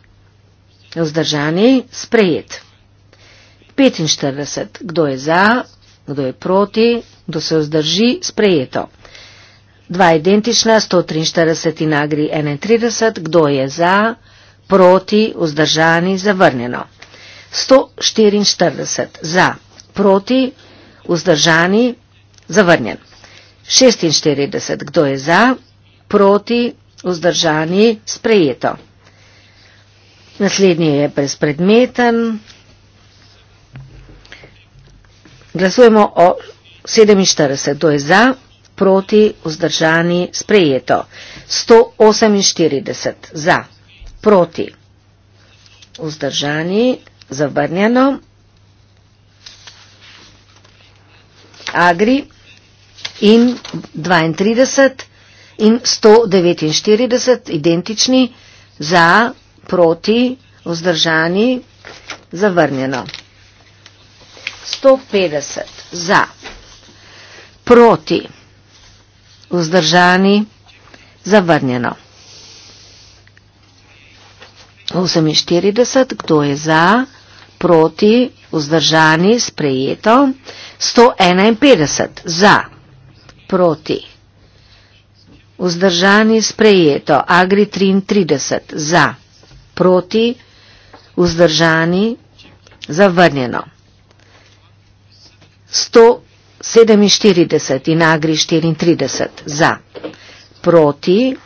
vzdržani sprejeto. 45. Kdo je za, kdo je proti, kdo se vzdrži, sprejeto. 2 identična, 143 in agri 31. Kdo je za, proti, vzdržani, zavrnjeno. 144 za, proti, vzdržani, zavrnjen. 46. Kdo je za, proti, vzdržani, sprejeto. Naslednji je brezpredmeten. Glasujemo o 47, to je za, proti, vzdržani, sprejeto. 148 za, proti, vzdržani, zavrnjeno. Agri in 32 in 149, identični, za, proti, vzdržani, zavrnjeno. 150 za, proti, vzdržani, zavrnjeno. 48, kdo je za, proti, vzdržani, sprejeto. 151 za, proti, vzdržani, sprejeto. Agri 33 za, proti, vzdržani, zavrnjeno. 147 in Agri 34 za, proti,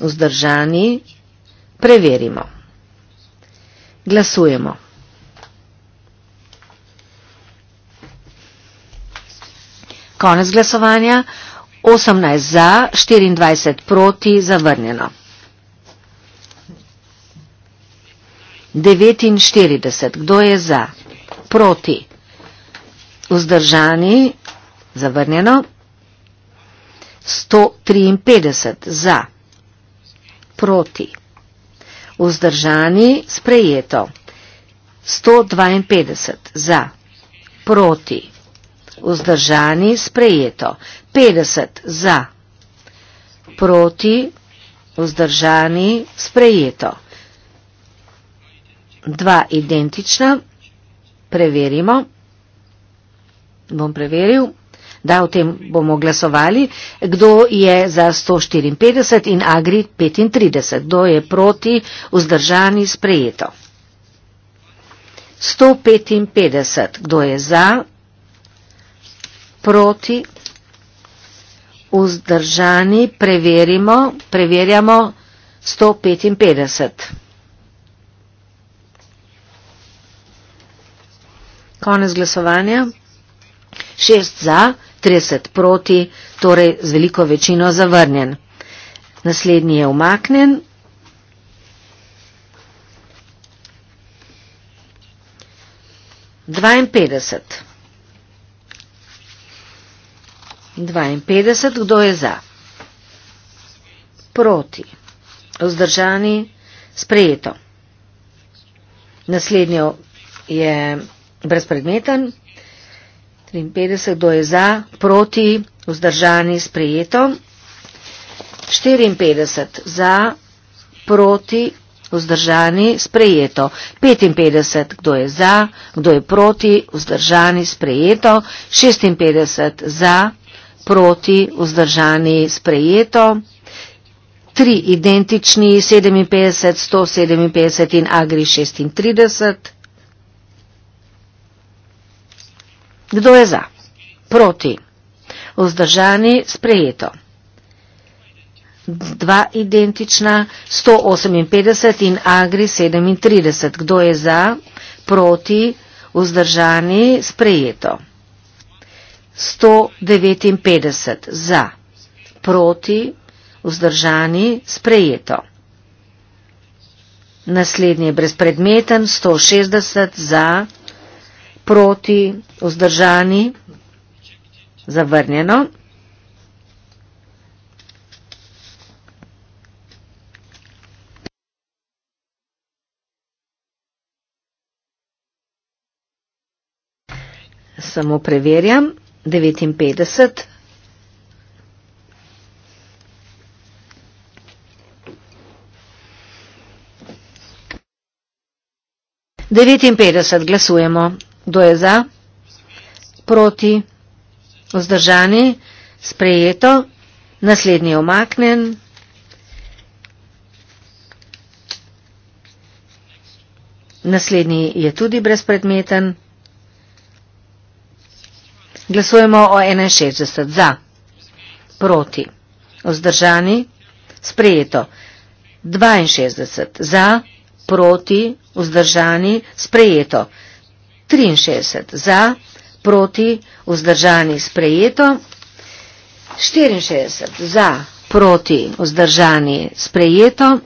vzdržani, preverimo. Glasujemo. Konec glasovanja, 18 za, 24 proti, zavrnjeno. 49, kdo je za, proti vzdržani, zavrnjeno, 153 za, proti, vzdržani, sprejeto, 152 za, proti, vzdržani, sprejeto, 50 za, proti, vzdržani, sprejeto, dva identična, preverimo, 153 za, proti, vzdržani, sprejeto, bom preveril. Da, o tem bomo glasovali. Kdo je za 154 in agri 35? Kdo je proti, vzdržani, sprejeto? 155. Kdo je za, proti, vzdržani, preverimo, preverjamo 155. Konec glasovanja. 6 za, 30 proti, torej z veliko večino zavrnjen. Naslednji je umaknen. Dvainpetdeset. Dvainpetdeset, kdo je za? Proti. Vzdržani. Sprejeto. Naslednjo je brezpredmeten. 53, kdo je za, proti, vzdržani, sprejeto. 54, za, proti, vzdržani, sprejeto. 55, kdo je za, kdo je proti, vzdržani, sprejeto. 56, za, proti, vzdržani, sprejeto. 3 identični, 57, 157 in agri 36. Kdo je za? Proti. Vzdržani sprejeto. Dva identična, 158 in Agri 37. Kdo je za? Proti. Vzdržani sprejeto. 159 za. Proti. Vzdržani sprejeto. Naslednji je brezpredmeten, 160 za proti, vzdržani, zavrnjeno. Samo preverjam, 59. Devetinpetdeset glasujemo. Kdo je za? Proti? Vzdržani? Sprejeto? Naslednji je omaknen. Naslednji je tudi brezpredmeten. Glasujemo o 61. Za? Proti? Vzdržani? Sprejeto? 62. Za? Proti? Vzdržani? Sprejeto? Sprejeto? 63 za, proti, vzdržani sprejeto, 64 za, proti, vzdržani sprejeto,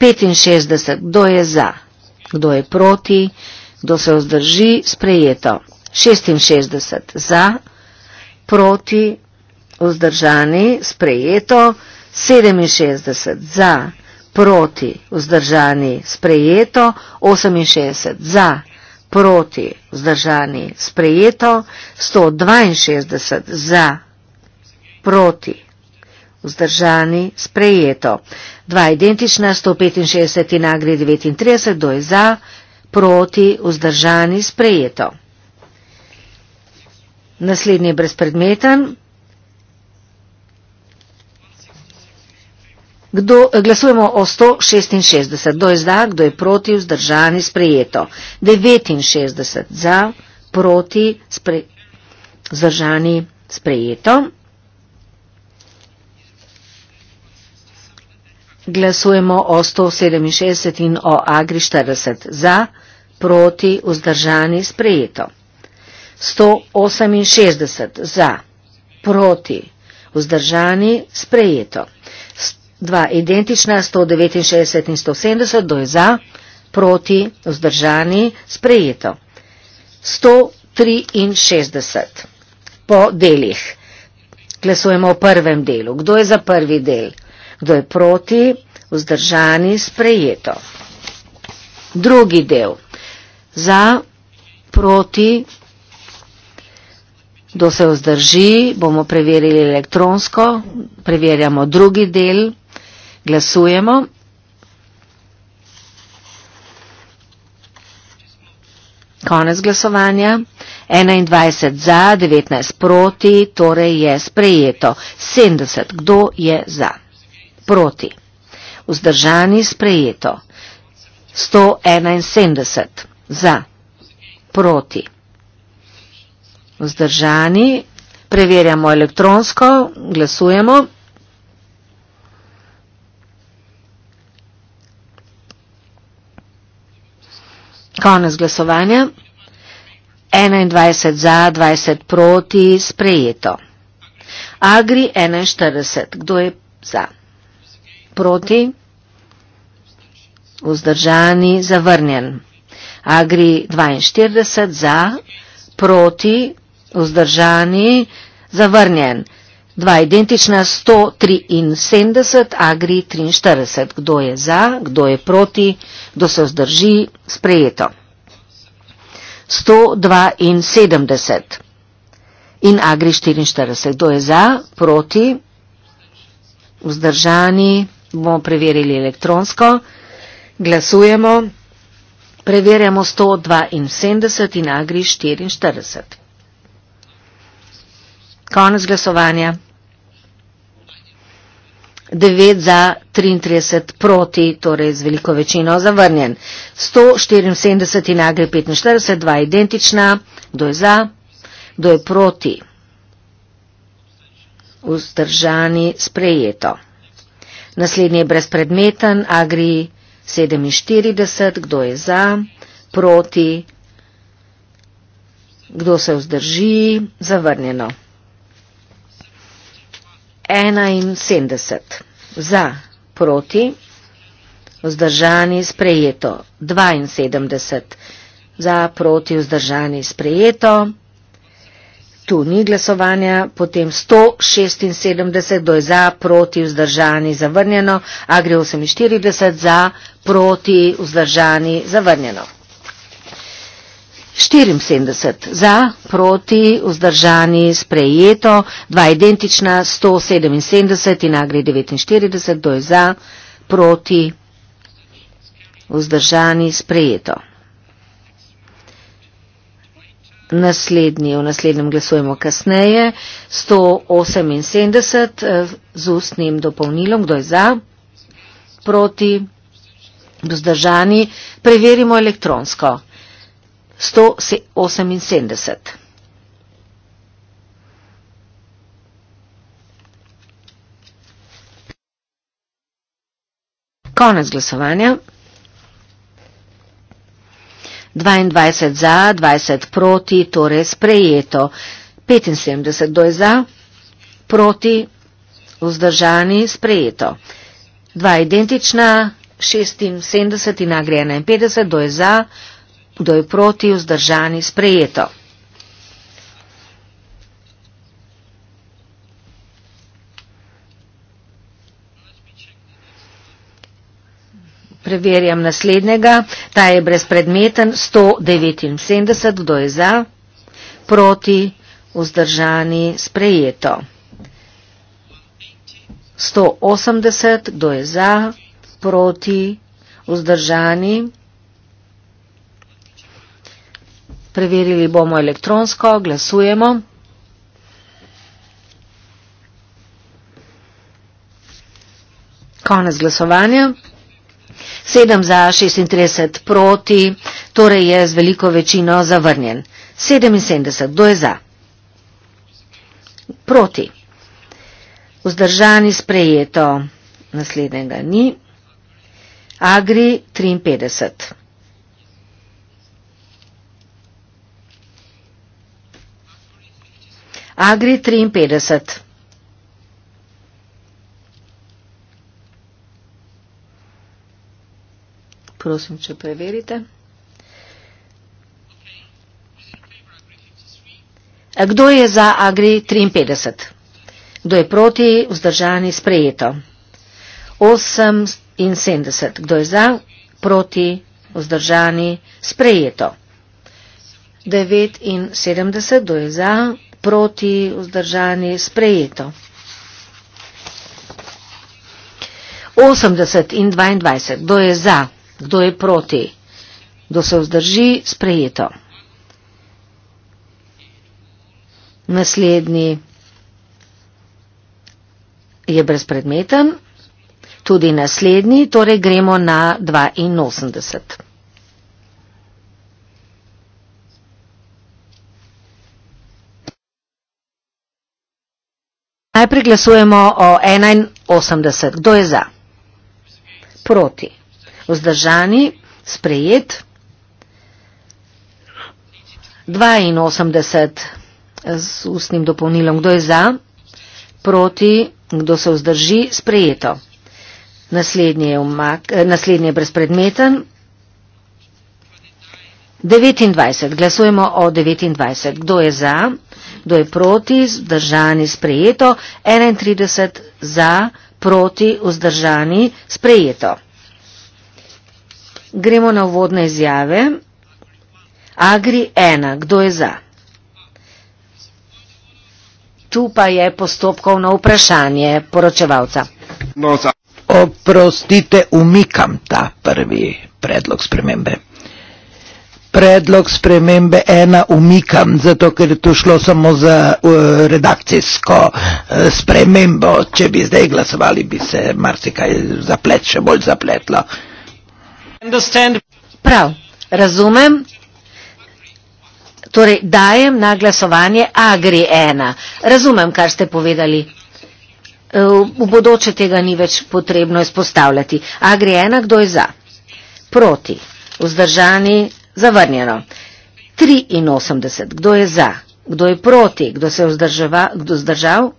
65, kdo je za, kdo je proti, kdo se vzdrži, sprejeto, 66 za, proti, vzdržani sprejeto, 67 za, proti, proti, vzdržani, sprejeto, 68 za, proti, vzdržani, sprejeto, 162 za, proti, vzdržani, sprejeto. Dva identična, 165 in agri 39, doj za, proti, vzdržani, sprejeto. Naslednji brezpredmeten. Kdo, glasujemo o 166, kdo je za, kdo je proti, vzdržani, sprejeto. 69 za, proti, spre, vzdržani, sprejeto. Glasujemo o 167 in o Agri 40 za, proti, vzdržani, sprejeto. 168 za, proti, vzdržani, sprejeto dva identična 169 in 170, do je za, proti, vzdržani, sprejeto. 163 po delih. Glasujemo o prvem delu. Kdo je za prvi del? Kdo je proti, vzdržani, sprejeto. Drugi del. Za, proti, kdo se vzdrži, bomo preverili elektronsko, preverjamo drugi del. Glasujemo. Konec glasovanja. 21 za, 19 proti, torej je sprejeto. 70, kdo je za? Proti. Vzdržani sprejeto. 171 za, proti. Vzdržani. Preverjamo elektronsko, glasujemo. Konec glasovanja. 21 za, 20 proti, sprejeto. Agri 41. Kdo je za? Proti? Vzdržani, zavrnjen. Agri 42 za, proti, vzdržani, zavrnjen. 2 identična 173, agri 43. Kdo je za, kdo je proti, kdo se vzdrži, sprejeto. 172 in agri 44. Kdo je za, proti, vzdržani, bomo preverili elektronsko, glasujemo, preverjamo 172 in agri 44. Konec glasovanja. 9 za 33 proti, torej z veliko večino zavrnjen. 174 in agri 45, dva identična, kdo je za, kdo je proti. Vzdržani sprejeto. Naslednji je brezpredmeten, agri 47, kdo je za, proti, kdo se vzdrži, zavrnjeno. 71, za, proti, vzdržani, sprejeto, 72, za, proti, vzdržani, sprejeto, tu ni glasovanja, potem 176, do je za, proti, vzdržani, zavrnjeno, agri 48, za, proti, vzdržani, zavrnjeno. 74 za, proti, vzdržani, sprejeto, dva identična, 177 in agri 49, do je za, proti, vzdržani, sprejeto. Naslednji, v naslednjem glasujemo kasneje, 178 eh, z ustnim dopolnilom, kdo je za, proti, vzdržani, preverimo elektronsko. 178. Konec glasovanja. 22 za, 20 proti, torej sprejeto. 75 doj za, proti, vzdržani, sprejeto. 2 identična, 76 in nagrijena 50 doj za, proti. Kdo je proti, vzdržani, sprejeto. Preverjam naslednjega. Ta je brezpredmeten 179. Kdo je za? Proti, vzdržani, sprejeto. 180. Kdo je za? Proti, vzdržani, sprejeto. Preverili bomo elektronsko, glasujemo. Konec glasovanja. 7 za 36 proti, torej je z veliko večino zavrnjen. 77, kdo je za? Proti. Vzdržani sprejeto, naslednjega ni. Agri 53. Agri 53. Prosim, če preverite. Kdo je za Agri 53? Kdo je proti, vzdržani, sprejeto? 78. Kdo je za, proti, vzdržani, sprejeto? 79. Kdo je za, proti, vzdržani, sprejeto. 80 in 22. Kdo je za, kdo je proti, kdo se vzdrži, sprejeto. Naslednji je brezpredmeten, tudi naslednji, torej gremo na 82. Najprej glasujemo o 81. Kdo je za? Proti. Vzdržani, sprejet. 82 z ustnim dopolnilom. Kdo je za? Proti. Kdo se vzdrži? Sprejeto. Naslednji je, umak, eh, naslednji je brezpredmeten. 29. Glasujemo o 29. Kdo je za? Kdo je proti? Zdržani sprejeto. 31. Za, proti, vzdržani sprejeto. Gremo na uvodne izjave. Agri 1. Kdo je za? Tu pa je postopkovno vprašanje poročevalca. No, Oprostite, umikam ta prvi predlog spremembe predlog spremembe ena umikam, zato ker je tu šlo samo za eh, redakcijsko eh, spremembo. Če bi zdaj glasovali, bi se marsikaj zaplet, še bolj zapletlo. Prav, razumem. Torej, dajem na glasovanje Agri 1. Razumem, kar ste povedali. Eh, v bodoče tega ni več potrebno izpostavljati. Agri 1, kdo je za? Proti. Vzdržani Zavrnjeno. 83. Kdo je za? Kdo je proti? Kdo se je kdo zdržal?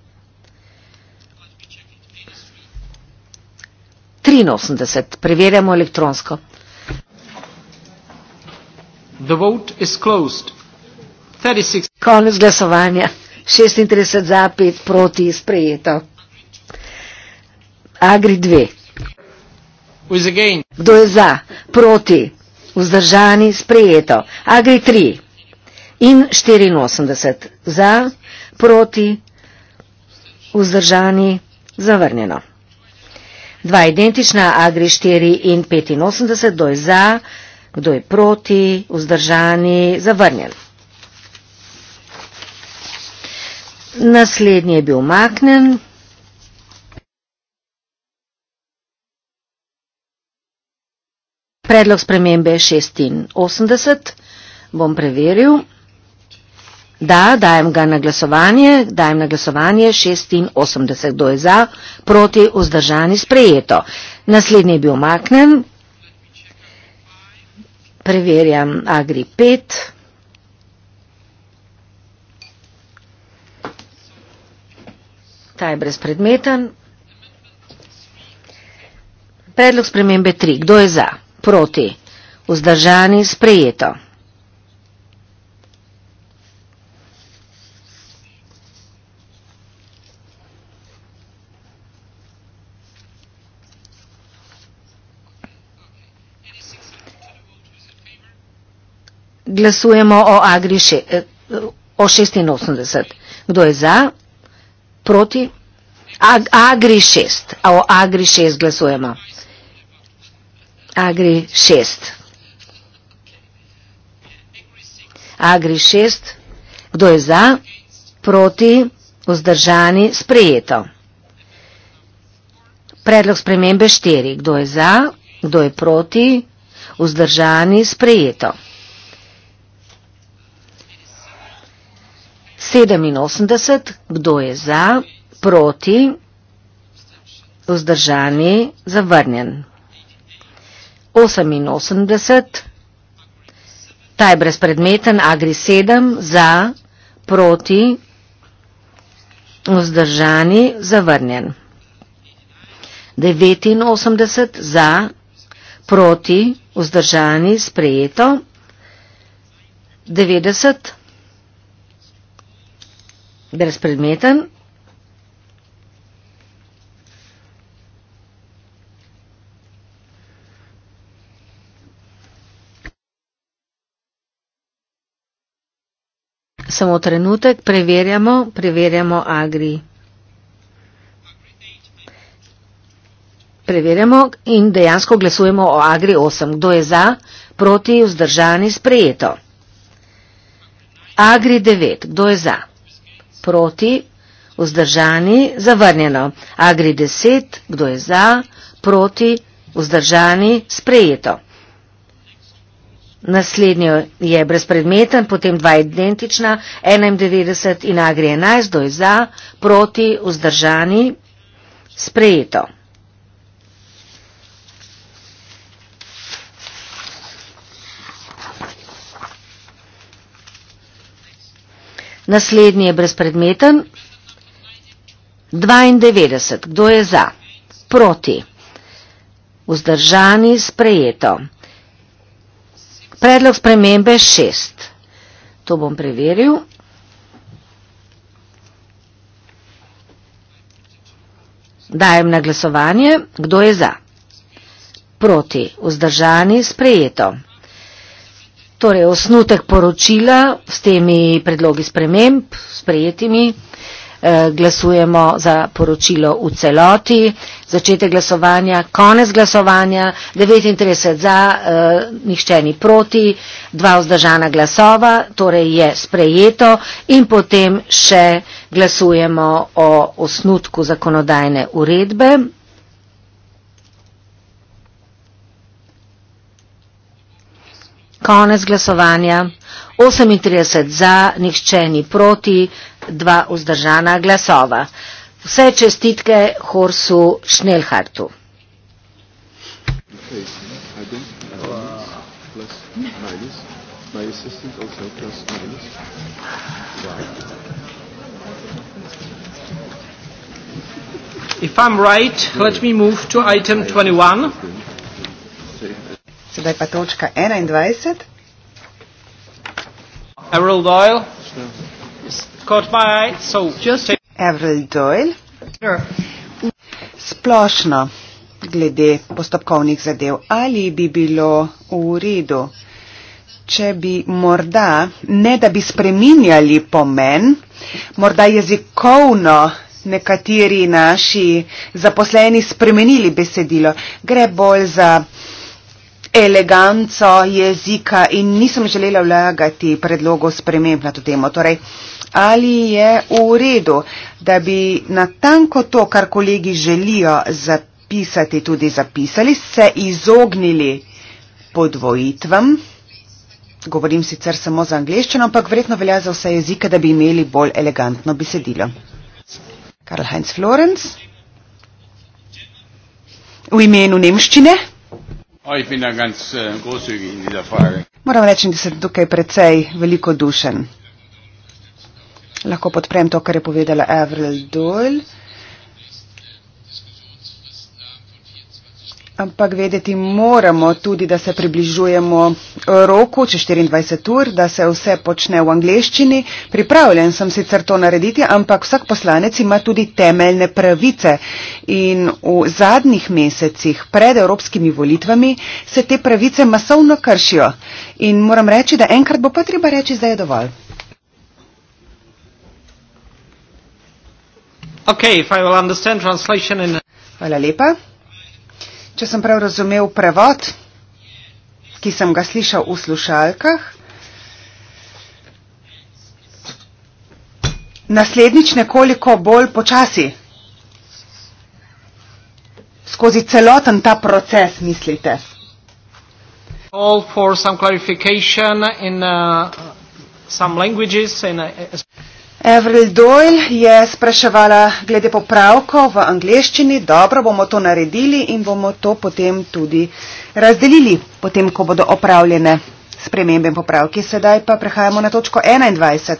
83. Preverjamo elektronsko. The vote is closed. 36. Konec glasovanja. 36 za, 5 proti, sprejeto. Agri 2. Kdo je za? Proti vzdržani, sprejeto. Agri 3 in 84 za, proti, vzdržani, zavrnjeno. Dva identična, Agri 4 in 85, kdo je za, kdo je proti, vzdržani, zavrnjen. Naslednji je bil maknen. Predlog spremembe 86 bom preveril. Da, dajem ga na glasovanje. Dajem na glasovanje 86. Kdo je za? Proti vzdržani sprejeto. Naslednji je bil omaknen. Preverjam Agri 5. Ta je brezpredmeten. Predlog spremembe 3. Kdo je za? proti, vzdržani sprejeto. Glasujemo o Agri še, eh, o 86. Kdo je za? Proti? Ag, agri 6. A o Agri 6 glasujemo. Agri 6. Agri 6. Kdo je za? Proti? Vzdržani? Sprejeto. Predlog spremembe 4. Kdo je za? Kdo je proti? Vzdržani? Sprejeto. 87. Kdo je za? Proti? Vzdržani? Zavrnjen. 88, ta je brezpredmeten, Agri 7, za, proti, vzdržani, zavrnjen. 89, za, proti, vzdržani, sprejeto. 90, brezpredmeten, samo trenutek, preverjamo, preverjamo agri. Preverjamo in dejansko glasujemo o agri 8. Kdo je za, proti, vzdržani, sprejeto. Agri 9. Kdo je za, proti, vzdržani, zavrnjeno. Agri 10. Kdo je za, proti, vzdržani, sprejeto. Naslednji je brezpredmeten, potem dva identična, 91 in agri 11, doj za, proti, vzdržani, sprejeto. Naslednji je brezpredmeten, 92, kdo je za, proti, vzdržani, sprejeto. Predlog spremembe šest. To bom preveril. Dajem na glasovanje, kdo je za. Proti, vzdržani, sprejeto. Torej, osnutek poročila s temi predlogi sprememb, sprejetimi. Uh, Eh, glasujemo za poročilo v celoti. Začete glasovanja, konec glasovanja, 39 za, eh, nihče ni proti, dva vzdržana glasova, torej je sprejeto in potem še glasujemo o osnutku zakonodajne uredbe. Konec glasovanja, 38 za, nihče ni proti, dva vzdržana glasova. Vse čestitke Horsu Šnelhartu. Sedaj pa točka 21. Harold Doyle kot pa so just Avril Doyle. Sure. Splošno glede postopkovnih zadev, ali bi bilo v redu, če bi morda, ne da bi spreminjali pomen, morda jezikovno nekateri naši zaposleni spremenili besedilo. Gre bolj za eleganco jezika in nisem želela vlagati predlogov sprememb na to temo. Torej, ali je v redu, da bi natanko to, kar kolegi želijo zapisati, tudi zapisali, se izognili podvojitvam. Govorim sicer samo za angliščino, ampak verjetno velja za vse jezike, da bi imeli bolj elegantno besedilo. Karl Heinz Florenc. V imenu nemščine. Äh, Moram reči, da sem tukaj precej veliko dušen lahko podprem to, kar je povedala Avril Dull. Ampak vedeti moramo tudi, da se približujemo roku, če 24 ur, da se vse počne v angleščini. Pripravljen sem sicer to narediti, ampak vsak poslanec ima tudi temeljne pravice. In v zadnjih mesecih pred evropskimi volitvami se te pravice masovno kršijo. In moram reči, da enkrat bo pa treba reči, da je dovolj. Okay, if I will understand translation in... Hvala lepa. Če sem prav razumel prevod, ki sem ga slišal v slušalkah, naslednjič nekoliko bolj počasi skozi celoten ta proces mislite. All for some clarification in uh, some languages in uh, Evril Doyle je spraševala glede popravkov v angleščini, dobro bomo to naredili in bomo to potem tudi razdelili, potem ko bodo opravljene spremembe in popravki. Sedaj pa prehajamo na točko 21.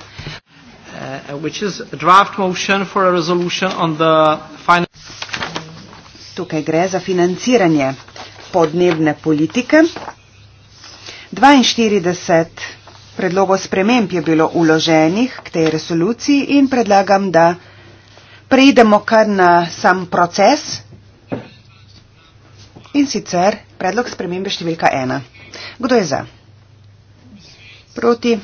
Uh, final... Tukaj gre za financiranje podnebne politike. 42 predlogov sprememb je bilo uloženih k tej resoluciji in predlagam, da preidemo kar na sam proces in sicer predlog spremembe številka ena. Kdo je za? Proti?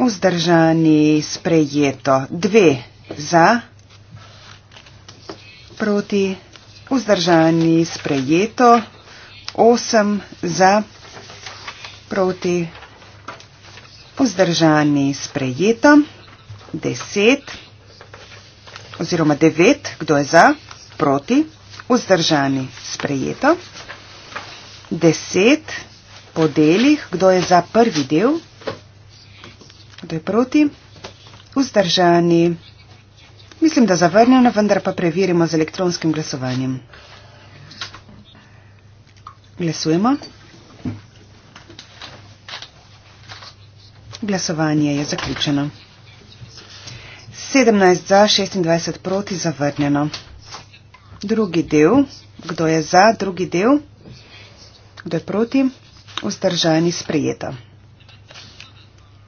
Vzdržani sprejeto. Dve za. Proti? Vzdržani sprejeto. Osem za proti, vzdržani, sprejeto, deset oziroma devet, kdo je za, proti, vzdržani, sprejeto, deset po delih, kdo je za prvi del, kdo je proti, vzdržani, mislim, da zavrnjeno, vendar pa preverimo z elektronskim glasovanjem. Glasujemo. Glasovanje je zaključeno. 17 za, 26 proti zavrnjeno. Drugi del. Kdo je za, drugi del. Kdo je proti? Vzdržani sprejeta.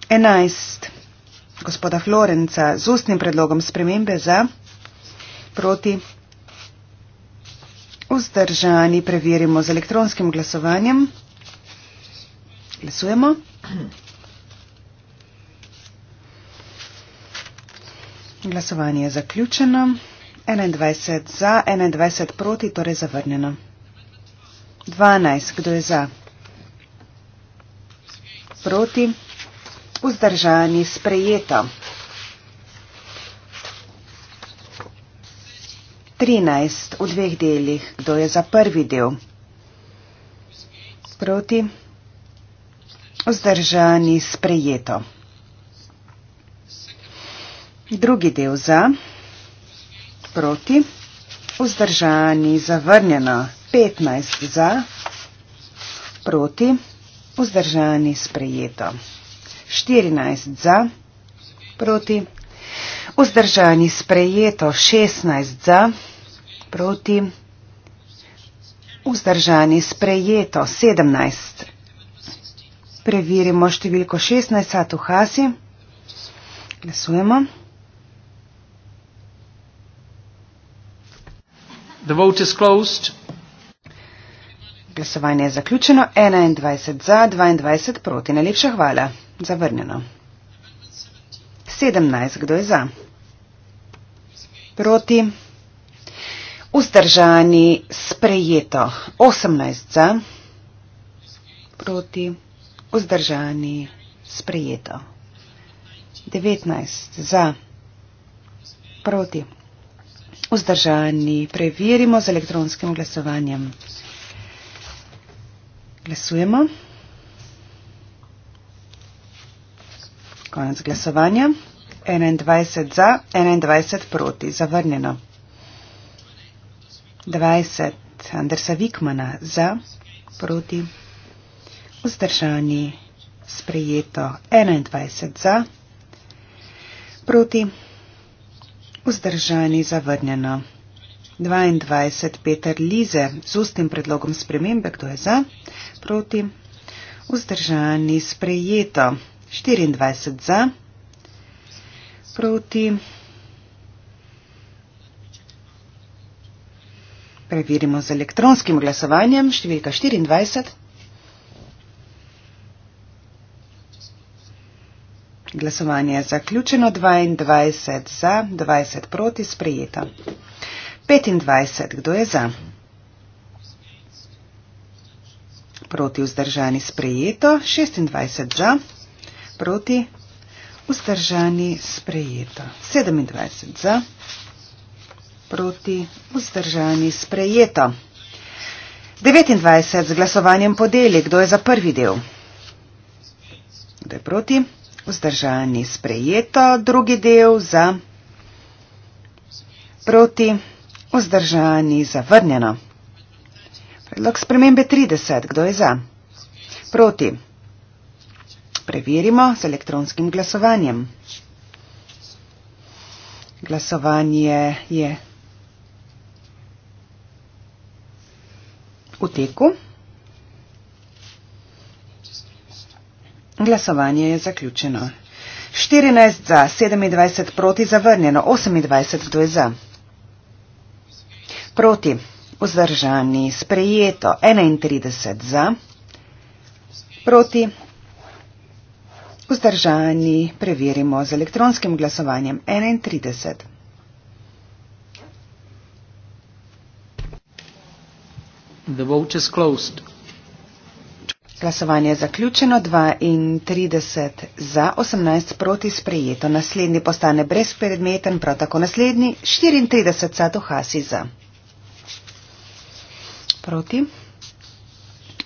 11. Gospoda Florenca z ustnim predlogom spremembe za, proti. Vzdržani preverimo z elektronskim glasovanjem. Glasujemo. Glasovanje je zaključeno. 21 za, 21 proti, torej zavrnjeno. 12. Kdo je za? Proti. Vzdržani. Sprejeto. 13. V dveh delih. Kdo je za prvi del? Proti. Vzdržani. Sprejeto drugi del za, proti, vzdržani, zavrnjeno, 15 za, proti, vzdržani, sprejeto, 14 za, proti, vzdržani, sprejeto, 16 za, proti, vzdržani, sprejeto, 17. Preverimo številko 16, satuhasi. Glasujemo. Glasovanje je zaključeno. 21 za, 22 proti. Najlepša hvala. Zavrnjeno. 17. Kdo je za? Proti. Vzdržani sprejeto. 18 za. Proti. Vzdržani sprejeto. 19 za. Proti vzdržani. Preverimo z elektronskim glasovanjem. Glasujemo. Konec glasovanja. 21 za, 21 proti. Zavrnjeno. 20 Andersa Vikmana za, proti. Vzdržani. Sprejeto. 21 za, proti. Vzdržani zavrnjeno. 22. Peter Lize z ustnim predlogom spremembe, kdo je za, proti. Vzdržani sprejeto. 24 za, proti. Preverimo z elektronskim glasovanjem, številka 24. Glasovanje je zaključeno 22 za, 20 proti sprejeta. 25. Kdo je za? Proti vzdržani sprejeto. 26. Za. Proti vzdržani sprejeto. 27. Za. Proti vzdržani sprejeto. 29. Z glasovanjem podeli. Kdo je za prvi del? Kdo je proti? vzdržani sprejeto, drugi del za proti vzdržani zavrnjeno. Predlog spremembe 30. Kdo je za? Proti. Preverimo z elektronskim glasovanjem. Glasovanje je v teku. Glasovanje je zaključeno. 14 za, 27 proti, zavrnjeno, 28 kdo je za. Proti, vzdržani, sprejeto, 31 za, proti, vzdržani, preverimo z elektronskim glasovanjem, 31. The vote is closed. Glasovanje je zaključeno, 32 za, 18 proti sprejeto. Naslednji postane brezpredmeten, prav tako naslednji, 34 za, dohasi za. Proti.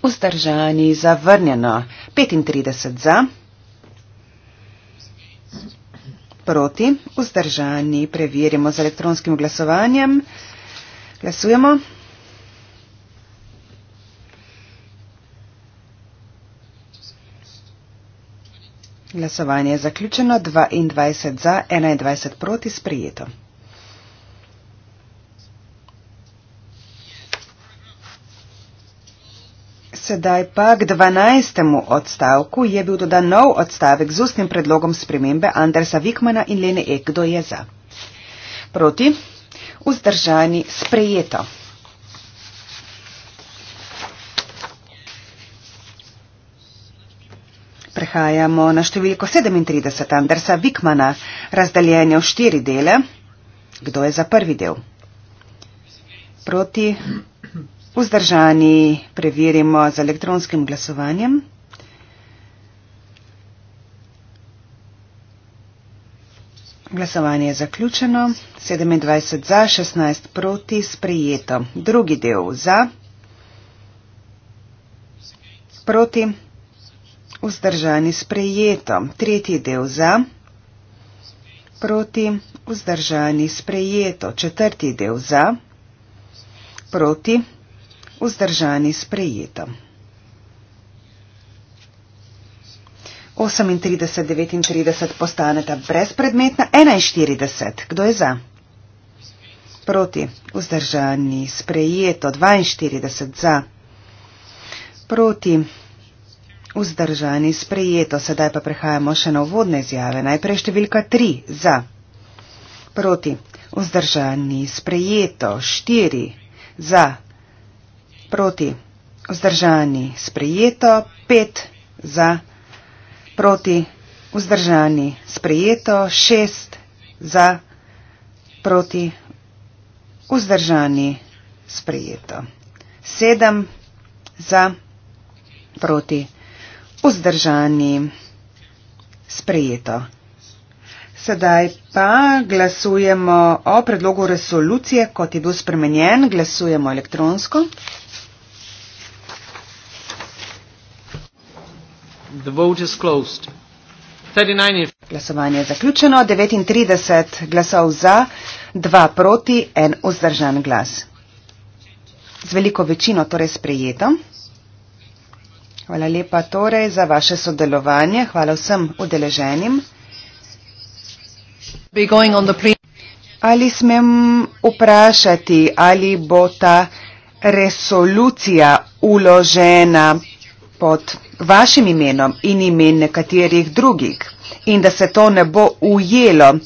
Vzdržani, zavrnjeno, 35 za. Proti. Vzdržani, preverimo z elektronskim glasovanjem. Glasujemo. Glasovanje je zaključeno 22 za, 21 proti sprijeto. Sedaj pa k 12. odstavku je bil dodan nov odstavek z ustnim predlogom spremembe Andersa Vikmana in Lene Ekdo je za. Proti, vzdržani sprejeto. Prehajamo na številko 37 Andersa Vikmana, razdeljenje v štiri dele. Kdo je za prvi del? Proti vzdržani preverimo z elektronskim glasovanjem. Glasovanje je zaključeno. 27 za, 16 proti sprejeto. Drugi del za. Proti vzdržani sprejeto. Tretji del za, proti, vzdržani sprejeto. Četrti del za, proti, vzdržani sprejeto. 38, 39 postaneta brezpredmetna, 41, kdo je za? Proti, vzdržani, sprejeto, 42 za, proti, Vzdržani sprejeto. Sedaj pa prehajamo še na uvodne izjave. Najprej številka 3 za. Proti. Vzdržani sprejeto. 4 za. Proti. Vzdržani sprejeto. 5 za. Proti. Vzdržani sprejeto. 6 za. Proti. Vzdržani sprejeto. 7 za. Proti vzdržani. Sprejeto. Sedaj pa glasujemo o predlogu resolucije, kot je bil spremenjen. Glasujemo elektronsko. Glasovanje je zaključeno. 39 glasov za, 2 proti, 1 vzdržan glas. Z veliko večino torej sprejeto. Hvala lepa torej za vaše sodelovanje. Hvala vsem udeleženim. Ali smem vprašati, ali bo ta resolucija uložena pod vašim imenom in imen nekaterih drugih in da se to ne bo ujelo? Uh,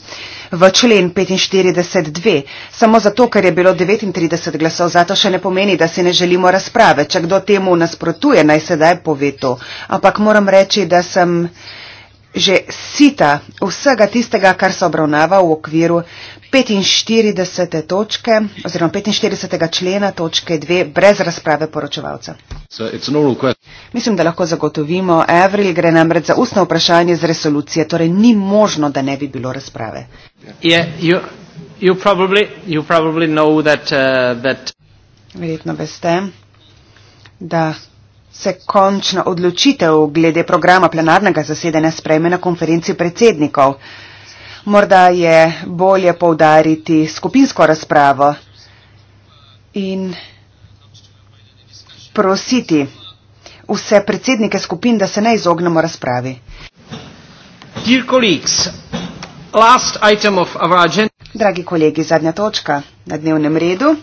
v člen 45.2, samo zato, ker je bilo 39 glasov, zato še ne pomeni, da si ne želimo razprave. Če kdo temu nasprotuje, naj sedaj pove to. Ampak moram reči, da sem že sita vsega tistega, kar se obravnava v okviru 45. točke oziroma 45. člena točke 2 brez razprave poročevalca. Mislim, da lahko zagotovimo, Evril gre namreč za ustno vprašanje z resolucije, torej ni možno, da ne bi bilo razprave. Yeah, you, you probably, you probably that, uh, that... Verjetno veste, da se končna odločitev glede programa plenarnega zasedanja sprejme na konferenci predsednikov. Morda je bolje povdariti skupinsko razpravo in prositi vse predsednike skupin, da se ne izognemo razpravi. Dragi kolegi, zadnja točka na dnevnem redu.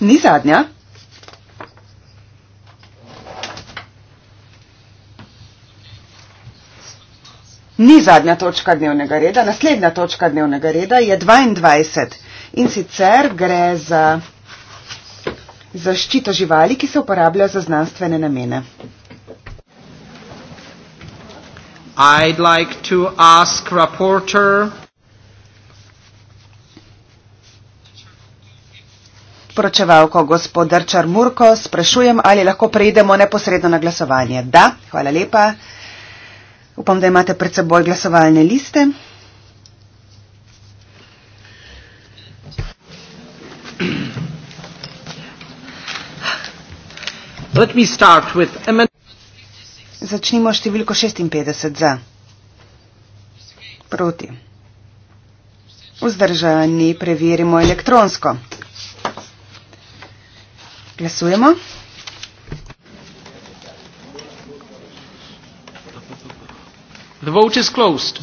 Ni zadnja, ni zadnja točka dnevnega reda, naslednja točka dnevnega reda je 22 in sicer gre za zaščito živali, ki se uporablja za znanstvene namene. I'd like to ask reporter. Poročevalko gospod Drčar Murko, sprašujem, ali lahko prejdemo neposredno na glasovanje. Da, hvala lepa. Upam, da imate pred seboj glasovalne liste. Začnimo številko 56 za. Proti. Vzdržani preverimo elektronsko. Glasujemo. The vote is closed.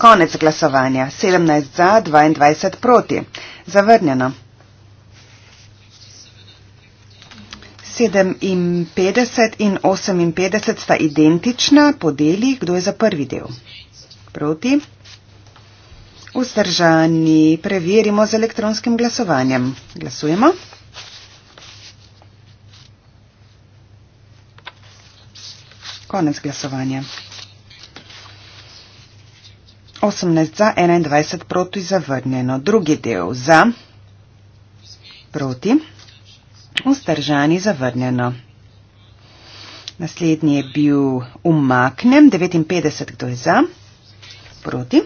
Konec glasovanja. 17 za, 22 proti. Zavrnjeno. 57 in 58 sta identična po delih, kdo je za prvi del. Proti. Vzdržani. Preverimo z elektronskim glasovanjem. Glasujemo. Konec glasovanja. 18 za, 21 proti zavrnjeno. Drugi del za, proti, vzdržani zavrnjeno. Naslednji je bil umaknem, 59 kdo je za, proti,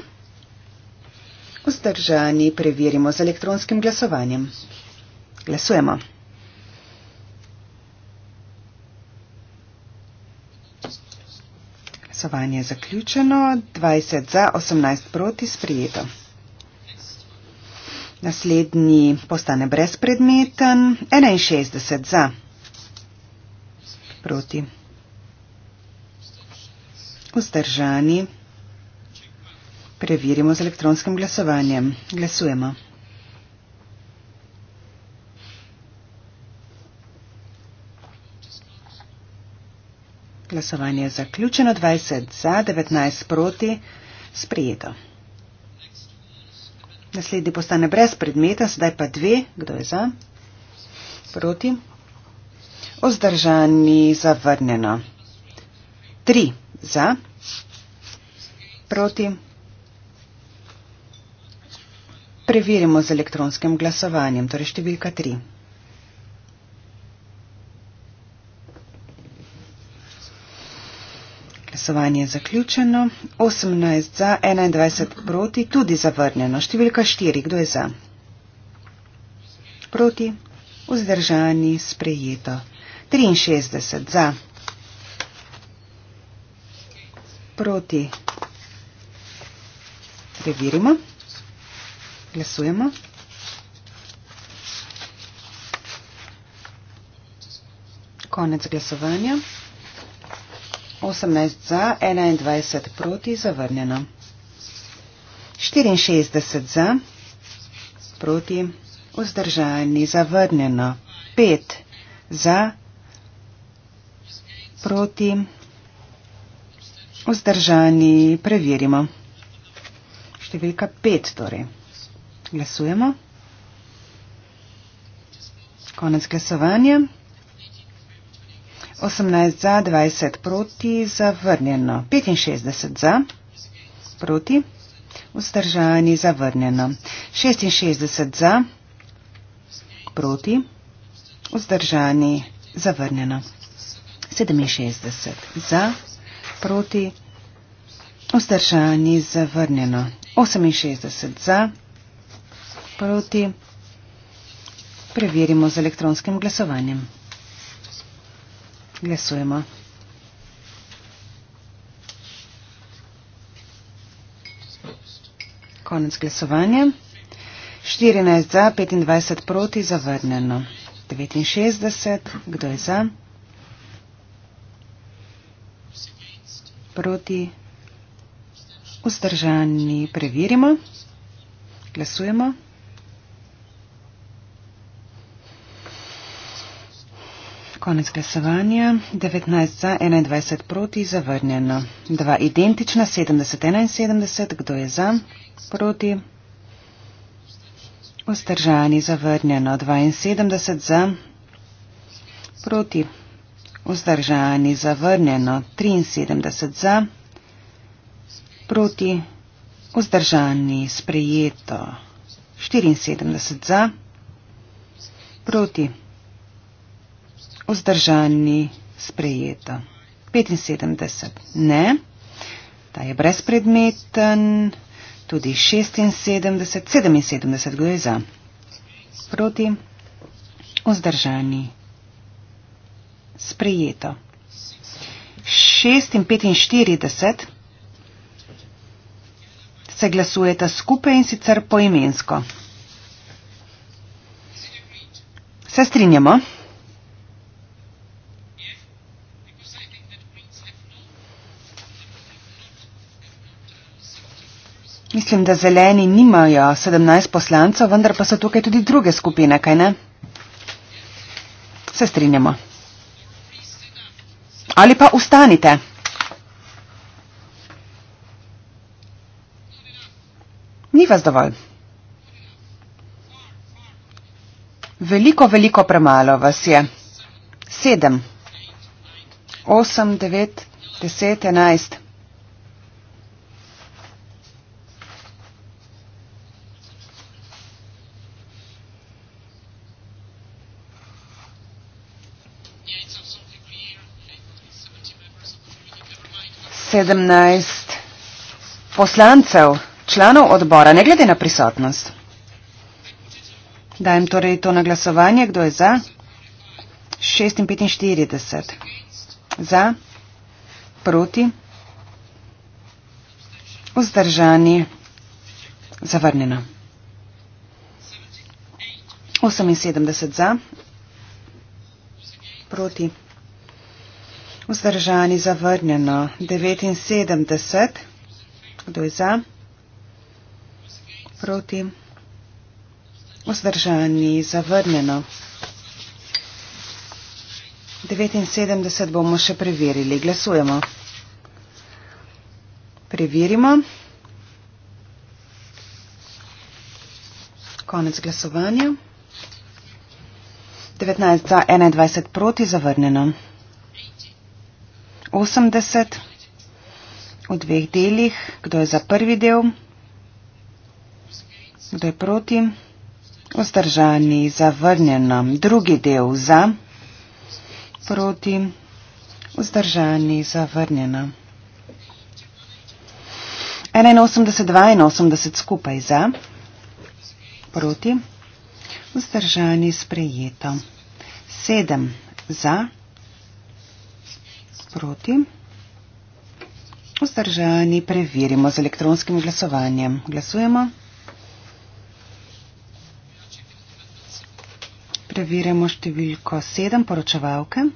vzdržani, preverimo z elektronskim glasovanjem. Glasujemo. glasovanje zaključeno. 20 za, 18 proti sprijeto. Naslednji postane brezpredmeten. 61 za, proti. Vzdržani. Preverimo z elektronskim glasovanjem. Glasujemo. glasovanje zaključeno, 20 za, 19 proti, sprijeto. Naslednji postane brez predmeta, sedaj pa dve, kdo je za, proti, ozdržani, zavrnjeno. Tri za, proti. Preverimo z elektronskim glasovanjem, torej številka 3. glasovanje zaključeno. 18 za, 21 proti, tudi zavrnjeno. Številka 4, kdo je za? Proti, vzdržani, sprejeto. 63 za, proti, preverimo, glasujemo. Konec glasovanja. 18 za, 21 proti, zavrnjeno. 64 za, proti, vzdržani, zavrnjeno. 5 za, proti, vzdržani, preverimo. Številka 5 torej. Glasujemo. Konec glasovanja. 18 za, 20 proti, zavrnjeno. 65 za, proti, vzdržani, zavrnjeno. 66 za, proti, vzdržani, zavrnjeno. 67 za, proti, vzdržani, zavrnjeno. 68 za, proti, preverimo z elektronskim glasovanjem. Glasujemo. Konec glasovanja. 14 za, 25 proti, zavrnjeno. 69, kdo je za? Proti, vzdržani, preverimo. Glasujemo. Konec glasovanja. 19 za, 21 proti, zavrnjeno. Dva identična, 70, 71. Kdo je za, proti? Vzdržani, zavrnjeno. 72 za, proti. Vzdržani, zavrnjeno. 73 za, proti. Vzdržani, sprejeto. 74 za, proti vzdržani, sprejeto. 75 ne, ta je brezpredmeten, tudi 76, 77 gre za. Proti, vzdržani, sprejeto. 645 se glasujeta skupaj in sicer poimensko. Se strinjamo? mislim, da zeleni nimajo 17 poslancev, vendar pa so tukaj tudi druge skupine, kaj ne? Se strinjamo. Ali pa ustanite. Ni vas dovolj. Veliko, veliko premalo vas je. Sedem. Osem, devet, deset, enajst. 17 poslancev, članov odbora, ne glede na prisotnost. Dajem torej to na glasovanje, kdo je za? 645. Za? Proti? Vzdržani? Zavrnjeno. 78 za? Proti? Vzdržani zavrnjeno 79. Kdo je za? Proti. Vzdržani zavrnjeno. 79 bomo še preverili. Glasujemo. Preverimo. Konec glasovanja. 19 za 21 proti zavrnjeno. 80 v dveh delih. Kdo je za prvi del? Kdo je proti? Ostržani, zavrnjeno. Drugi del za, proti, ostržani, zavrnjeno. 81, 82 skupaj za, proti, ostržani, sprejeto. 7 za, proti. Vzdržani preverimo z elektronskim glasovanjem. Glasujemo. Preverjamo številko 7 poročevalke.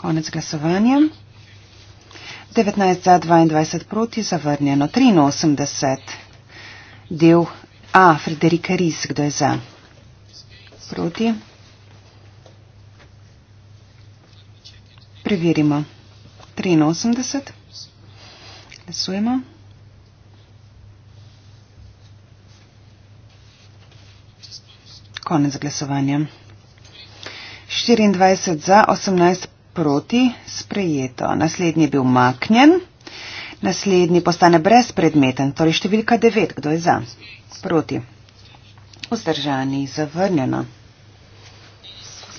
Konec glasovanja. 19 za 22 proti, zavrnjeno 83. Del A, Frederika Ries, kdo je za? Proti. Preverimo. 83. Glasujemo. Konec glasovanja. 24 za, 18 proti, sprejeto. Naslednji je bil maknjen, naslednji postane brezpredmeten, torej številka 9. Kdo je za? Proti. Vzdržani, zavrnjeno.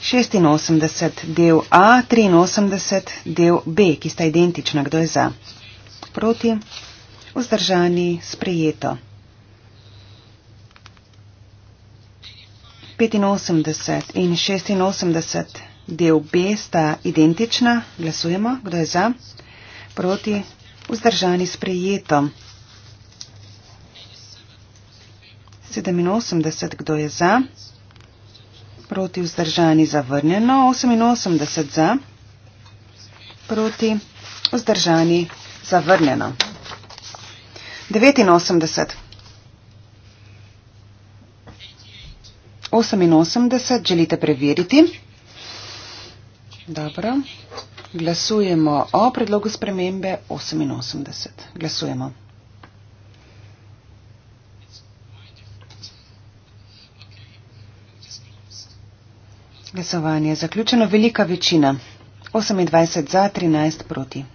86 del A, 83 del B, ki sta identična, kdo je za. Proti, vzdržani, sprejeto. 85 in 86 del B sta identična, glasujemo, kdo je za. Proti, vzdržani, sprejeto. 87, kdo je za proti vzdržani zavrnjeno, 88 za, proti vzdržani zavrnjeno. 89. 88 želite preveriti. Dobro. Glasujemo o predlogu spremembe 88. Glasujemo. Glasovanje je zaključeno, velika večina. 28 za, 13 proti.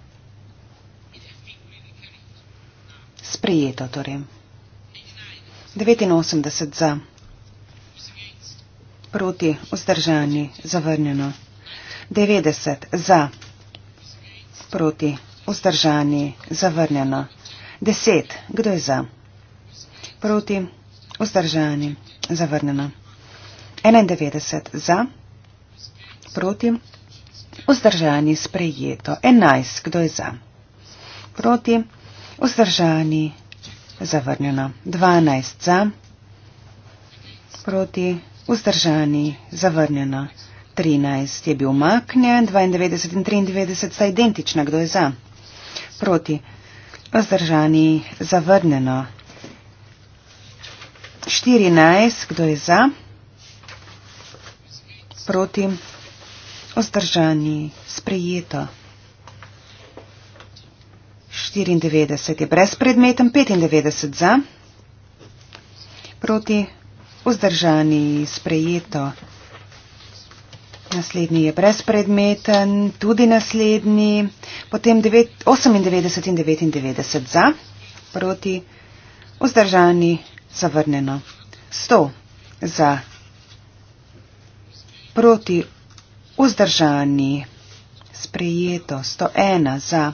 Sprejeto torej. 89 za, proti, vzdržani, zavrnjeno. 90 za, proti, vzdržani, zavrnjeno. 10, kdo je za, proti, vzdržani, zavrnjeno. 91 za proti, vzdržani sprejeto, enajst, kdo je za, proti, vzdržani zavrnjeno, dvanajst za, proti, vzdržani zavrnjeno, trinajst je bil maknjen, dvaindevetdeset in triindevetdeset sta identična, kdo je za, proti, vzdržani zavrnjeno, štirinajst, kdo je za, proti, Ozdržani, sprejeto. 94 je brez predmetem, 95 za. Proti, vzdržani, sprejeto. Naslednji je brezpredmeten, tudi naslednji. Potem 9, 98 in 99 za, proti, vzdržani, zavrnjeno. 100 za, proti, vzdržani, sprejeto 101 za,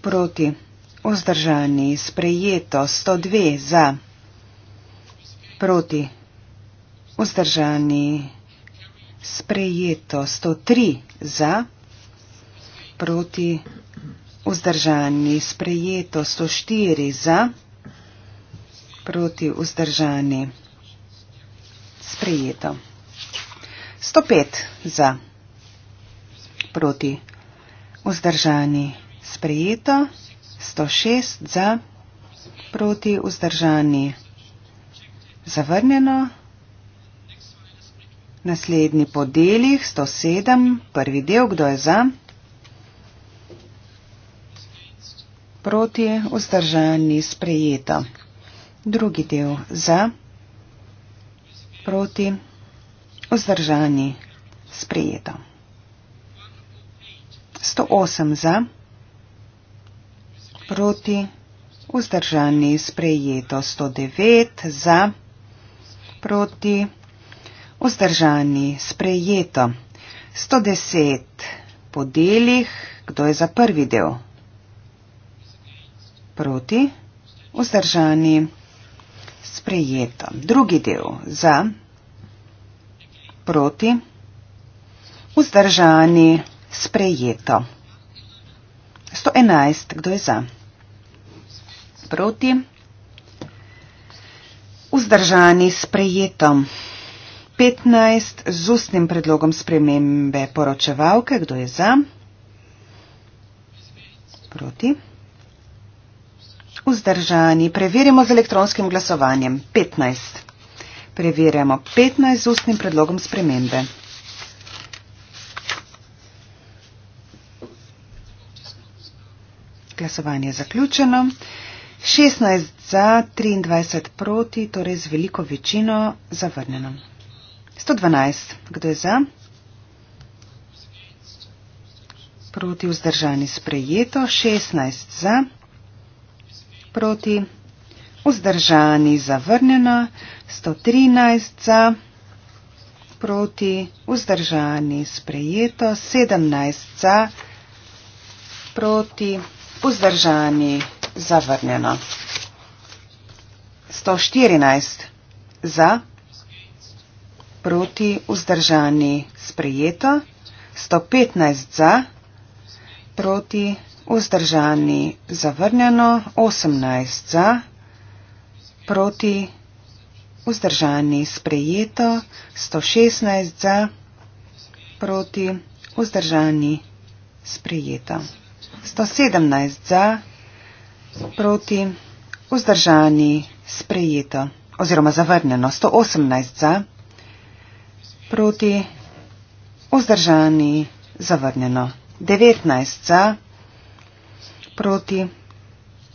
proti vzdržani, sprejeto 102 za, proti vzdržani, sprejeto 103 za, proti vzdržani, sprejeto 104 za, proti vzdržani, sprejeto. 105 za, proti vzdržani sprejeto, 106 za, proti vzdržani zavrnjeno, naslednji po delih, 107, prvi del, kdo je za, proti vzdržani sprejeto, drugi del za, proti vzdržani sprejeto. Vzdržani. Sprejeto. 108 za. Proti. Vzdržani. Sprejeto. 109 za. Proti. Vzdržani. Sprejeto. 110 po delih. Kdo je za prvi del? Proti. Vzdržani. Sprejeto. Drugi del. Za proti, vzdržani, sprejeto. 111, kdo je za? Proti, vzdržani, sprejeto. 15, z ustnim predlogom spremembe poročevalke, kdo je za? Proti. Vzdržani, preverimo z elektronskim glasovanjem. 15 preverjamo 15 z ustnim predlogom spremembe. Glasovanje je zaključeno. 16 za, 23 proti, torej z veliko večino zavrnjeno. 112. Kdo je za? Proti vzdržani sprejeto. 16 za, proti vzdržani, zavrnjena, 113 za, proti, vzdržani, sprejeto, 17 za, proti, vzdržani, zavrnjeno. 114 za, proti, vzdržani, sprejeto, 115 za, proti, vzdržani, zavrnjeno, 18 za, proti, vzdržani, sprejeto, 116 za, proti, vzdržani, sprejeto, 117 za, proti, vzdržani, sprejeto oziroma zavrnjeno, 118 za, proti, vzdržani, zavrnjeno, 19 za, proti,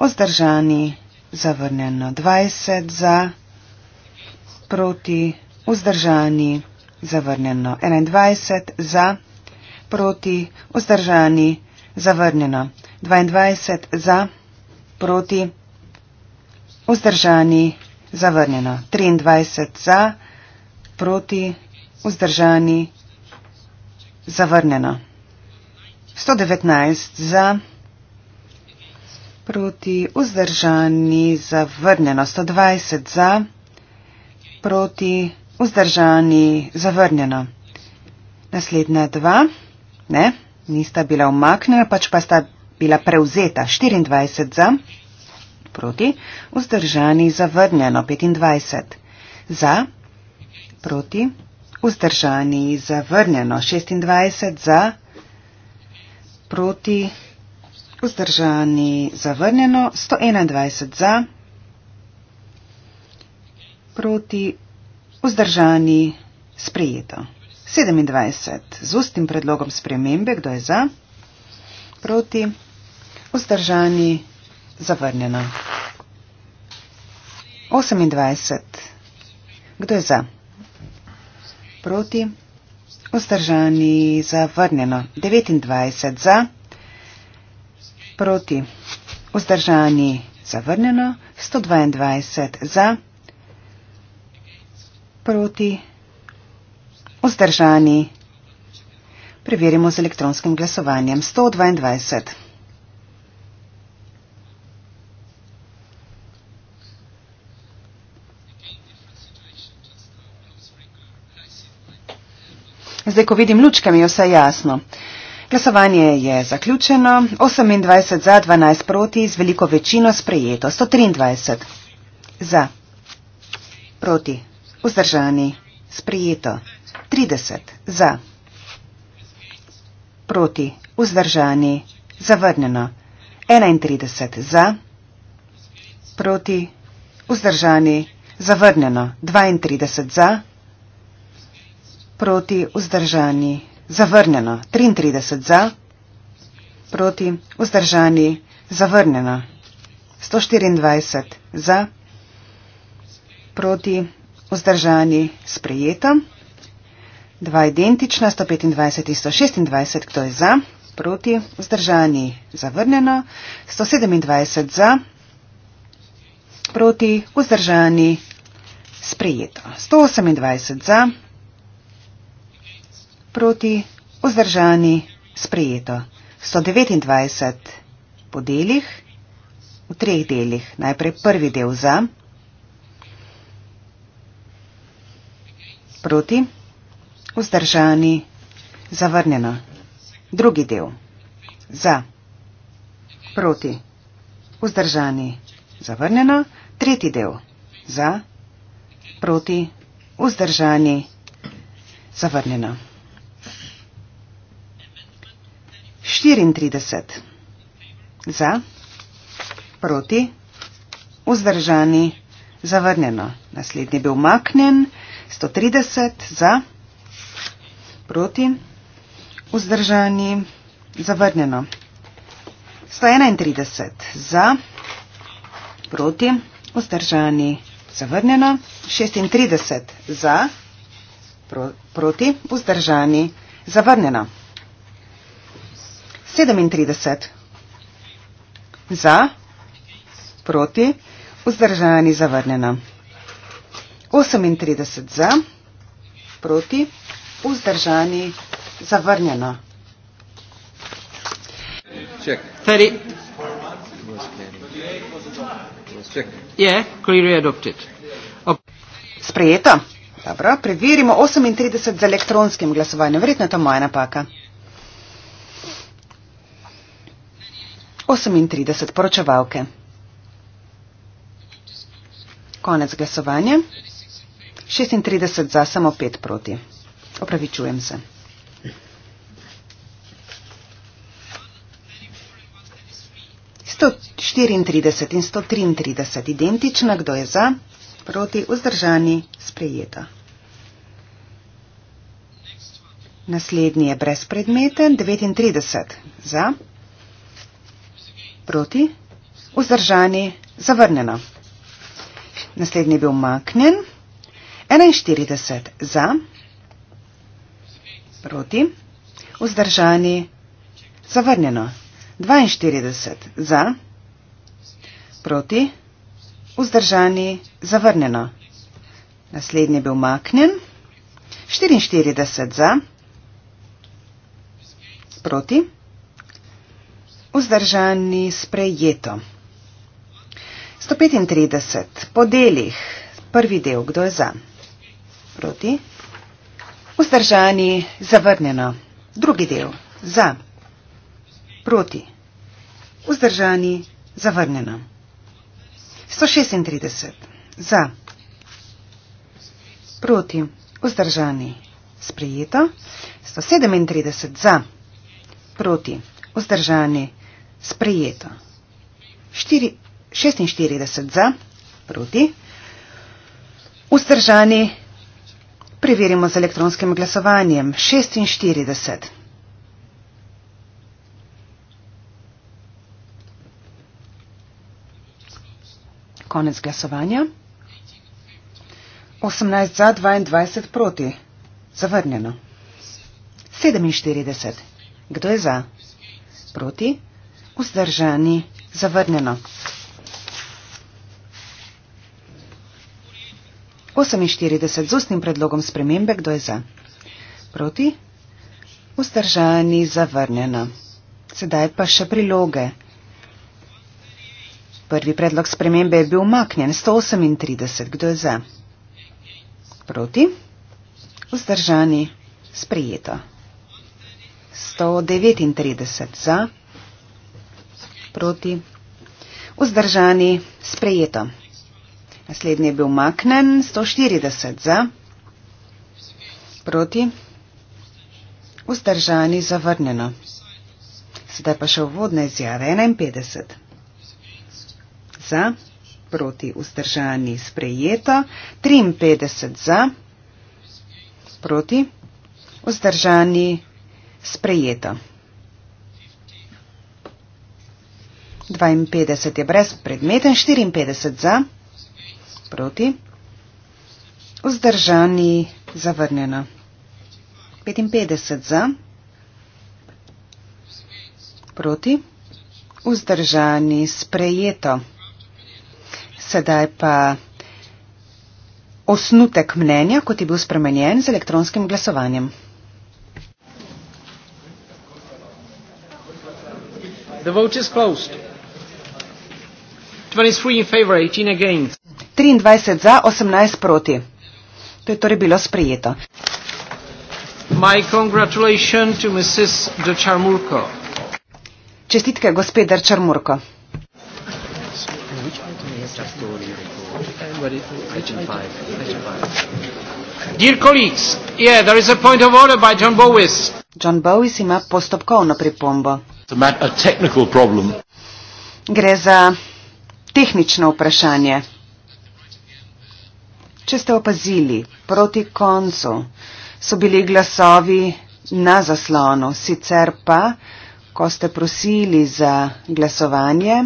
vzdržani, zavrnjeno zavrnjeno 20 za, proti vzdržani, zavrnjeno 21 za, proti vzdržani, zavrnjeno 22 za, proti vzdržani, zavrnjeno 23 za, proti vzdržani, zavrnjeno 119 za proti vzdržani zavrnjeno 120 za proti vzdržani zavrnjeno. Naslednja dva, ne, nista bila umaknjena, pač pa sta bila prevzeta 24 za proti vzdržani zavrnjeno 25 za proti vzdržani zavrnjeno 26 za proti vzdržani, zavrnjeno 121 za, proti vzdržani, sprejeto 27 z ustnim predlogom spremembe, kdo je za, proti vzdržani, zavrnjeno 28, kdo je za, proti vzdržani, zavrnjeno 29 za proti. Vzdržani zavrnjeno, 122 za, proti, vzdržani. Preverimo z elektronskim glasovanjem, 122. Zdaj, ko vidim lučke, mi je vse jasno. Glasovanje je zaključeno. 28 za, 12 proti, z veliko večino sprejeto. 123 za, proti, vzdržani, sprejeto. 30 za, proti, vzdržani, zavrnjeno. 31 za, proti, vzdržani, zavrnjeno. 32 za, proti, vzdržani, zavrnjeno. Zavrnjeno. 33 za, proti, vzdržani. Zavrnjeno. 124 za, proti, vzdržani. Sprejeto. Dva identična, 125 in 126, kdo je za, proti, vzdržani. Zavrnjeno. 127 za, proti, vzdržani. Sprejeto. 128 za proti vzdržani sprejeto. 129 po delih, v treh delih. Najprej prvi del za, proti, vzdržani, zavrnjeno. Drugi del za, proti, vzdržani, zavrnjeno. Tretji del za, proti, vzdržani, zavrnjeno. 34. Za, proti, vzdržani, zavrnjeno. Naslednji bil maknen. 130. Za, proti, vzdržani, zavrnjeno. 131. Za, proti, vzdržani, zavrnjeno. 36. Za, pro, proti, vzdržani, zavrnjeno. 37. Za, proti, vzdržani, zavrnjena. 38. Za, proti, vzdržani, zavrnjena. 30. Sprejeta. Dobro, preverimo 38 z elektronskim glasovanjem. Verjetno je to moja napaka. 38 poročevalke. Konec glasovanja. 36 za, samo 5 proti. Opravičujem se. Sto 34 in 133 identična, kdo je za, proti, vzdržani, sprejeta. Naslednji je brezpredmeten, 39 za. Proti? Vzdržani? Zavrnjeno. Naslednji je bil umaknjen. 41 za. Proti? Vzdržani? Zavrnjeno. 42 za. Proti? Vzdržani? Zavrnjeno. Naslednji je bil umaknjen. 44 za. Proti? vzdržani sprejeto. 135. Po delih. Prvi del, kdo je za? Proti. Vzdržani, zavrnjeno. Drugi del, za. Proti. Vzdržani, zavrnjeno. 136. Za. Proti. Vzdržani. Sprejeto. 137. Za. Proti. Vzdržani sprejeto. 4, 46 za, proti, vzdržani, preverimo z elektronskim glasovanjem, 46. Konec glasovanja. 18 za, 22 proti. Zavrnjeno. 47. Kdo je za? Proti vzdržani, zavrnjeno. 48 z ustnim predlogom spremembe, kdo je za? Proti? Vzdržani, zavrnjeno. Sedaj pa še priloge. Prvi predlog spremembe je bil umaknjen, 138, kdo je za? Proti? Vzdržani, sprijeto. 139 za proti, vzdržani, sprejeto. Naslednji je bil maknen, 140 za, proti, vzdržani, zavrnjeno. Sedaj pa še uvodne izjave, 51 za, proti, vzdržani, sprejeto, 53 za, proti, vzdržani, sprejeto. 52 je brez predmeten, 54 za, proti, vzdržani, zavrnjeno. 55 za, proti, vzdržani, sprejeto. Sedaj pa osnutek mnenja, kot je bil spremenjen z elektronskim glasovanjem. The vote is closed. 23 za, 18 proti. To je torej bilo sprejeto. My congratulations to Mrs. Dacharmurko. Čestitke gospod Dacharmurko. Dear colleagues, yeah, there is a point of order by John Bowis. John Bowis ima postopkovno pripombo. It's a, a technical problem. Gre za tehnično vprašanje. Če ste opazili, proti koncu so bili glasovi na zaslonu, sicer pa, ko ste prosili za glasovanje,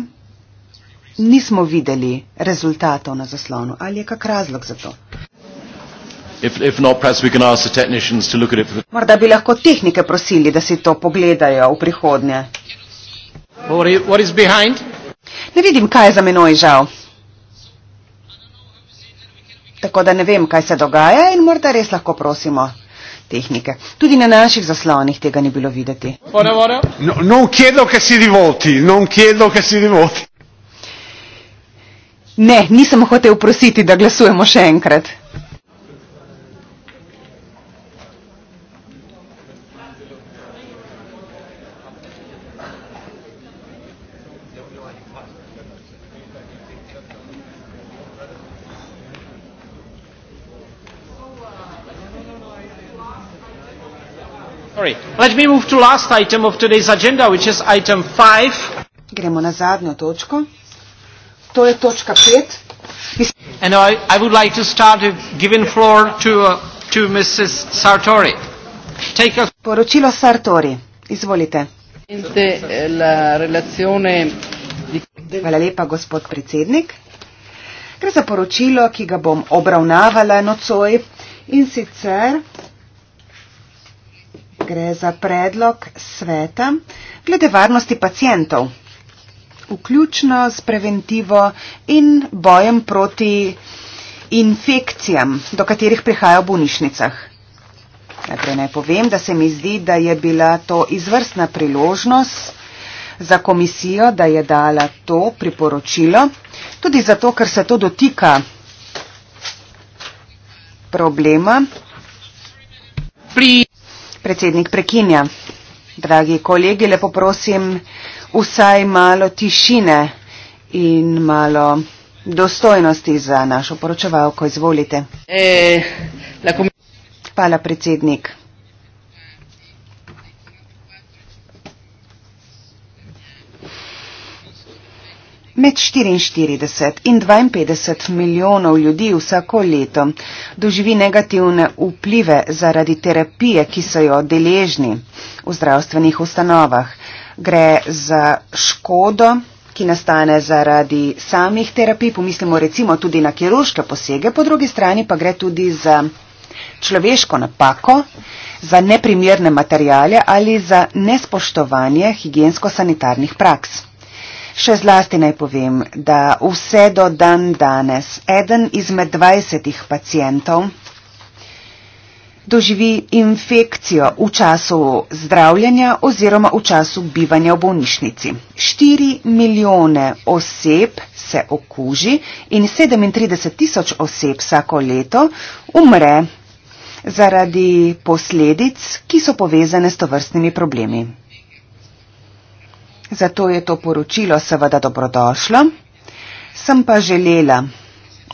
nismo videli rezultatov na zaslonu. Ali je kak razlog za to? If, if not, Morda bi lahko tehnike prosili, da si to pogledajo v prihodnje. What is, what is Ne vidim, kaj je za menoj žal. Tako da ne vem, kaj se dogaja in morda res lahko prosimo tehnike. Tudi na naših zaslonih tega ni bilo videti. No, no, rivolti, ne, nisem hotel prositi, da glasujemo še enkrat. sorry. Let me move to last item of today's agenda, which is item five. Gremo na zadnjo točko. To je točka pet. And I, I would like to start giving floor to, uh, to Mrs. Sartori. Take a... Poročilo Sartori. Izvolite. Eh, la relazione... Hvala lepa, gospod predsednik. Gre za poročilo, ki ga bom obravnavala nocoj in sicer gre za predlog sveta glede varnosti pacijentov, vključno s preventivo in bojem proti infekcijam, do katerih prihaja v bunišnicah. Najprej naj povem, da se mi zdi, da je bila to izvrstna priložnost za komisijo, da je dala to priporočilo, tudi zato, ker se to dotika problema. Please. Predsednik prekinja. Dragi kolegi, lepo prosim vsaj malo tišine in malo dostojnosti za našo poročevalko. Izvolite. Eh, Hvala, predsednik. Med 44 in 52 milijonov ljudi vsako leto doživi negativne vplive zaradi terapije, ki so jo deležni v zdravstvenih ustanovah. Gre za škodo, ki nastane zaradi samih terapij, pomislimo recimo tudi na kirurške posege, po drugi strani pa gre tudi za človeško napako, za neprimerne materijale ali za nespoštovanje higijensko-sanitarnih praks. Še zlasti naj povem, da vse do dan danes eden izmed 20 pacijentov doživi infekcijo v času zdravljenja oziroma v času bivanja v bolnišnici. 4 milijone oseb se okuži in 37 tisoč oseb vsako leto umre zaradi posledic, ki so povezane s tovrstnimi problemi. Zato je to poročilo seveda dobrodošlo. Sem pa želela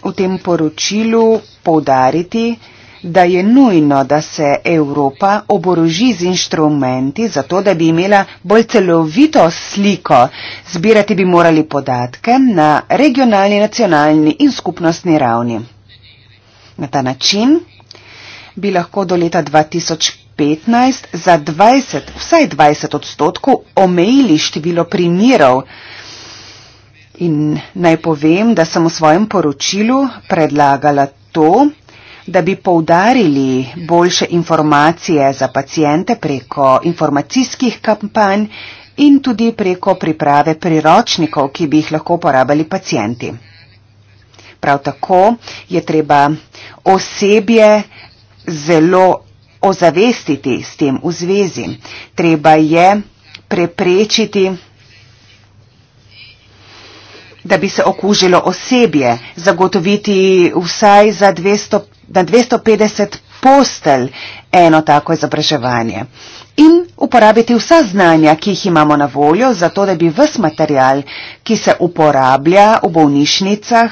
v tem poročilu povdariti, da je nujno, da se Evropa oboroži z inštrumenti, zato da bi imela bolj celovito sliko. Zbirati bi morali podatke na regionalni, nacionalni in skupnostni ravni. Na ta način bi lahko do leta 2050 2015 za 20, vsaj 20 odstotkov omejili število primerov. In naj povem, da sem v svojem poročilu predlagala to, da bi poudarili boljše informacije za pacijente preko informacijskih kampanj in tudi preko priprave priročnikov, ki bi jih lahko uporabljali pacijenti. Prav tako je treba osebje zelo ozavestiti s tem v zvezi. Treba je preprečiti da bi se okužilo osebje, zagotoviti vsaj za 200, na 250 postelj eno tako izobraževanje in uporabiti vsa znanja, ki jih imamo na voljo, zato da bi vse material, ki se uporablja v bolnišnicah,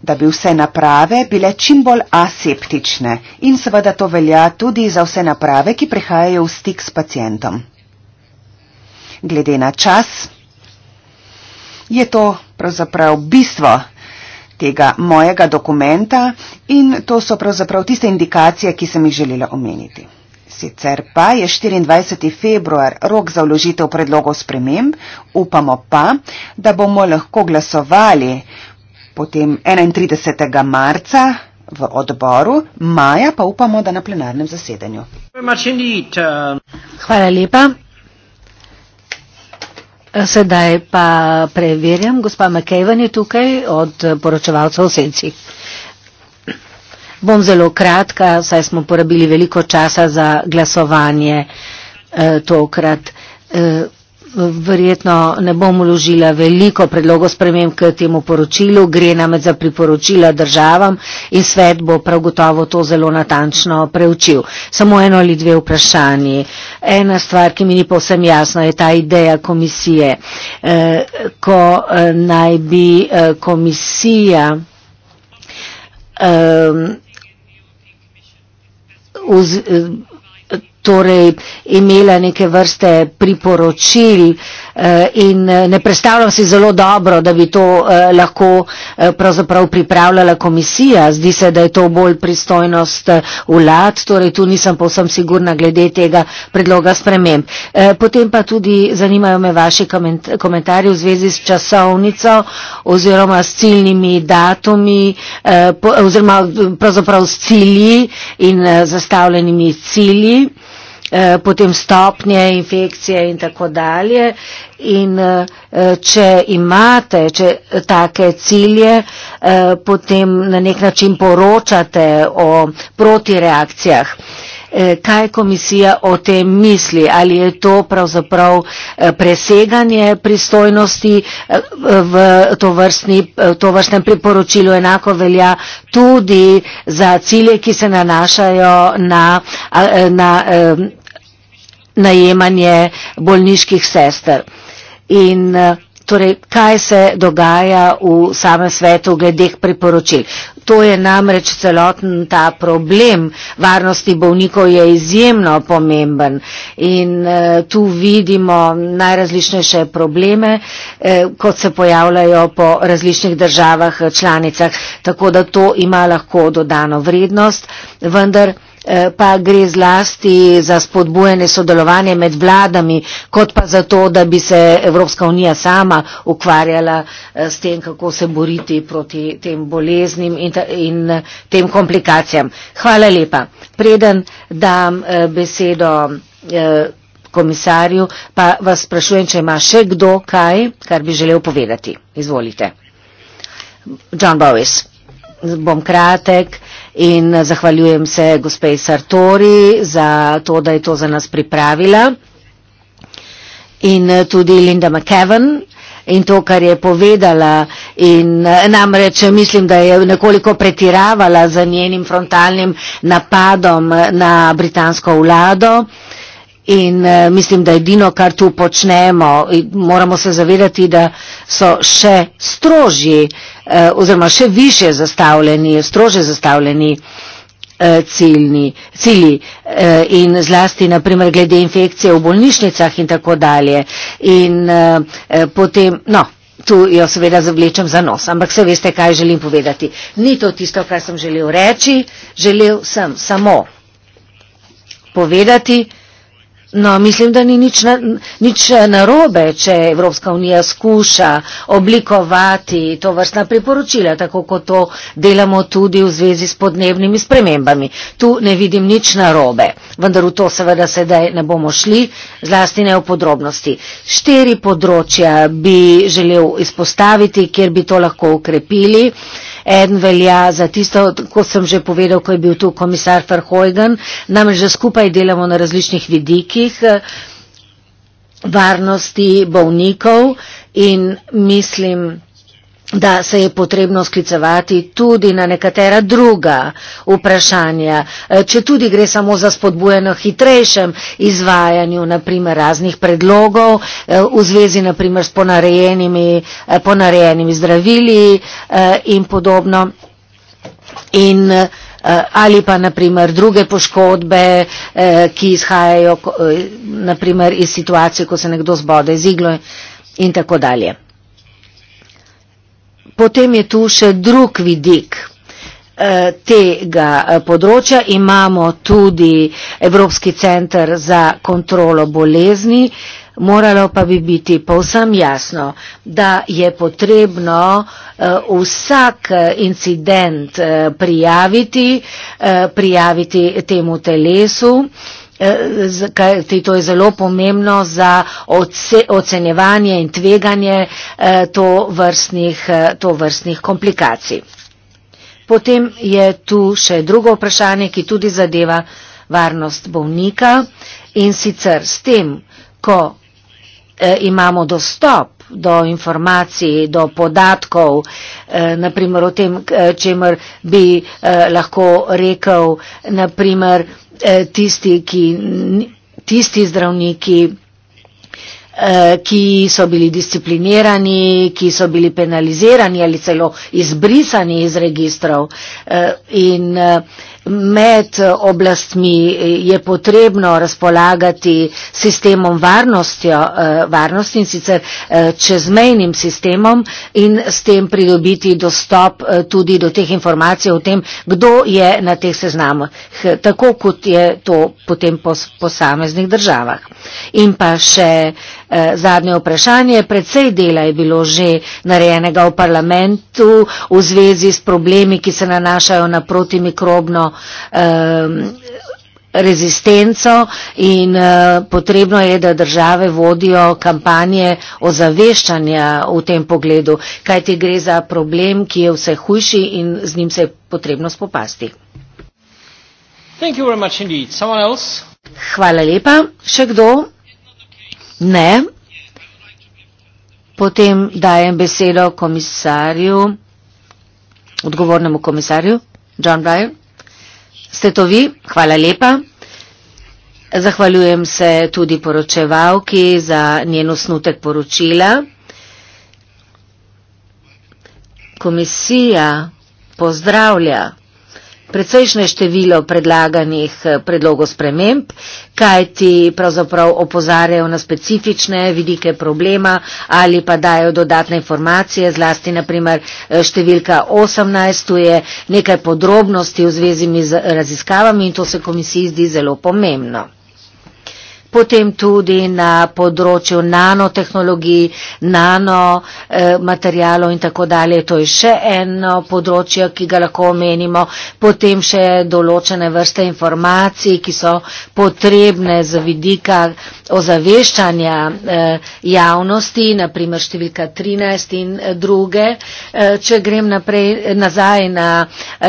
da bi vse naprave bile čim bolj aseptične in seveda to velja tudi za vse naprave, ki prihajajo v stik s pacijentom. Glede na čas je to pravzaprav bistvo tega mojega dokumenta in to so pravzaprav tiste indikacije, ki sem jih želela omeniti. Sicer pa je 24. februar rok za vložitev predlogov sprememb, upamo pa, da bomo lahko glasovali potem 31. marca v odboru, maja pa upamo, da na plenarnem zasedanju. Hvala lepa. Sedaj pa preverjam, gospa McKayven je tukaj od poročevalcev Senci. Bom zelo kratka, saj smo porabili veliko časa za glasovanje eh, tokrat. Eh, verjetno ne bom uložila veliko predlogo spremem k temu poročilu, gre namreč za priporočila državam in svet bo prav gotovo to zelo natančno preučil. Samo eno ali dve vprašanje. Ena stvar, ki mi ni povsem jasna, je ta ideja komisije. Eh, ko eh, naj bi eh, komisija um, torej imela neke vrste priporočil eh, in eh, ne predstavljam si zelo dobro, da bi to eh, lahko pravzaprav pripravljala komisija. Zdi se, da je to bolj pristojnost vlad, torej tu nisem povsem sigurna glede tega predloga sprememb. Potem pa tudi zanimajo me vaši komentarji v zvezi s časovnico oziroma s ciljnimi datumi oziroma pravzaprav s cilji in zastavljenimi cilji. Eh, potem stopnje infekcije in tako dalje. In eh, če imate če take cilje, eh, potem na nek način poročate o protireakcijah. Kaj komisija o tem misli? Ali je to pravzaprav preseganje pristojnosti v to, vrstni, to vrstnem priporočilu? Enako velja tudi za cilje, ki se nanašajo na, na, na najemanje bolniških sester. In eh, torej, kaj se dogaja v samem svetu glede priporočil? To je namreč celoten ta problem. Varnosti bolnikov je izjemno pomemben in eh, tu vidimo najrazličnejše probleme, eh, kot se pojavljajo po različnih državah eh, članicah. Tako da to ima lahko dodano vrednost, vendar. Eh, pa gre zlasti za spodbujanje sodelovanja med vladami, kot pa za to, da bi se Evropska unija sama ukvarjala eh, s tem, kako se boriti proti tem boleznim in, ta, in eh, tem komplikacijam. Hvala lepa. Preden dam besedo komisarju, pa vas sprašujem, če ima še kdo kaj, kar bi želel povedati. Izvolite. John Bowis. Bom kratek in eh, zahvaljujem se gospe Sartori za to, da je to za nas pripravila in eh, tudi Linda McKevan in to, kar je povedala in eh, namreč mislim, da je nekoliko pretiravala za njenim frontalnim napadom na britansko vlado. Uh, In uh, mislim, da edino, kar tu počnemo, moramo se zavedati, da so še strožji uh, oziroma še više zastavljeni, strože zastavljeni uh, ciljni, cilji uh, in zlasti, naprimer, glede infekcije v bolnišnicah in tako dalje. In uh, potem, no, tu jo seveda zavlečem za nos, ampak se veste, kaj želim povedati. Ni to tisto, kar sem želel reči, želel sem samo povedati, No, mislim, da ni nič, na, nič eh, narobe, če Evropska unija skuša oblikovati to vrstna priporočila, tako kot to delamo tudi v zvezi s podnebnimi spremembami. Tu ne vidim nič narobe, vendar v to seveda sedaj ne bomo šli, zlasti ne v podrobnosti. Štiri področja bi želel izpostaviti, kjer bi to lahko ukrepili. En velja za tisto, kot sem že povedal, ko je bil tu komisar Ferhojgen, namreč že skupaj delamo na različnih vidikih eh, varnosti bolnikov in mislim, da se je potrebno sklicevati tudi na nekatera druga vprašanja, e, če tudi gre samo za spodbujeno hitrejšem izvajanju naprimer, raznih predlogov e, v zvezi naprimer, s ponarejenimi, e, ponarejenimi zdravili in podobno. In, ali pa naprimer druge poškodbe, ki izhajajo naprimer, iz situacije, ko se nekdo zbode z iglo in tako dalje. Potem je tu še drug vidik eh, tega eh, področja. Imamo tudi Evropski centar za kontrolo bolezni. Moralo pa bi biti povsem jasno, da je potrebno eh, vsak incident prijaviti, prijaviti temu telesu. Eh, kajti to je zelo pomembno za oce, ocenjevanje in tveganje eh, to vrstnih, eh, to vrstnih komplikacij. Potem je tu še drugo vprašanje, ki tudi zadeva varnost bolnika in sicer s tem, ko imamo dostop do informacij, do podatkov, naprimer o tem, čemer bi lahko rekel, naprimer, Eh, tisti, ki, tisti zdravniki, eh, ki so bili disciplinirani, ki so bili penalizirani ali celo izbrisani iz registrov. Eh, in, med eh, oblastmi eh, je potrebno razpolagati sistemom varnosti eh, in sicer čezmejnim sistemom in s tem pridobiti dostop tudi do teh informacij o tem, kdo je na teh seznamih, tako kot je to potem po posameznih državah. In pa še eh, Eh, zadnje vprašanje, predvsej dela je bilo že narejenega v parlamentu v zvezi s problemi, ki se nanašajo na protimikrobno ehm, rezistenco in eh, potrebno je, da države vodijo kampanje o zaveščanja v tem pogledu, kaj ti gre za problem, ki je vse hujši in z njim se je potrebno spopasti. Hvala lepa. Še kdo? Ne. Potem dajem besedo komisarju, odgovornemu komisarju, John Ryan. Ste to vi? Hvala lepa. Zahvaljujem se tudi poročevalki za njen osnutek poročila. Komisija pozdravlja precejšnje število predlaganih eh, predlogov sprememb, kaj ti pravzaprav opozarjajo na specifične vidike problema ali pa dajo dodatne informacije, zlasti naprimer eh, številka 18, tu je nekaj podrobnosti v zvezi z raziskavami in to se komisiji zdi zelo pomembno potem tudi na področju nanotehnologij, nanomaterialov eh, in tako dalje. To je še eno področje, ki ga lahko omenimo. Potem še določene vrste informacij, ki so potrebne z vidika ozaveščanja eh, javnosti, naprimer številka 13 in eh, druge. Če grem naprej, nazaj na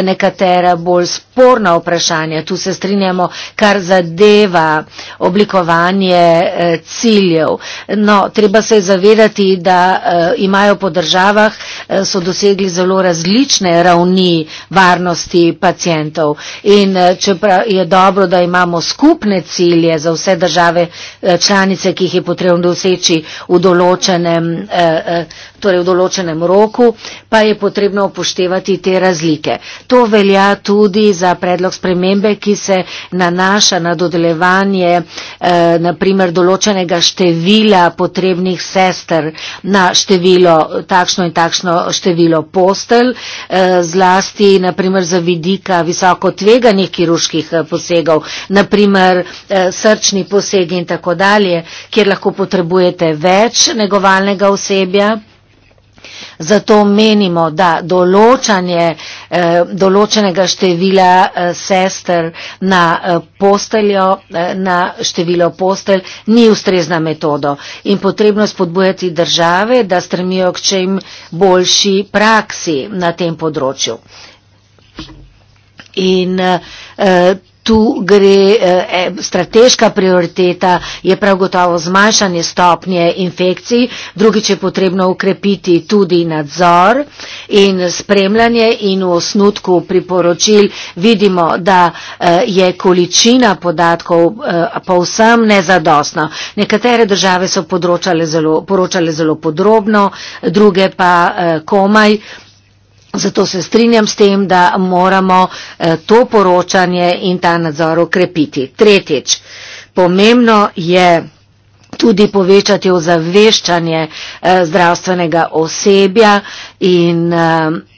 nekatera bolj sporna vprašanja, tu se strinjamo, kar zadeva oblikovanje izpolnjevanje eh, ciljev. No, treba se zavedati, da eh, imajo po državah, eh, so dosegli zelo različne ravni varnosti pacijentov. In čeprav je dobro, da imamo skupne cilje za vse države članice, ki jih je potrebno doseči v določenem, torej v določenem roku, pa je potrebno upoštevati te razlike. To velja tudi za predlog spremembe, ki se nanaša na dodelevanje eh, naprimer določenega števila potrebnih sester na število, takšno in takšno število postelj, eh, zlasti naprimer za vidika visoko tveganih kirurških eh, posegov, naprimer eh, srčni posegi in tako dalje, kjer lahko potrebujete več negovalnega osebja. Zato menimo, da določanje eh, določenega števila eh, sester na, eh, posteljo, eh, na število postelj ni ustrezna metoda in potrebno spodbujati države, da strmijo k čim boljši praksi na tem področju. In, eh, tu gre eh, strateška prioriteta, je prav gotovo zmanjšanje stopnje infekcij, drugič je potrebno ukrepiti tudi nadzor in spremljanje in v osnutku priporočil vidimo, da eh, je količina podatkov eh, povsem nezadostna. Nekatere države so poročale zelo podrobno, druge pa komaj zato se strinjam s tem, da moramo eh, to poročanje in ta nadzor ukrepiti. Tretjič, pomembno je tudi povečati ozaveščanje eh, zdravstvenega osebja in eh,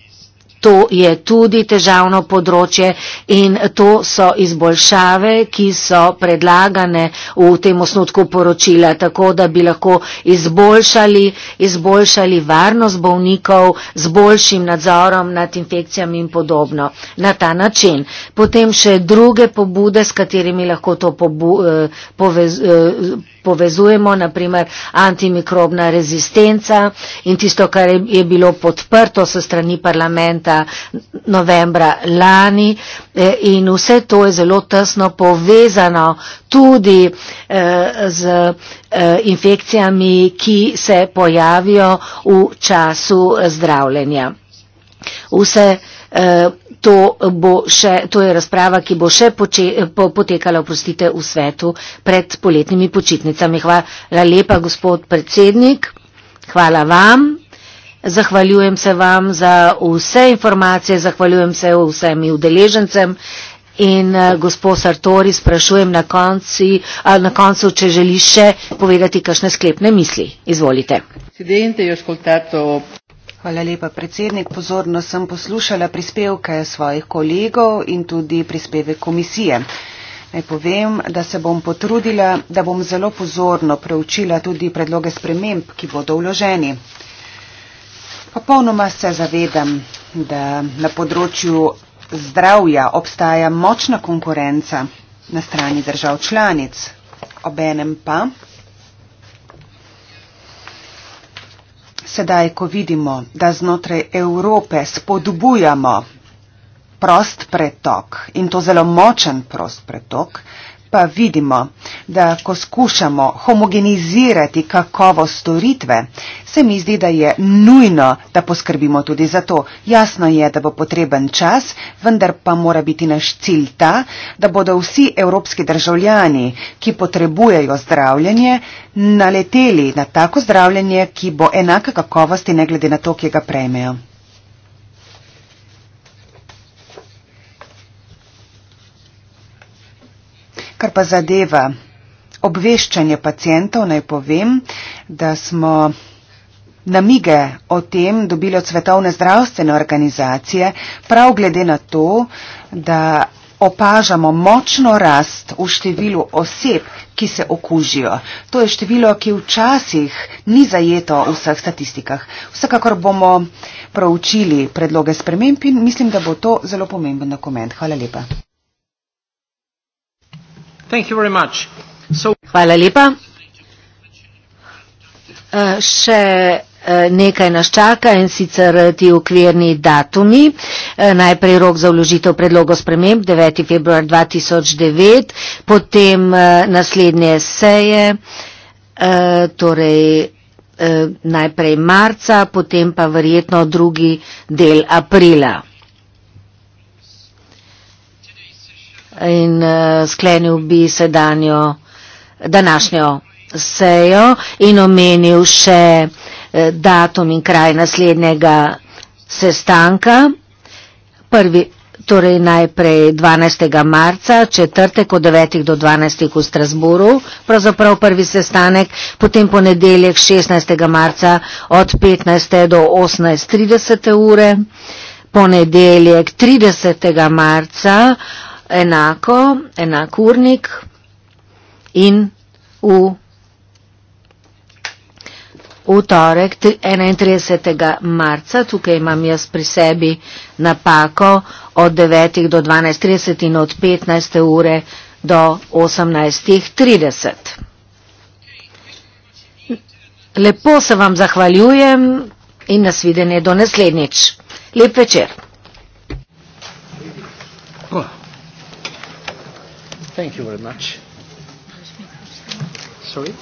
To je tudi težavno področje in to so izboljšave, ki so predlagane v tem osnutku poročila, tako da bi lahko izboljšali, izboljšali varnost bolnikov z boljšim nadzorom nad infekcijami in podobno. Na ta način. Potem še druge pobude, s katerimi lahko to pobu, eh, povez, eh, povezujemo, naprimer antimikrobna rezistenca in tisto, kar je bilo podprto s strani parlamenta novembra lani. Eh, in vse to je zelo tesno povezano tudi eh, z eh, infekcijami, ki se pojavijo v času zdravljenja. Vse to, še, to je razprava, ki bo še poče, po, potekala oprostite, v svetu pred poletnimi počitnicami. Hvala lepa, gospod predsednik. Hvala vam. Zahvaljujem se vam za vse informacije, zahvaljujem se vsem udeležencem. In eh, gospod Sartori, sprašujem na, konci, na koncu, če želi še povedati kakšne sklepne misli. Izvolite. Hvala lepa, predsednik. Pozorno sem poslušala prispevke svojih kolegov in tudi prispeve komisije. Naj povem, da se bom potrudila, da bom zelo pozorno preučila tudi predloge sprememb, ki bodo vloženi. Popolnoma se zavedam, da na področju zdravja obstaja močna konkurenca na strani držav članic. Obenem pa sedaj, ko vidimo, da znotraj Evrope spodbujamo prost pretok in to zelo močen prost pretok, pa vidimo, da ko skušamo homogenizirati kakovo storitve, se mi zdi, da je nujno, da poskrbimo tudi za to. Jasno je, da bo potreben čas, vendar pa mora biti naš cilj ta, da bodo vsi evropski državljani, ki potrebujejo zdravljenje, naleteli na tako zdravljenje, ki bo enaka kakovosti, ne glede na to, ki ga prejmejo. kar pa zadeva obveščanje pacijentov, naj povem, da smo namige o tem dobili od Svetovne zdravstvene organizacije, prav glede na to, da opažamo močno rast v številu oseb, ki se okužijo. To je število, ki včasih ni zajeto v vseh statistikah. Vsekakor bomo proučili predloge sprememb in mislim, da bo to zelo pomemben dokument. Hvala lepa. Hvala lepa. Eh, še eh, nekaj nas čaka in sicer ti okvirni datumi. Eh, najprej rok za vložitev predlogo sprememb 9. februar 2009, potem naslednje seje, torej najprej marca, potem pa verjetno drugi del aprila. in uh, sklenil bi sedanjo, današnjo sejo in omenil še uh, datum in kraj naslednjega sestanka. Prvi, torej najprej 12. marca, četrtek od 9. do 12. v Strasburu, pravzaprav prvi sestanek, potem ponedeljek 16. marca od 15. do 18.30 ure, ponedeljek 30. marca enako, enak urnik in v, v torek 31. marca, tukaj imam jaz pri sebi napako od 9. do 12.30 in od 15. ure do 18.30. Lepo se vam zahvaljujem in nasvidenje do naslednjič. Lep večer. Thank you very much. Sorry?